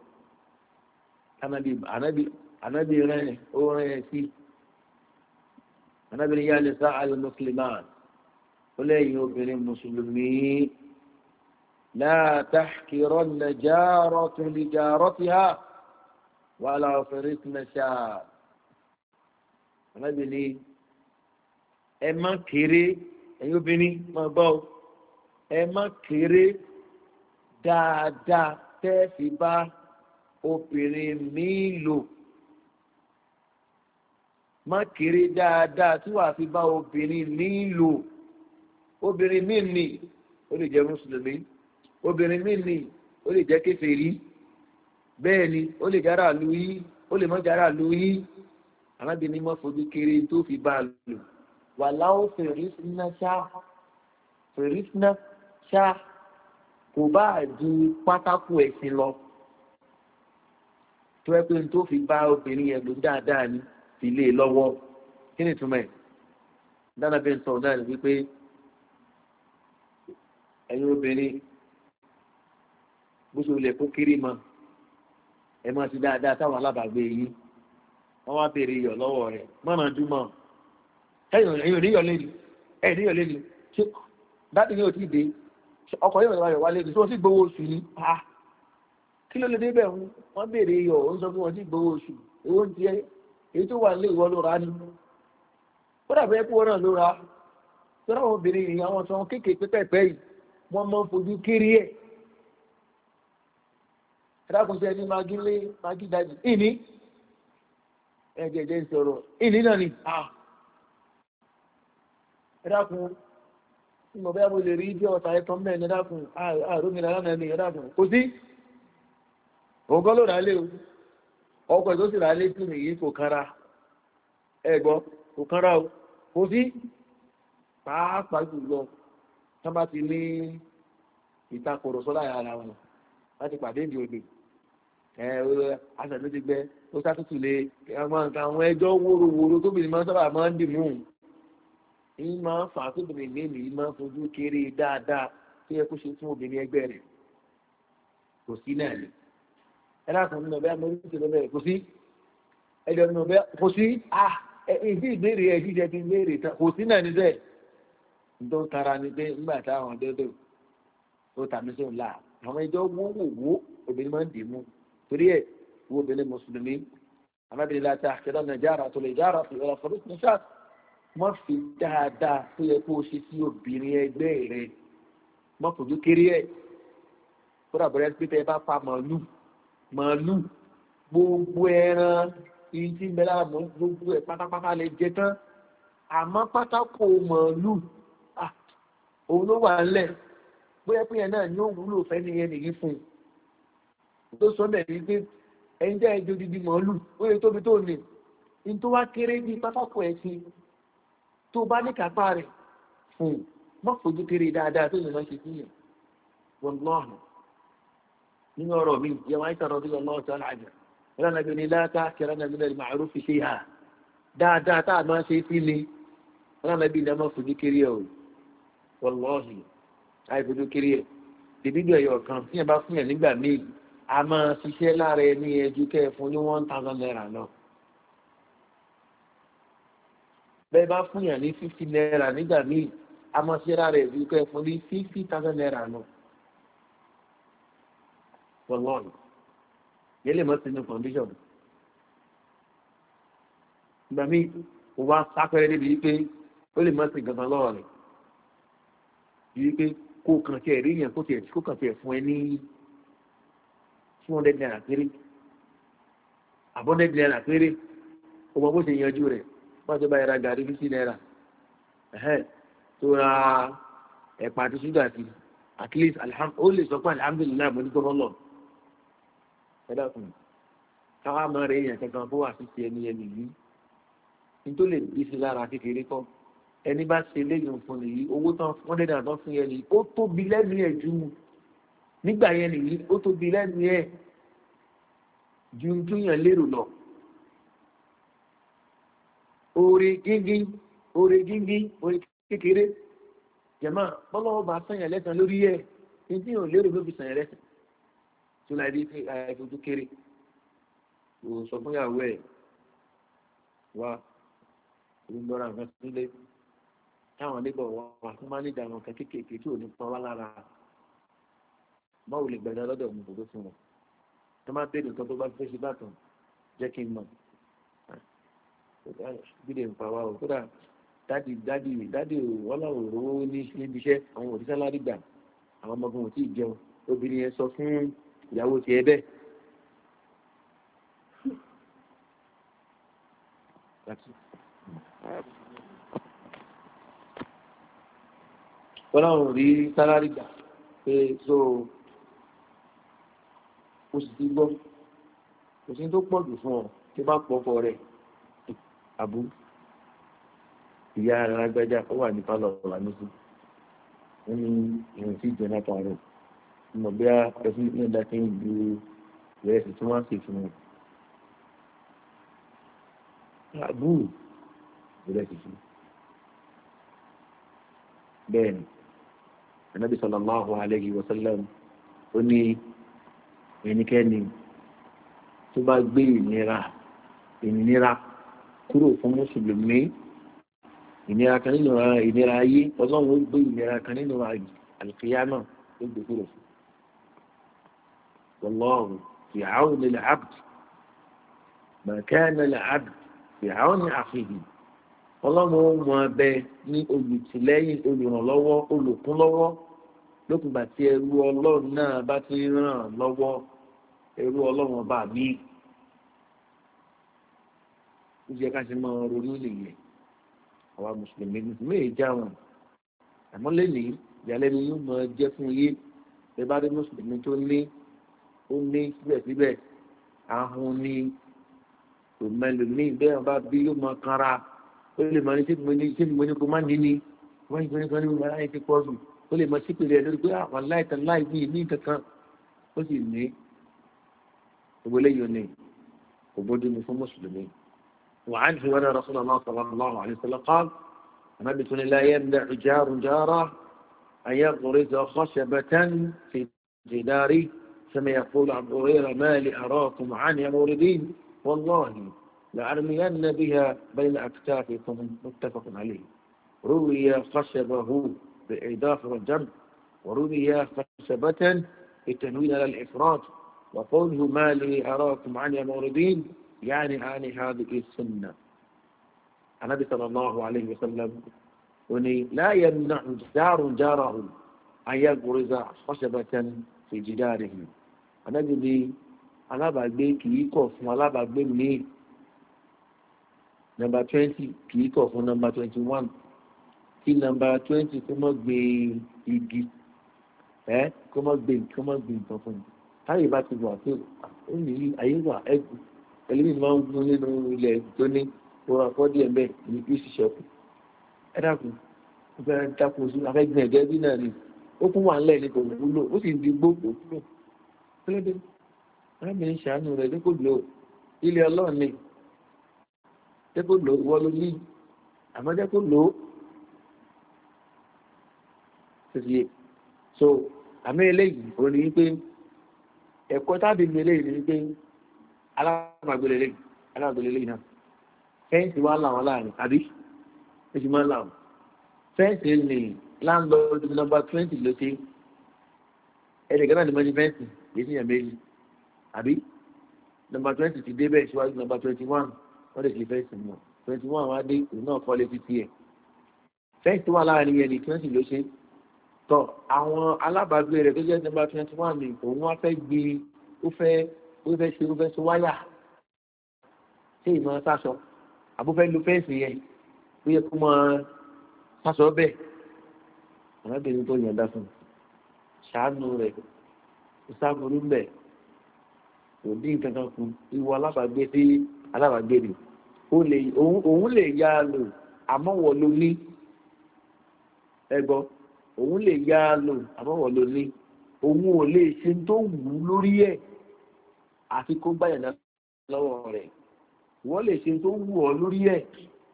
anábì rẹ̀ ó rẹ̀ sí i anábìrin yá lè sá alimusliman ó lẹ́yìn obìnrin mùsùlùmí láàtà kìrọ̀ nàjàrọ̀ tó lè jàrọ̀ ti hà wàhálà ọ̀fẹ́rẹ́ ti nà ṣáà anábìrin ẹ má kéré ẹ̀yin obìnrin máa bọ́ ẹ má kéré dáadáa tẹ́ bá obìnrin mi lò má kéré dáadáa tí wàá fi bá obìnrin nílò obìnrin míì ni ó lè jẹ́ mùsùlùmí obìnrin míì ni ó lè jẹ́ kẹfẹ́rí bẹ́ẹ̀ ni ó lè jára lu yí ó lè mọ́ jára lu yí arábìnrin mọ́ fojú kéré tó fi bá a lò wà láwọn fèrèsínà ṣá fèrèsínà ṣá kò bá ju pátákó ẹ̀sìn lọ tó ẹ pé n tó fi bá obìnrin yẹn lò dáadáa ni fi lé e lọ́wọ́ kí ni ìtumọ̀ ẹ̀ dáná bí n sọ̀rọ̀ náà ni wípé ẹ̀yin obìnrin bó ṣe lè kó kiri mọ́ ẹ máa ṣe dáadáa táwọn alábàágbé yín wọ́n wá béèrè iyọ̀ lọ́wọ́ rẹ̀ mọ́nà dúmọ̀ ẹ̀yin ò ní yọ̀ lẹ́nu ẹ̀yin ní yọ̀ lẹ́nu ṣé dáàbì ní òtí dé ọkọ̀ yóò rẹ̀ wá lẹ́nu tí wọ́n sì gbowó oṣù ni ah! kí ló lè débẹ̀ wọ́n béèrè iyọ̀ ó ń sọ fún wọn sì gbowó oṣù èwo ń tiẹ́ èyí tó wà nílé ìwọ ló ra ni ó dàbí ẹ pé wọn náà ló ra tọ́lá àwọn obìnrin yìí àwọn tó wọn kéékèèké pẹ́pẹ́ yìí wọ́n máa ń fojú kéré ẹ̀ ẹ̀dàkùnṣe ẹni magi lé magi dájú ìní ẹ̀jẹ̀jẹ̀ sọ̀rọ̀ ìní náà ni à ẹ̀dàkùn tí mo bẹ́ẹ̀ mo lè rí bí ọ̀tá ẹ̀tọ́ mẹ́rin ẹ̀dàkùn àrùn mi lánàá ni ẹ̀dàkùn kò sí ògọ́ ló rà á lé o. ọkọ̀ tó sì rà létí nìyí kò kára ẹ̀gbọ́ kò o kò sí pàápàá jùlọ tá bá ti ní ìtakòròsọ sọ́lá ara wọn láti pàdé ìdí odò ẹ gbẹ ó sátútù lé àwọn máa sábà máa ń dì mú máa fà á máa fojú kéré dáadáa tó yẹ kó ṣe ẹlẹ́kùn nínú ọ̀bẹ́ amórí ti lọ́bẹ̀ kò sí ẹjọ́ nínú ọ̀bẹ́ kò sí ah ìdí ìbéèrè ẹ̀jú jẹ́ ti léèrè tán kò sí náà níbẹ̀ tó tara ni pé nígbà táwọn dẹ́dọ̀ ó tàbí sí ńlá àwọn ẹjọ́ wọ́n wò wó obìnrin máa ń dì mú torí ẹ̀ wo obìnrin mùsùlùmí amábìnrin láti àkẹ́dọ́ nàìjíríà tó lè jára sí ọ̀rọ̀ fọ́lú ní ṣáà wọ́n fi dáadáa tó yẹ kó ṣe sí obìnrin ẹgbẹ́ rẹ̀ mọ́ fojú kéré ẹ̀ kó dàbọ̀rẹ́ pé bá pa màálù gbogbo ẹran iye tí mẹ́lá mọ́ gbogbo ẹ̀ pátápátá lè jẹ tán àmọ́ pátákó màálù òun ló wà ńlẹ̀ bóyá pé yẹn náà ni ó wúlò fẹ́ ni yẹn nìyí fún un tó sọ bẹ́ẹ̀ ni pé ẹni jẹ́ ẹjọ́ dídí màálù ó yẹ tóbi tó nì ní tó wá kéré ní pátákó ẹ̀ sí tó bá ní kápá rẹ̀ fún un mọ́ fojú kéré dáadáa tó lè máa ṣe fún yẹn wọ́n lọ́hùn-ún nínú ọ̀rọ̀ mi ìyàwó àìsà rọ̀bí ọlọ́wọ́ tí wọ́n láàjì ránàbí ní látà kẹrànàbí lẹ́rì màárù fi ṣe hà dáadáa tá a máa ṣe sí ni ránàbí ní a máa fojú kiri ẹ̀ o wọlọ́ọ̀hì àìfojú kiri ẹ̀ dèbídò ẹ̀yọ̀ kan tí ẹ bá fún yẹn nígbà míì a máa ṣiṣẹ́ ẹjú kẹ́ ní one naira náà bẹ́ẹ̀ bá fún ní fifty naira nígbà míì ṣiṣẹ́ lára ẹjú kẹ́ ní fifty naira náà. wọlọ́ọ̀lù yẹlẹ̀ mọ́ sínú foundation ìgbà míì ó wá sápẹ́rẹ́ níbi wípé ó lè mọ́ sí gangan lọ́wọ́ rẹ̀ wípé kó kàn tiẹ̀ rí yẹn kó tiẹ̀ kó kàn tiẹ̀ fún ẹ ní two hundred naira péré abundant naira o ra at least mo ẹ̀dàkùn káwá mọ́ rẹ̀ èèyàn kankan bó wà síse ẹni ẹni yìí ní tó lè bí sí lára kékeré kọ́ ẹni bá ṣe léyìn fún nìyí owó tán wọ́n dẹ̀ dàn tán fún yẹn nìyí ó tóbi lẹ́nu ẹ̀ ju nígbà yẹn nìyí ó tóbi lẹ́nu ẹ̀ ju túyàn lérò lọ oore gíngín oore gíngín oore kékeré jẹ̀mọ́ bọ́lọ́wọ́ bá sànyàn lẹ́sàn lórí ẹ̀ ní tí yóò lérò ló fi sànyàn lẹ́sàn tó láì rí àìfojú eh, kéré kò sọ fún ìyàwó ẹ̀ wá òun lọ́ra nǹkan sílé táwọn lébọ̀ wà fún mánéjà àwọn kan kéékèèké tí ò ní pa wá lára báwo lè gbàdá lọ́dọ̀ mi kò tó fún wọn tó máa bèèrè nǹkan tó bá fẹ́ ṣe bátan jẹ́ kí n mọ̀ gbídè ń pa wá o kódà dádì dádì dádì ọlọ́run òróró ní níbi àwọn òṣìṣẹ́ ládìgbà àwọn ọmọkùnrin ò tí ì jẹun obìnrin yẹn sọ fún ìyàwó ti ẹ bẹ́ẹ̀. ọlọ́run rí sálárì gbà pé so o sì ti gbọ́ kò sí tó pọ̀ jù fún ọ tí bá pọ̀ fọ rẹ̀ àbú ìyá alágbájá ó wà ní pálọ̀ ọ̀la ní sí ní ìrìnsí ìjọba pààrọ̀ mọ̀ bí a pẹ̀lú ní ọ̀dà tí ń ju ìrẹsì tí wọ́n sì fún un. àbú ìrẹsì fún un. bẹ́ẹ̀ ni anabi sallallahu alayhi wa sallam ó ní ẹnikẹ́ni tó bá gbé ìnira ìnira kúrò fún mùsùlùmí ìnira kan nínú ìnira ayé ọlọ́run ó gbé ìnira kan nínú àlùkìyà náà ó gbé kúrò fún. والله في عون العبد ما كان العبد في عون أخيه والله ما mọ abẹ ní olùtìlẹ́yìn olùrànlọ́wọ́ olùkúnlọ́wọ́ lókùnbà tí ẹrú ọlọ́run náà bá ti ràn lọ́wọ́ ẹrú ọlọ́run ọba mi ó yẹ ká ṣe máa ronú nìyẹn àwa mùsùlùmí mùsùlùmí èyí já wọn àmọ́ lẹ́nìí ìyàlẹ́nu yóò máa jẹ́ fún yé ẹ bá rí mùsùlùmí tó ní ó ní síbẹ̀síbẹ̀ ahun ni kò mẹlòmíì bẹ́ẹ̀ bá bí yóò máa kanra ó lè máa ní ṣé mo ní ṣé mo ní kó má ní ni wọ́n se ni gbẹ́nìkan ní ìmọ̀láyé ti pọ̀ jù ó lè máa sípèrè ẹ̀ lórí pé àwọn láìtàn láì bí ní kankan ó sì ní owó lẹ́yìn ní kò bójú mu fún mùsùlùmí. wà á ní wọn rọ sọlọ náà sọlọ náà wà ní sọlọ kan àmàbí tún ní láyé ń bẹ ìjárun كما يقول عبد الغير ما لأراكم عني موردين والله لأرمين بها بين أكتافكم متفق عليه روي خشبه بالإضافة والجمع وروي خشبة بتنوين على الإفراد وقوله ما لي أراكم عني موردين يعني عن هذه السنة النبي صلى الله عليه وسلم وني لا يمنع جار جاره أن يبرز خشبة في جداره ànábì ni alábàágbé kìí kọ̀ fún alábàágbé míì nọmba twenty kìí kọ̀ fún nọmba twenty one kí nọmba twenty kó mọ́ gbé igi ẹ kó mọ́ gbé kó mọ́ gbé nǹkan fún mi táyé bá ti wà pé ó ní ayé wà ẹ̀kú ẹlẹ́yìn máa ń gún nínú ilẹ̀ tó ní òun àkọ́dí ẹ̀mẹ́ ní kí ṣiṣẹ́ kù ẹ dákun ó fẹ́ dákun sí afẹ́gbẹ̀ẹ́gẹ́ bí náà ni ó kún wà ńlẹ̀ ní kò ó sì ń di gbogbo kúrò kílódé arábìnrin ṣàánú rẹ̀ dé kò lò ilé ọlọ́run ni dé kò lò wọ́n ló ní àmọ́ dé kò lò títí yé so àmì eléyìí òun ni wípé ẹ̀kọ́ tábì mi eléyìí ni wípé alábàgbélé eléyìí alábàgbélé eléyìí náà fẹ́ǹsì wá làwọn láàrin àbí oṣù máa ń làwọn fẹ́ǹsì ni láńlọ́ọ̀dù nọmba twenty ló ṣe ẹnìkan náà ni mo ní fẹ́ǹsì kì í sí ẹ̀mẹ́lì àbí nọmba twenty ti dé bẹ́ẹ̀ síwájú nọmba twenty one wọ́n lè fi fẹ́ sìn twenty one wá dé òun náà kọ́ lé fi tiẹ̀ fẹ́ǹsì tó wà láàrin yẹn ni twenty ló ṣe tọ́ àwọn alábàágbé rẹ̀ tó jẹ́ nọmba twenty one ni òun wá fẹ́ gbé ó fẹ́ ó fẹ́ ṣe ó fẹ́ ṣe wáyà ṣé ìmọ̀ sáṣọ àbúfẹ́ lu fẹ́ǹsì yẹn ó yẹ kó máa sáṣọ bẹ́ẹ̀ ọ̀rẹ́bìnrin tó yàn dá fún un ṣàánú rẹ̀ ìsáburú mbẹ̀ kò dín nǹkan kan kù ìwọ alábàágbé sí alábàágbé ni òun lè yá a lò àmọ́ wọ́n ló ní ẹgbọ́ òun lè yá a lò àmọ́ wọ́n ló ní òun ò lè ṣe tó wù ú lórí ẹ̀ àfi kó gbàyàn náà lọ́wọ́ rẹ̀ wọ́n lè ṣe tó wù ọ́ lórí ẹ̀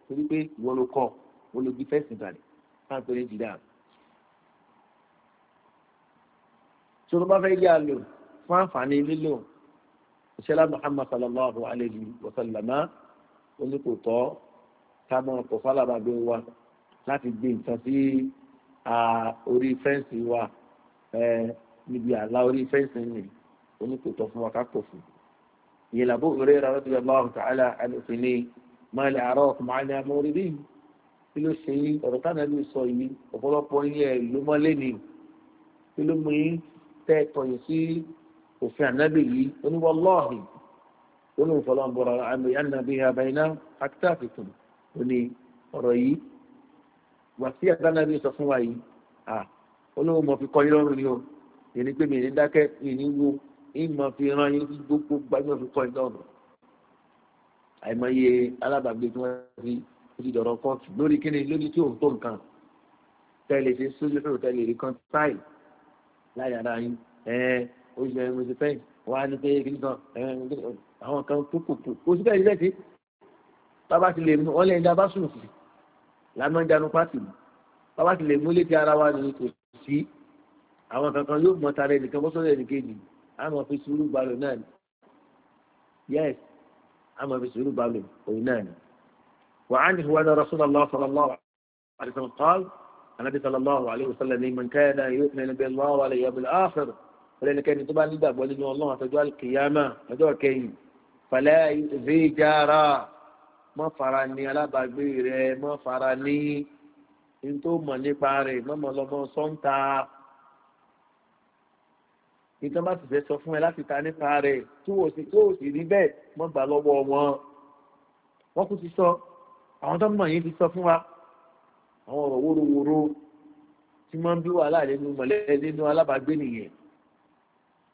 torí pé wọ́n ló kọ́ wọ́n ló gbé fẹ́sìn balẹ̀ fáwọn pẹ̀lú ìdílé tó tó bá fẹ́ yá lò fún àǹfààní lílò ìṣẹ́lá muhammad sallallahu alayhi wa sallama oníkòtọ́ ká mọ̀ ọ̀pọ̀ fálábàbí wa láti gbé nǹkan sí orí fẹ́ǹsì wa níbi àlá orí fẹ́ǹsì ni oníkòtọ́ fún wa ká kò fún ìyẹn làbó òré ra rọ́bì ọlọ́run tààlà àlòfin ni máa lè àárọ̀ ọkùnrin àlẹ́ àmọ́ orí bíi kí ló ṣe yín ọ̀rọ̀ táwọn ẹbí sọ yìí ọ̀pọ̀lọpọ̀ yín ẹ̀ ló mọ́lé ni kí ló mú yín tẹ́ tọ̀yìn sí òfin ànábì yìí oníwọlọ́ọ̀hìn olùfọlọ́n bọ̀rọ̀ àmì ànábì àbáyíná àtàkùtùn òní ọ̀rọ̀ yìí wà sí àtànábì sọ fún wa yìí à olówó mọ̀ fi kọyín lọ́rùn ni o èyí pé mi ní dákẹ́ mi ní wo ìmọ̀ fi ran yín sí gbogbo gbajúmọ̀ fi kọyín lọ́rùn àìmọye alábàgbé tí wọ́n fi ti dọ̀rọ̀ kọ́ọ̀tù lórí kíni lórí tí òun tó nǹkan tẹ́lẹ̀ ṣe sójú fẹ́ràn tẹ́lẹ̀ rí kan táì láyé ara yín ẹ̀ẹ́ oṣù ẹ̀rọ oṣù fẹ́ wà á ní pé kí nìkan àwọn kan tó kù kù kò síbẹ̀ ilé ti bàbá ti lè mú wọn lẹ́yìn dábàá sùn sí lànà ìjánu pàtì bàbá ti lè mú létí ara wa ní kò sí àwọn kankan yóò mọ tara ẹnìkan bó sọ́dọ̀ ẹnìkejì àmọ́ fi sùúrù balẹ̀ náà ni yẹ́s àmọ́ fi sùúrù balẹ̀ òun náà ni wàá ní ìwádìí rasulillah sallallahu alayhi wa sallam anábì sallallahu alayhi wa sallam ní mọ̀nkẹ́dà yóò fi ẹni bẹ́ẹ̀ lọ́wọ́ wà lẹ́yìn ọ̀bìnrin áfẹ́r ẹlẹ́nikẹ́ni tó bá nígbàgbọ́ nínú ọlọ́run àtọ́jú alkiyama ọjọ́ kẹyìn fàlẹ́ ìjára mọ́ fara ní alábàgbé rẹ̀ mọ́ fara ní ní tó mọ̀ nípa rẹ̀ mọ́mọ́ lọ́mọ sọ́ńtà nǹkan bá sì fẹ́ sọ fún ẹ láti ta nípa rẹ̀ tí wò sí tó sì rí bẹ́ẹ̀ mọ́ gbà lọ́wọ́ wọn wọ́n kú ti sọ àwọn tó mọ̀ yín ti sọ fún wa àwọn ọ̀rọ̀ wóróworó tí máa ń bí wàhálà nínú mọ̀lẹ́ nínú alábàágbé nìyẹn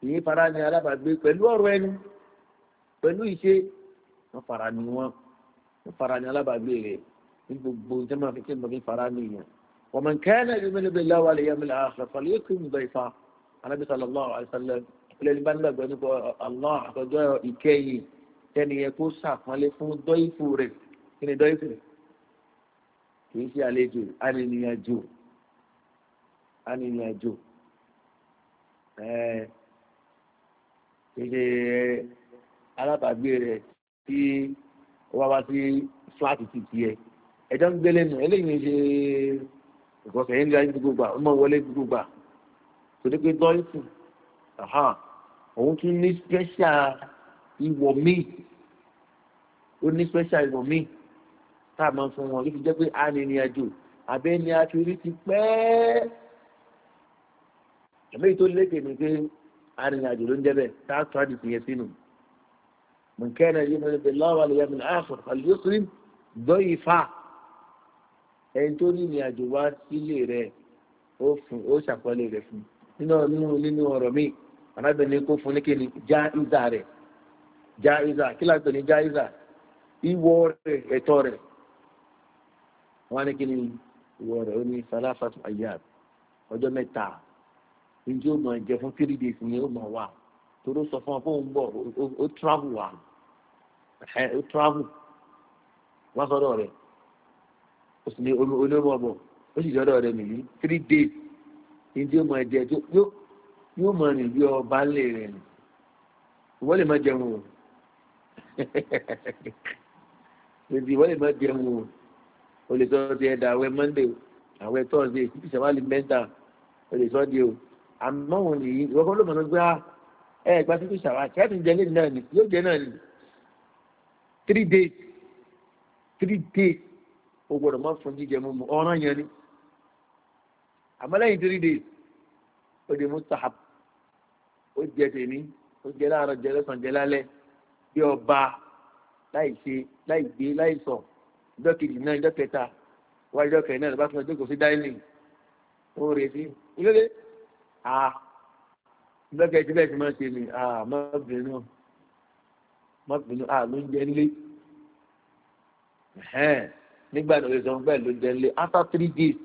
èyí fara ni alábàágbé pẹ̀lú ọ̀rọ̀ ẹnu pẹ̀lú ìṣe wọ́n fara ni wọ́n wọ́n fara ni alábàágbé rẹ̀ ní gbogbo jẹ́mọ́ àfikún ìmọ̀ fi fara ni yẹn wọ́n mọ̀ nǹkan náà yóò mẹ́lẹ́bẹ̀ láwa lè yẹ mílẹ̀ àṣà pẹ̀lú yóò kí n gbẹ ìfà alábi sàlọ́lá àṣàlẹ̀ kìí ṣe àlejò arìnrìnàjò arìnrìnàjò kìí ṣe alábàgbé rẹ tí wọ́n wá sí fúláàtì ti tiẹ̀ ẹ̀jọ́ ń gbélé nù eléyìí ṣe ìkọ̀sẹ̀ yẹn ní ayé gbogbo gbà ọmọ wọlé gbogbo gbà torí pé dọ́ìsì òun tún ní special ìwọ̀ míì ó ní special ìwọ̀ míì tá a máa fún wọn ló fi jẹ́ pé a ní ìrìn àjò àbẹ́ ni a ti rí ti pẹ́ ẹ̀mí tó lékè ní pé a ní ìrìn àjò ló ń jẹ́ bẹ́ẹ̀ tá a tọ́ àdìsí yẹn sínú mùkẹ́nà yìí mẹ́rin bẹ́ẹ̀ lọ́wọ́ àlùyá mi láàfọ̀ àlùyọ́sírí dọ́yìí fà ẹni tó ní ìrìn àjò wá sílé rẹ̀ ó fún ó ṣàpọ́lé rẹ̀ fún nínú nínú ọ̀rọ̀ mi arábìnrin kó fún ní kíni já ìzà rẹ̀ já ìzà kí láti ní já ìzà ìwọ rẹ̀ ẹ̀tọ́ rẹ̀ wọ́n á ní kí ni ìwọ rẹ̀ ó ní salafat ayyad ọjọ́ mẹ́ta njẹ́ ó máa jẹ fún three days ni ó máa wà toró sọ fún ọ fóun bọ̀ ó travel wà ó travel wọ́n sọ́dọ̀ rẹ̀ ó sì ní olóòmọ̀ bọ̀ ó sì sọ́dọ̀ rẹ̀ nìyí three days njẹ́ ó máa jẹ yóò máa rìn bí ọba lè rìn ìwọ́n lè má jẹun o ìwọ́n lè má jẹun o o lè sọ ọ́ ti ẹ̀dá àwẹ̀ monday àwẹ̀ thursday títí sẹ́wálì mẹ́ta o lè sọ ọ́ di o àmọ́ òun nìyí ìwọ́kọ́ ló mọ̀ ló gbá ẹ̀ gba títí sàwà ṣáàtì jẹ lẹ́yìn náà ni yóò jẹ náà ni three days three days o gbọ́dọ̀ má fún jíjẹ mímu ọ̀ràn yẹn ni àmọ́ lẹ́yìn three days o di mustahab o jẹ tèmi o jẹ láàárọ̀ jẹ lọ́sàn jẹ lálẹ́ bí ọba láì ṣe láì gbé láì sọ̀rọ̀ ìjọ kejì náà ìjọ kẹta wá ìjọ kẹrin náà ló bá tún ọjọ́ kò sí dáìlì ó retí ìlélẹ́ à ìjọ kẹjì bẹ́ẹ̀ ti máa ṣe mi à mọ́bìnrin mọ́bìnrin à ló ń jẹ nílé nígbà tó lè sọ bẹ́ẹ̀ ló ń jẹ nílé after three days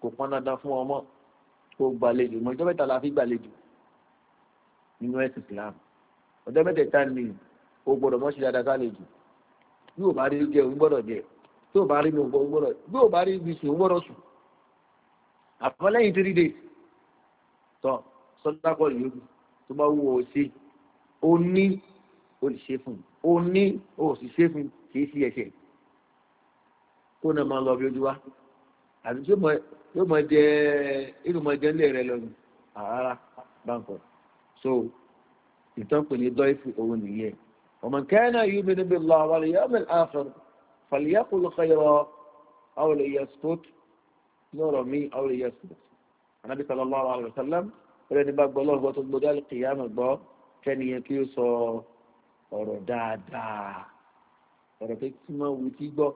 kò pọn dandan fún ọmọ kó gbàlejò mọ ìjọ mẹ́ta la fi gbàlejò nínú ẹ̀sìn Islam ọjọ́ mẹ́tẹ̀ẹ̀ta ni o gbọ́dọ̀ mọ́ ṣe dáadáa sálejò bí o bá rí jẹ́ o gbọ́dọ̀ jẹ́ o tí ò bá rí mi ògbọ́n gbọ́dọ̀ bí ò bá rí ibi sùn gbọ́dọ̀ sùn àfọ́ lẹ́yìn three days tọ́ sọ́dákọ̀ yòókù tó bá wù ọ́ sí ó ní ó lè ṣe fún ó ní ó sì ṣe fún kìí sí ẹsẹ̀ kó náà máa lọ bí ojú wa àti tí yóò máa jẹ inú máa jẹ ilé rẹ lọ́nu àrárá báńkọ̀ so ìtàn pè ní dọ́ìfù òun nìyẹn ọmọ kẹ́hìn náà yóò bí níbi lọ́wọ́ wàlẹ̀ yóò mẹ́lẹ̀ àfẹ́rẹ́. فليقل خيرا أو ليسكت نرمي أو ليسكت النبي صلى الله عليه وسلم ولن يبقى الله هو تنبدا القيامة با كان يكيوس أردادا أردتما وتيبا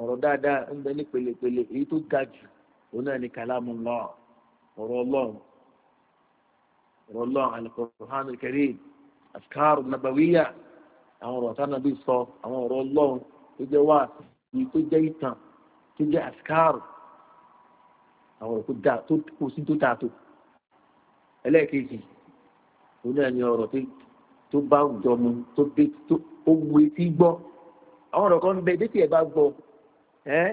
أردادا عندني كله كله يتو قاج هنا كلام الله أرى الله أرى الله على القرآن الكريم أفكار نبوية àwọn ọ̀rọ̀ tánàbí sọ àwọn ọ̀rọ̀ ọlọ́run tó jẹ́ wá ní tó jẹ́ ìtàn tó jẹ́ àṣkáàrù àwọn ọ̀rọ̀ tó dá tó kò sí tó ta tó ẹlẹ́ẹ̀kejì òun náà ni ọ̀rọ̀ tó bá òjò mu tó dé tó ó wu etí gbọ́ àwọn ọ̀rọ̀ kan ń bẹ dékì ẹ̀ bá gbọ́ ẹ́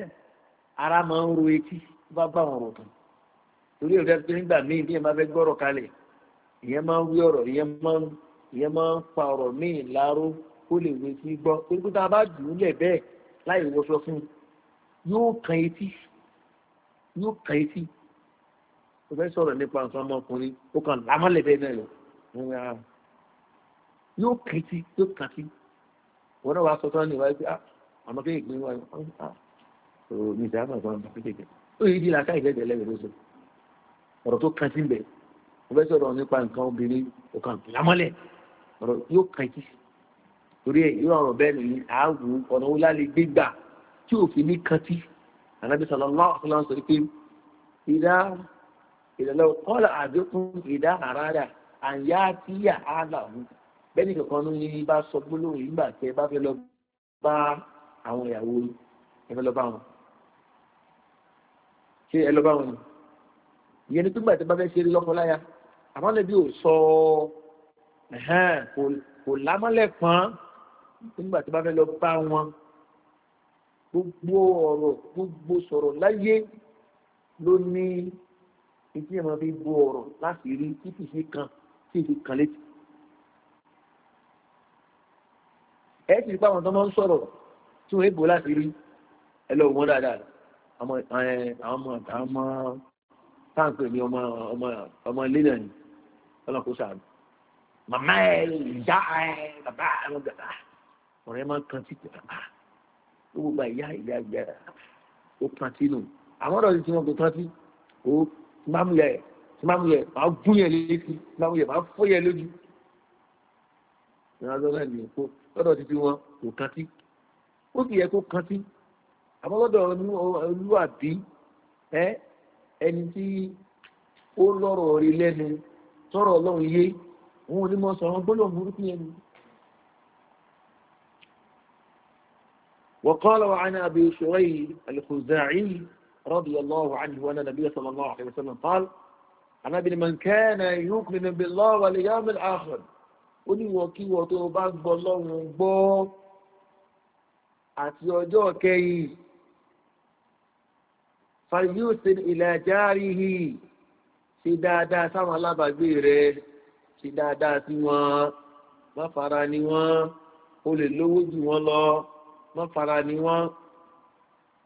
ara máa ń ro etí bá bá àwọn ọ̀rọ̀ kan torí ọ̀rẹ́ tó nígbà míì bí ẹ máa fẹ́ gbọ́rọ̀ kalẹ̀ ìyẹn máa ń wí ọ̀rọ̀ ìyẹn máa ń fa ọ̀rọ̀ míì láró ó lè wé sí gbọ́ pé kó tá a bá dùn ún lẹ̀ bẹ́ẹ̀ láì wọṣọ fún un yóò kan etí yóò kan etí o fẹ́ sọ̀rọ̀ nípa nǹkan ọmọkùnrin ó kàn lámọ́lẹ̀ bẹ́ẹ̀ náà lọ ah. yóò kan etí yóò kan etí wọn náà wàá sọ tán ah, ní ìwádìí pé àmọ́ kéèké ní wáyé ọ̀rọ̀ mi ìdáhùn àgbà ọ̀rọ̀ kéèké ó yẹ di làákà ìgbẹ́gbẹ́ lẹ́yìn lóṣù ọ̀rọ̀ tó kan sí bẹ̀ o fẹ́ sọ̀rọ̀ nípa nǹkan obìnrin ó kàn lámọ́lẹ̀ ọ̀rọ̀ yóò kan etí torí ẹ̀ irú ọ̀rọ̀ bẹ́ẹ̀ nìyí àáwù ọ̀nà wo lálẹ́ gbégbà tí òfin ní kantí ànábi sọlọ́lá ọ̀sọ́lá sọ pé ìdá ìdàlọ́ kọ́lá àdékùn ìdá àràdà àyà àtìyà àlàmù bẹ́ẹ̀ ni kankan ló ní bá sọ gbólóhùn nígbà tẹ́ bá fẹ́ lọ bá àwọn ìyàwó ẹ fẹ́ lọ bá wọn ṣé ẹ lọ bá wọn ìyẹn ni pípa ìtẹ́ bá fẹ́ ṣeré lọ́kọ láya àmọ́ nígbà tí bá fẹ́ lọ bá wọn gbogbo ọ̀rọ̀ gbogbo sọ̀rọ̀ láyé ló ní etí ẹ̀ máa fi gbó ọ̀rọ̀ láti rí títí sí kan tí èsì kan létí. ẹ sì pa àwọn tó máa ń sọ̀rọ̀ tí wọ́n èbó láti rí ẹ lọ wọ́n dáadáa àwọn ọmọ àwọn táǹkì ní ọmọ ọmọ ọmọ ilé náà ni ọlọ́kùnrin sàánù màmá ẹ ìyá ẹ bàbá ẹ wọn gbàgbà ọ̀rẹ́ máa ń kan tí pé ah ó gbogbo àyà ìyá ìyá ó kan tí nù àwọn ọ̀dọ́ tí wọ́n kò kan tí ó mámúlẹ̀ mámúlẹ̀ máa gún yẹn létí mámúlẹ̀ máa fọ́ yẹn lójú ìrìnàjò náà nìyẹn kó lọ́dọ̀ títí wọn kò kan tí ó sì yẹ kó kan tí àmọ́ lọ́dọ̀ olúwàbí ẹ ẹni tí ó lọ́rọ̀ rí lẹ́nu tọ́rọ̀ ọlọ́run yé òun ò ní mọ sọ̀rọ̀ gbọ́dọ̀ burúkú yẹn ni. وقال وعن أبي شريح الخزاعي رضي الله عنه وأن النبي صلى الله عليه وسلم قال أنا بن من كان يؤمن بالله واليوم الآخر وني وكي وطوبات بالله ونبو àti ọjọ́ kẹyìn fayusin ilẹ̀ járíhì ṣe dáadáa sáwọn alábàgbé rẹ ṣe dáadáa sí wọn wọ́n fara ni wọ́n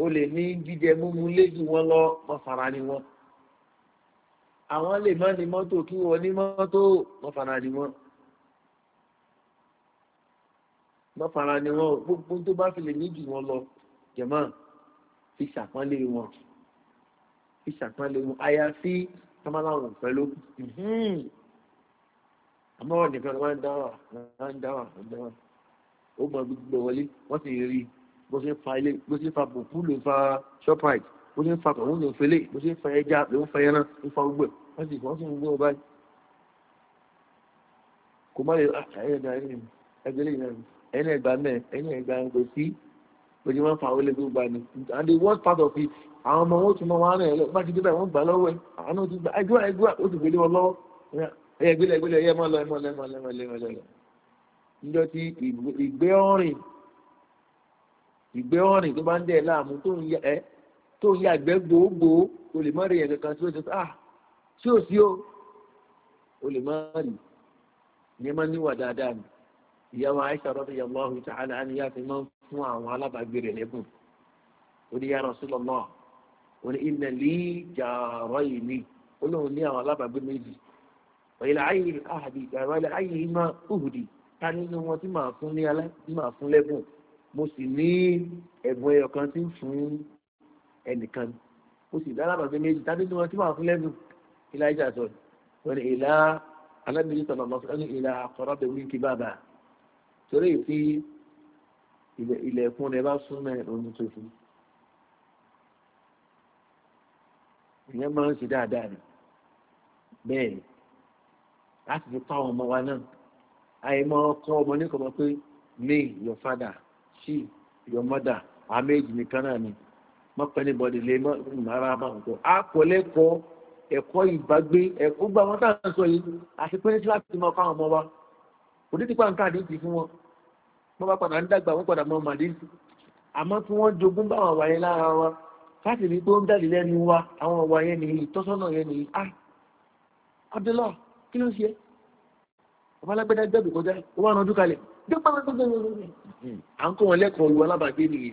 o lè ní jíjẹ múmu léjù wọn lọ wọ́n fara ni wọ́n àwọn lè má ní mọ́tò kí wọ́n ní mọ́tò wọ́n fara ni wọ́n wọ́n fara ni wọ́n gbogbo tó bá fi lè ní jù wọn lọ jẹ̀mọ́ fi ṣàpọ́nlé wọn fi ṣàpọ́nlé wọn àyàfi tọ́mọ́láwọn pẹ̀lú àmọ́ nìkan wọ́n ń dáwà wọ́n ń dáwà wọ́n ń dáwà ó mọ gbogbo wọlé wọ́n sì rí bó ṣe fa ilé bó ṣe fa bùkú ló fa shoprite bó ṣe fa tọ̀hún ló fele bó ṣe fa ẹja ló fa ẹran ló fa gbogbo ẹ̀ wọ́n sì wọ́n sì ń gbé wọn báyìí kò má lè àyè ah, ẹ̀dá ẹ̀yìn ẹgbẹ́ lè yẹn ẹ̀yìn ẹ̀gbá mẹ́ ẹ̀yìn ẹ̀gbá kò sí pé kí wọ́n fa olè gbogbo àná and the worst part of it àwọn ọmọ wọn tún mọ wọn rìn lọ bá ti dé báyìí wọ́n gbà lọ́wọ́ ẹ̀ àwọn náà ti gbà ẹgbẹ́ ẹgbẹ́ ó ti gbélé wọn lọ́wọ́ ẹ̀yẹ gbélé ẹgbélé ẹ̀yẹ mọ́ lọ ẹ̀mọ́ níjọ́ tí ìgbé ọ̀rìn ìgbé ọ̀rìn tó bá ń dẹ̀ láàmú tó ń yẹ tó ń yẹ àgbẹ̀ gbòógbò o lè má rí kan tí ó ti ah tí ò sí o o lè má rí ìyẹn máa níwà dáadáa nù ìyàwó aisha rọ́bì yàgbọ́ ọ̀hún ìta àná àníyá fi máa ń fún àwọn alábàágbé rẹ̀ lẹ́bùn ó ní yàrá sílọ̀ náà ó ní ilẹ̀ lè jàrọ̀ yìí ni ó lóun ní àwọn alábàágbé méjì ọ̀yẹ̀lẹ̀ ayé ìgbà ayé ta nínú wọn tí màá fún ní alá tí màá fún lẹ́bùn mo sì ní ẹ̀bùn ẹyọ kan tí ń fún ẹnìkan mo sì dára bàbá méjì ta nínú wọn tí màá fún lẹ́bùn ilá ìjà sọ wọn ni ìlà alábìyí sọ̀rọ̀ lọ́sọ̀rọ̀ ní ìlà àkọ́rọ́ bẹ̀ wí kí bàbà torí ìfi ilẹ̀kùn rẹ̀ bá súnmọ́ ẹ̀ lónìí tó ìyẹn máa ń ṣe dáadáa ni bẹ́ẹ̀ ni láti fi pa ọmọ wa náà àìmọ ọkọ ọmọ ní kọmọ pé me your father she your mother àméjì nìkan náà ni mọ pẹlú bọdì lè mọ ìmọ̀ra bá wọn kọ àkọlẹ́kọ̀ọ́ ẹ̀kọ́ ìbágbé ẹ̀kọ́ gbà wọn tá à ń sọ yìí àti pé ní síláàpù ti máa fáwọn ọmọ wa kò ní tipa nǹkan àdéhùn ti fún wọn wọn bá padà ń dàgbà wọn padà mọ màdé àmọ́ kí wọ́n jogún bá àwọn wáyé lára wa káàtì ní pé ó ń jáde lẹ́nu wa àwọn wáyé nìyí tọ́sọ́nà yẹn nìyí ah abdullahi kí ọbalágbẹ́dá gbẹ́bù kọjá ó wà ránjú kalẹ̀ dẹ́pọ̀ à ń kọ́ wọn lẹ́kọ̀ọ́ olùwà alábàgbé nìyí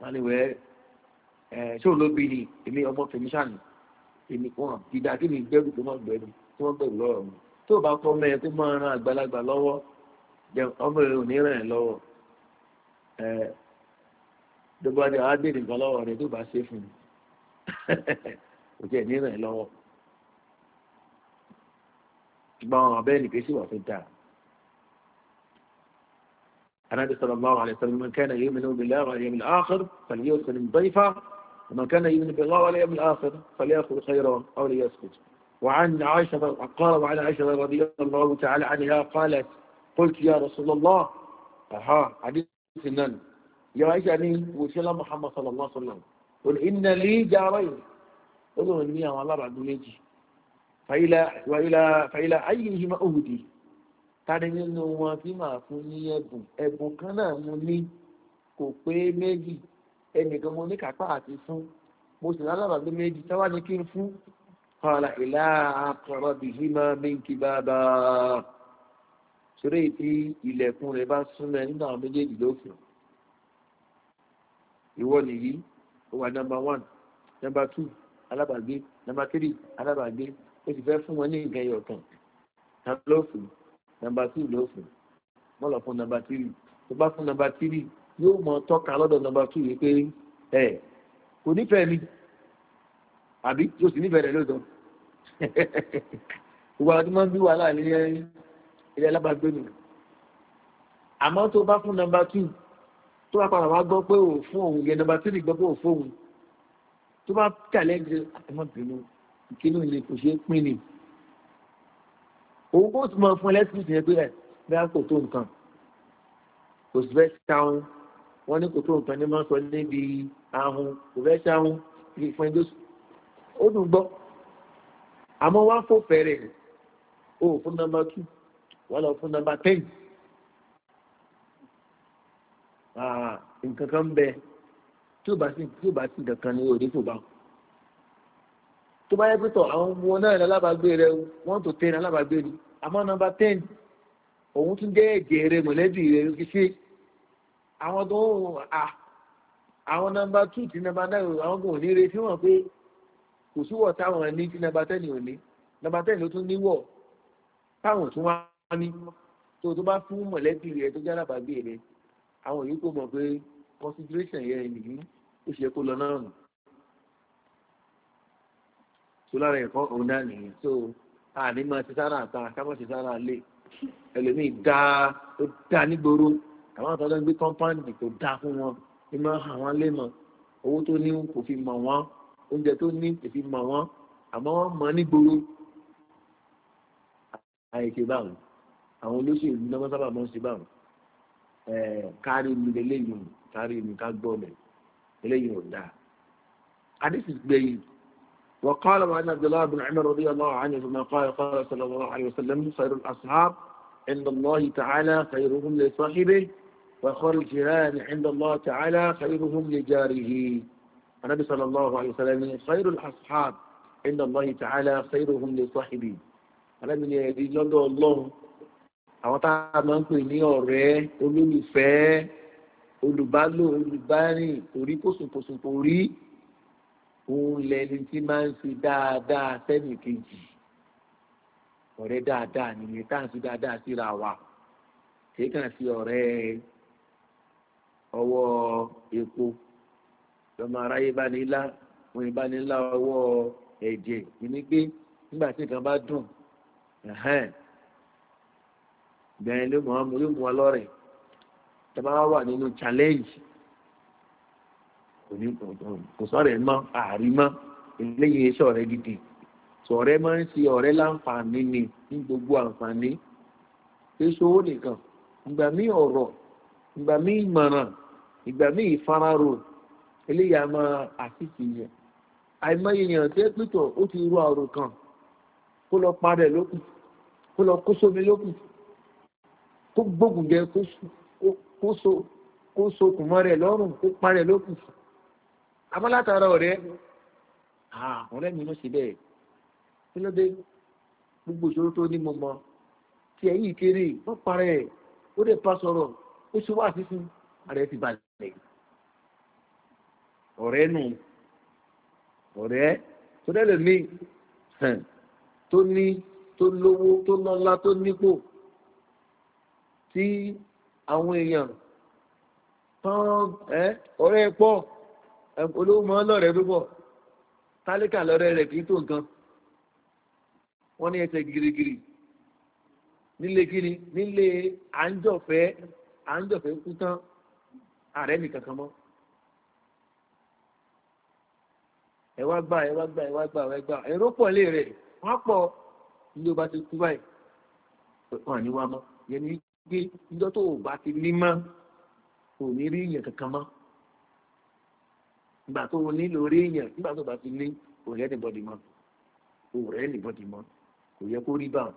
wọn ni wẹ́ ẹ ṣé òun ló bí ni èmi ọmọ fèmíṣàní èmi wọn ìdá kí ni gbẹ́bù tó máa gbẹ́bù tí wọ́n gbẹ́bù lọ́rọ̀ mi tó bá kọ́ mẹ́ tó máa ran àgbàlagbà lọ́wọ́ ọmọ rẹ̀ ò ní ràn ẹ́ lọ́wọ́ ẹ dọ́gba ni àwọn á gbé nìkan lọ́wọ́ rẹ̀ tó bá ṣe fún mi kò ìgbà àwọn ọ̀bẹ́ ní kìí sí wà tó dáa النبي صلى الله عليه وسلم من كان يؤمن بالله واليوم الآخر فليؤمن ضيفه ومن كان يؤمن بالله واليوم الآخر فليأخذ خيرا أو ليسكت وعن عائشة قال وعن عائشة رضي الله تعالى عنها قالت قلت يا رسول الله أها حديث سنان يا عائشة أني وشلا محمد صلى الله عليه وسلم قل إن لي جارين قلوا إني أمال بعد ميجي fàílà ayé yìí máa òhùdí tani nínú wọn tí màá fún ní ẹ̀bùn ẹ̀bùn kan náà mo ní kò pé méjì ẹnìkan mo ní kápá àti fún mo sì lálábà pé méjì táwa ní kí n fún fàlà ìlà àkọrọ̀ bìí máa mi kí bàbá torí tí ilẹ̀kùn rẹ̀ bá súnmọ́ nínú àwọn méjèèjì lófin ìwọ nìyí ó wà nọmba one nọmba two alábàgbé nọmba three alábàgbé ó sì fẹ́ fún wọn ní nǹkan ẹyọ kan tàbí ló fún nàmbà tírì ló fún wọn lọ fún nàmbà tírì tó bá fún nàmbà tírì yóò mọ tọ́ka lọ́dọ̀ nàmbà tírì yìí pé ẹ kò nífẹ̀ẹ́ mi àbí yóò sì nífẹ̀ẹ́ rẹ̀ lóòótọ́ gbogbo àwọn tí wọ́n ń bí wàhálà ní ilé alábàágbé mi àmọ́ tó bá fún nàmbà tírì tó bá padà wá gbọ́ pé òun fún òun yẹn nàmbà tírì gbọ́ pé òun fún òun tó bá kàlẹ́ ẹ̀ ẹ̀ mọ̀ bínú ìkíni ìlè kò ṣeé pín ni òun kò tún máa fún ẹlẹ́tírísì yẹn pé ẹ̀ bí a kò tó nǹkan kò sì fẹ́ ṣàwọn wọ́n ní kò tó nǹkan ní máa sọ níbi ahun kò fẹ́ ṣàwọn kì fún ẹjọ́ ó dùn gbọ́ àmọ́ wá fò fẹ̀rẹ̀ o fún nọmba tù wọ́n lọ fún nọmba tẹ́ǹ nǹkan kan bẹ tí ò bá sí nǹkan kan ní orí fò báwọn tó bá yẹ pé tọ̀ àwọn ọmọ náà ní alábàágbé rẹ o wọ́n tó tẹ́ni alábàágbé ni àmọ́ nọmba ten òun tún jẹ́ ẹ̀jẹ̀ rẹ mọ̀lẹ́bí rẹ kì í ṣe àwọn tó ń à àwọn nọmba two ti nọmba nine àwọn kò ní retí wọn pé kò síwọ̀ táwọn ní ti nọmba ten ò ní nọmba ten ló tún níwọ̀ táwọn tún wá ní tó tó bá fún mọ̀lẹ́bí rẹ tó jẹ́ alábàágbé rẹ àwọn yìí kò mọ̀ pé consideration yẹn nìyí ó ṣe kó lọ náà nù tó lára ẹ̀kọ́ òun náà nìyẹn tó àní máa ṣe sára àta kámọ́ ṣe sára lé ẹlòmíì dáa ó dáa nígboro àwọn àtọ́jọ́ gbé kọ́ńpáǹdì kò dáa fún wọn ní máa hàn wọ́n lé mọ́ owó tó ní kò fi mọ̀ wọ́n oúnjẹ tó ní kò fi mọ̀ wọ́n àmọ́ wọ́n mọ̀ nígboro àìṣe báwọn àwọn olóṣèlú ní wọ́n sábà máa ń ṣe báwọn kárí mi lélẹ́yìn kárí mi ká gbọ́ mi lélẹ́yìn ò dáa adé sì gbẹ̀yìn وقال وعن عبد الله بن عمر رضي الله عنه كما قال قال صلى الله عليه وسلم خير الأصحاب عند الله تعالى خيرهم لصاحبه وخير الجيران عند الله تعالى خيرهم لجاره النبي صلى الله عليه وسلم خير الأصحاب عند الله تعالى خيرهم لصاحبه النبي ni ẹ̀rí lọ́dọ̀ ọlọ́run àwọn tá a máa ń pè ní ọ̀rẹ́ olólùfẹ́ olùbálò olùbárìn kò kòsùnkòsùn kò rí òun lẹni tí máa ń ṣe dáadáa sẹ́nì kejì ọ̀rẹ́ dáadáa nìyẹn tá à ń dáadáa síra wa kì í kàn fi ọ̀rẹ́ ọwọ́ epo lọ́mọ aráyé bá ní ńlá wọn ìbá ní ńlá ọwọ́ ẹ̀jẹ̀ ìní pé nígbà tí nǹkan bá dùn bẹ́ẹ̀ ló mọ̀ ọ́ mú tí a bá wà nínú challenge. kò ní kò sọ̀rọ̀ ẹ̀ mọ́ àárí mọ́ eléyìí iṣẹ́ ọ̀rẹ́ gidi sọ̀rẹ́ máa ń ṣe ọ̀rẹ́ láǹfààní ni ní gbogbo àǹfààní èso owó nìkan ìgbà mí ọ̀rọ̀ ìgbà mí ìmọ̀ràn ìgbà mí ìfararò eléyìí a máa àtìkì yẹn àìmọye èèyàn tí ẹ pìtọ̀ ó ti ru àrò kan kó lọ parẹ́ lókù kó lọ kó sómi lókù kó gbógun jẹ kó so kó so kó rẹ̀ lọ́rùn kó parẹ́ lókù fún àmọ́ látara ọ̀rẹ́ ọ̀rẹ́ mi ló ṣe bẹ́ẹ̀ kí ló dé gbogbo ìṣòro tó ní mo mọ tí ẹ̀yìn ìkéré wọ́n parẹ́ ẹ̀ ó dẹ̀ pa sọ̀rọ̀ ó ṣe wá sísun ààrẹ ti balẹ̀ ọ̀rẹ́ nù ọ̀rẹ́ tó dẹ̀ lè mí tó ní tó lówó tó lọ́lá tó nípò tí àwọn èèyàn tán ọ̀rẹ́ pọ̀ olówó mọ́ lọ́rẹ̀ púpọ̀ tálíkà lọ́rẹ̀ rẹ̀ kì í tó nǹkan wọ́n ní ẹsẹ̀ girigiri nílé kíni nílé àńjọ̀fẹ́ àńjọ̀fẹ́ kú tán ààrẹ nìkan kan mọ́ ẹ wá gbà ẹ wá gbà ẹ wá gbà ẹ gbà èrò pọ̀ lé rẹ̀ wọ́n pọ̀ ní o bá ti kú báyìí wọn ní wá mọ́ yẹn ní gbé níjọ́ tó o bá ti ní mọ́ kò ní rí ìyẹn kankan mọ́ ìgbà tó ní lórí èèyàn nígbà tó bá ti ní kò rẹ́ nìbọ̀dì mọ́ kò rẹ́ nìbọ̀dì mọ́ kò yẹ kó rí bá wọn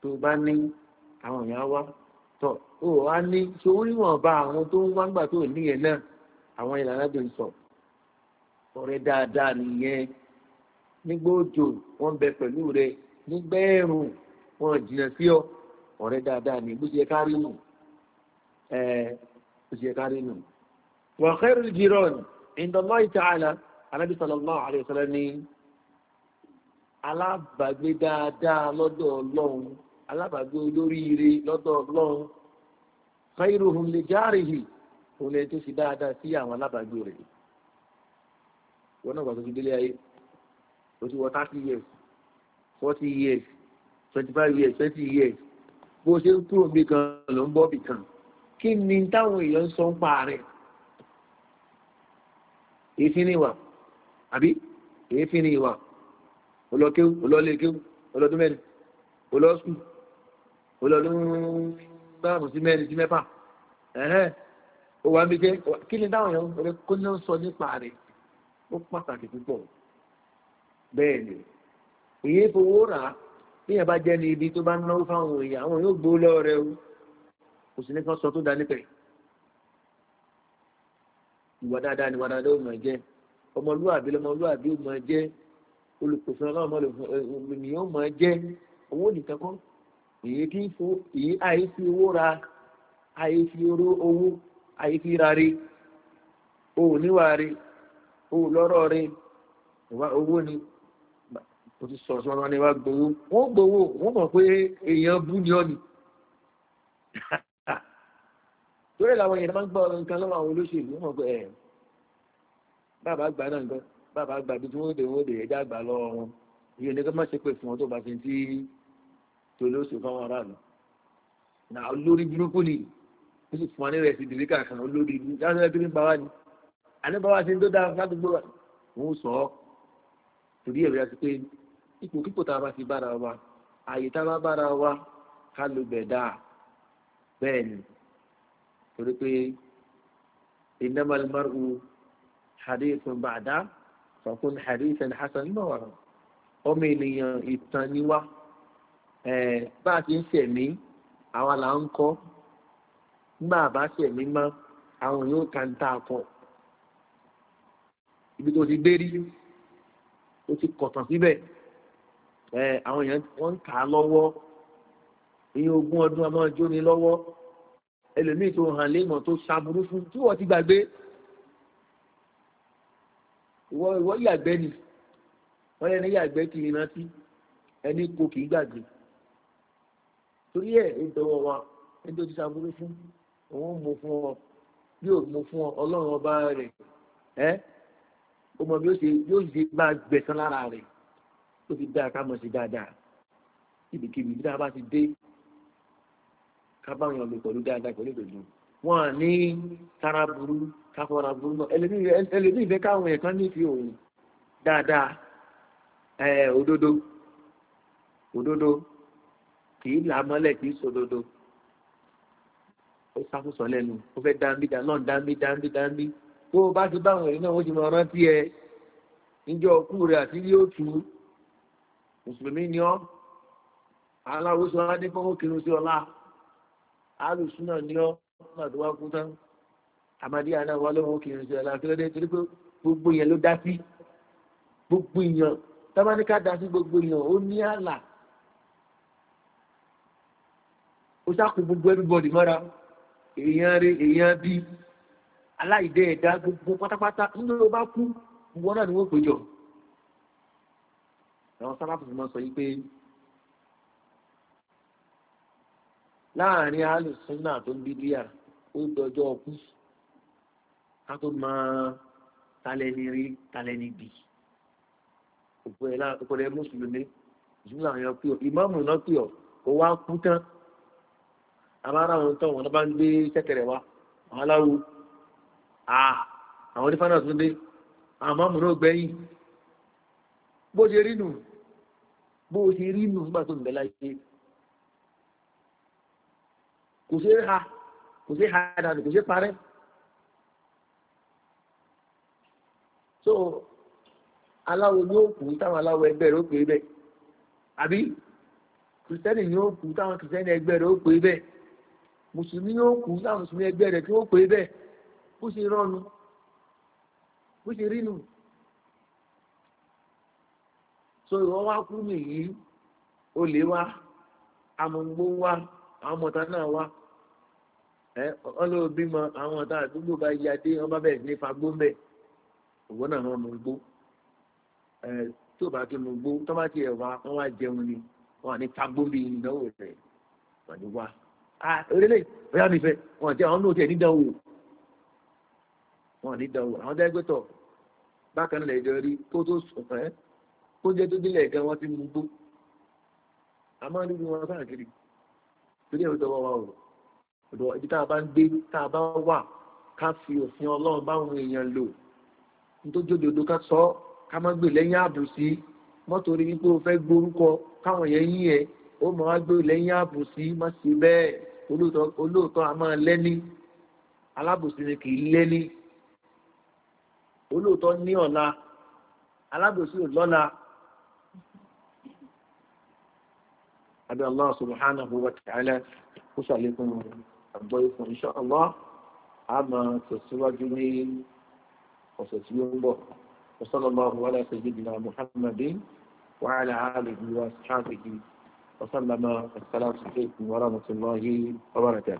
tó bá ní àwọn èèyàn wá tọ ó wá ní sowó níwọ̀nba àwọn tó ń wá nígbà tó ní yẹn náà àwọn ìlànà tó ń sọ ọ̀rẹ́ dáadáa nìyẹn nígbà òjò wọn bẹ pẹ̀lú rẹ nígbà ẹ̀rùn wọn jìnnà sí ọ ọ̀rẹ́ dáadáa ní bó ṣe kárí ẹ bó ṣe kárí wàhálà jìrọ̀ ìdọ̀lọ́ ìtààlà anábì sọlọ́lá àlẹ́sọ̀lẹ́ ní alábàgbé dáadáa lọ́dọ̀ ọlọ́run alábàgbé olóríire lọ́dọ̀ ọlọ́run kairu hun lè járehi òun lè tó fi dáadáa sí àwọn alábàgbé rẹ̀ wọn náà gbàgbé délé ayé o ti wọ thirty years forty years twenty five years twenty years bó o ṣe ń kúrò bí kan ló ń bọ́ bì kan kí ni táwọn èèyàn ń sọ ń pa rẹ̀ èéfín ní ìwà àbí èéfín ní ìwà olókéwú olólékéwú olódún mẹ́rin olóṣù olódún márùn sí mẹ́rin sí mẹ́fà ẹ̀hẹ́n ó wà níbi jẹ́ kí ni dáhùn yẹn rẹ kó ní sọ nípa rẹ̀ ó pàtàkì púpọ̀ bẹ́ẹ̀ ni èyí fowó rà á bí yẹn bá jẹ́ ní ibi tó bá náwó fáwọn èèyàn àwọn yóò gbó lọ́ọ̀rẹ́ o kò sí ní kan sọ tó dá nípa ẹ̀ ìwà dáadáa ni ìwà dáadáa ó mọ̀ jẹ́ ọmọlúwàbí lọmọlúwàbí ó mọ̀ jẹ́ olùkòsàn ọlọ́run mọ̀ lòmìnira ó mọ̀ jẹ́ owó nìkan kọ́ èyí kí fo èyí àyè fi owó ra àyè fi oró owó àyè fi ra re o ò níwà re o ò lọ́rọ̀ re owó ni o ti sọ̀rọ̀ sọ́nà ni wàá gbowó wọ́n gbowó wọ́n mọ̀ pé èèyàn bú ni ọ́ ni torí làwọn èèyàn máa ń gbọ́ nǹkan lọ́wọ́ àwọn olóṣèlú wọn pé ẹ̀ bàbá àgbà náà nǹkan bàbá àgbà bí tí wọ́n dé wọ́n dé ẹ̀dá àgbà lọ́wọ́ wọn iye ní ká má ṣe pé fún wọn tó bá ti ń tí tolóṣù fáwọn aráàlú nà olórí burúkú ni ó sì fún wa ní rẹ̀ kan olórí burúkú láti rẹ̀ kí ní bàbá ni àníbàbá ṣe ń tó dáa ládùúgbò wa òun sọ ọ́ torí ẹ̀rọ yà sí pé ipò kíkò tá a bá ti bára wa àyè tá a bá bára wa ká ló bẹ̀ dáa bẹ́ẹ̀ ni torí pé ìnámàlmárù hadithun bàdá sọkún hadithun hasan mọ́wàá ọmọ ènìyàn ìtàn níwá bá a ti ń sẹ̀mí àwa là ń kọ́ nígbà bá sẹ̀mí mọ́ àwọn yóò kà ń tà kọ́ ibi tó ti gbérí ó ti kọ̀tàn síbẹ̀ àwọn èèyàn wọ́n ń kà á lọ́wọ́ iye ogún ọdún a máa jóni lọ́wọ́ ẹlòmíì tó hàn lémọ̀ tó ṣàbùrú fún tí wọ́n ti gbàgbé ìwọ ìwọ yàgbẹ́ ni wọ́n yẹ ní yàgbẹ́ kì í rántí ẹni kò kì í gbàgbé torí ẹ̀ ń tọwọ́ wa ẹni tó ti ṣàbùrú fún òun mú fún ọ yóò mú fún ọ ọlọ́run ọba rẹ̀ ẹ́ ó mọ bí ó ṣe yóò ṣe máa gbẹ̀sán lára rẹ̀ tó fi dáa ká mọ̀ sí dáadáa ibikíbi bí dáa bá ti dé kábàáyàn lò pẹ̀lú dáadáa pẹ̀lú ìdòdò wọn à ní tara burú káfọ́ra burú náà ẹlẹ́bí ìfẹ́ káwọn ẹ̀kan nífi òun dáadáa ẹ̀ òdodo òdodo kìí là mọ́lẹ̀ kìí sòdodo ó sákòsọ lẹ́nu ó fẹ́ dáńbí náà dáńbí dáńbí dáńbí tó o bá ti bá àwọn èèyàn náà ti mọ rántí ẹ níjọ ọkú rẹ àti yóò tú mùsùlùmí ni ọ aláwo adé fọwọ́ kinu sí ọlá alùsùnà ní ọ́ nígbà tó wá kú tán àmàdíyà náà wà lọ́wọ́ kì í ṣe alákìlódé torí pé gbogbo yẹn ló dá sí gbogbo èèyàn tábánikà dá sí gbogbo èèyàn ó ní àlà ó sáàkó gbogbo everybody mọ́ra èèyàn rí èèyàn bí aláìdé ẹ̀dá gbogbo pátápátá nínú ló bá kú wọn náà ni wọ́n pè jọ àwọn sábà fòfin máa sọ yìí pé láàrin alùsùnà tó ń bídíà ó dọjọ́ ọkú ká tó máa talẹ́ni rí talẹ́ni bì òpòlẹ́ mùsùlùmí ìṣúná àwọn ọkú ọ ìmọ̀mù náà pè ọ kó wá kú tán àbára àwọn tó wọn bá ń gbé sẹ́kẹ̀rẹ̀ wa àwọn aláwo àwọn onífànà tó dé àwọn mọ̀mù náà gbẹ̀yìn bó ṣe rí nù bó ṣe rí nù nígbà tó ń bẹ láyé kò sí ha kò sí ha kò sí parẹ́. so aláwo ni ó kú táwọn aláwo ẹgbẹ́ rẹ̀ ó pè é bẹ́ẹ̀ àbí kìrìsìtẹ́nì ni ó kú táwọn kìrìsìtẹ́nì ẹgbẹ́ musulmi ó pè é mùsùlùmí ni ó tí ó pè so ìwọ wá olè amọ̀ngbó wa àwọn ọlọ́wọ́ àwọn ọ̀tá àdúgbò bá ya dé wọn bá bẹ̀rẹ̀ ní fagbó ń bẹ̀ òwò náà wọn mú gbó tó bá tó mú gbó tó bá tiẹ̀ wá wọn wá jẹun ni wọn ní fagbó bí ìdánwò rẹ̀ wọn ni wá orílẹ̀ bóyá mi fẹ́ wọn àwọn nídánwò wọn nídánwò àwọn a ọ̀dọ̀ ibi tá a bá ń gbé tá a bá wà ká fi òfin ọlọ́run báwọn èèyàn lò nítorí ká sọ ká má gbè lẹ́yìn àbùsí mọ́tòrí wípé o fẹ́ gborúkọ káwọn yẹn yín ẹ ó mọ̀ á gbé lẹ́yìn àbùsí má sí bẹ́ẹ̀ olóòótọ́ a máa lẹ́ni alábùsí ni kì í lẹ́ni olóòótọ́ ní ọ̀la alábòsí ò lọ́la àgbọ̀ ikùn insha Allah a máa tẹ̀síwájú ní ọ̀sẹ̀ tí ó ń bọ̀ wasallallahu ala sayyidina muhammadin wa ala alihi wa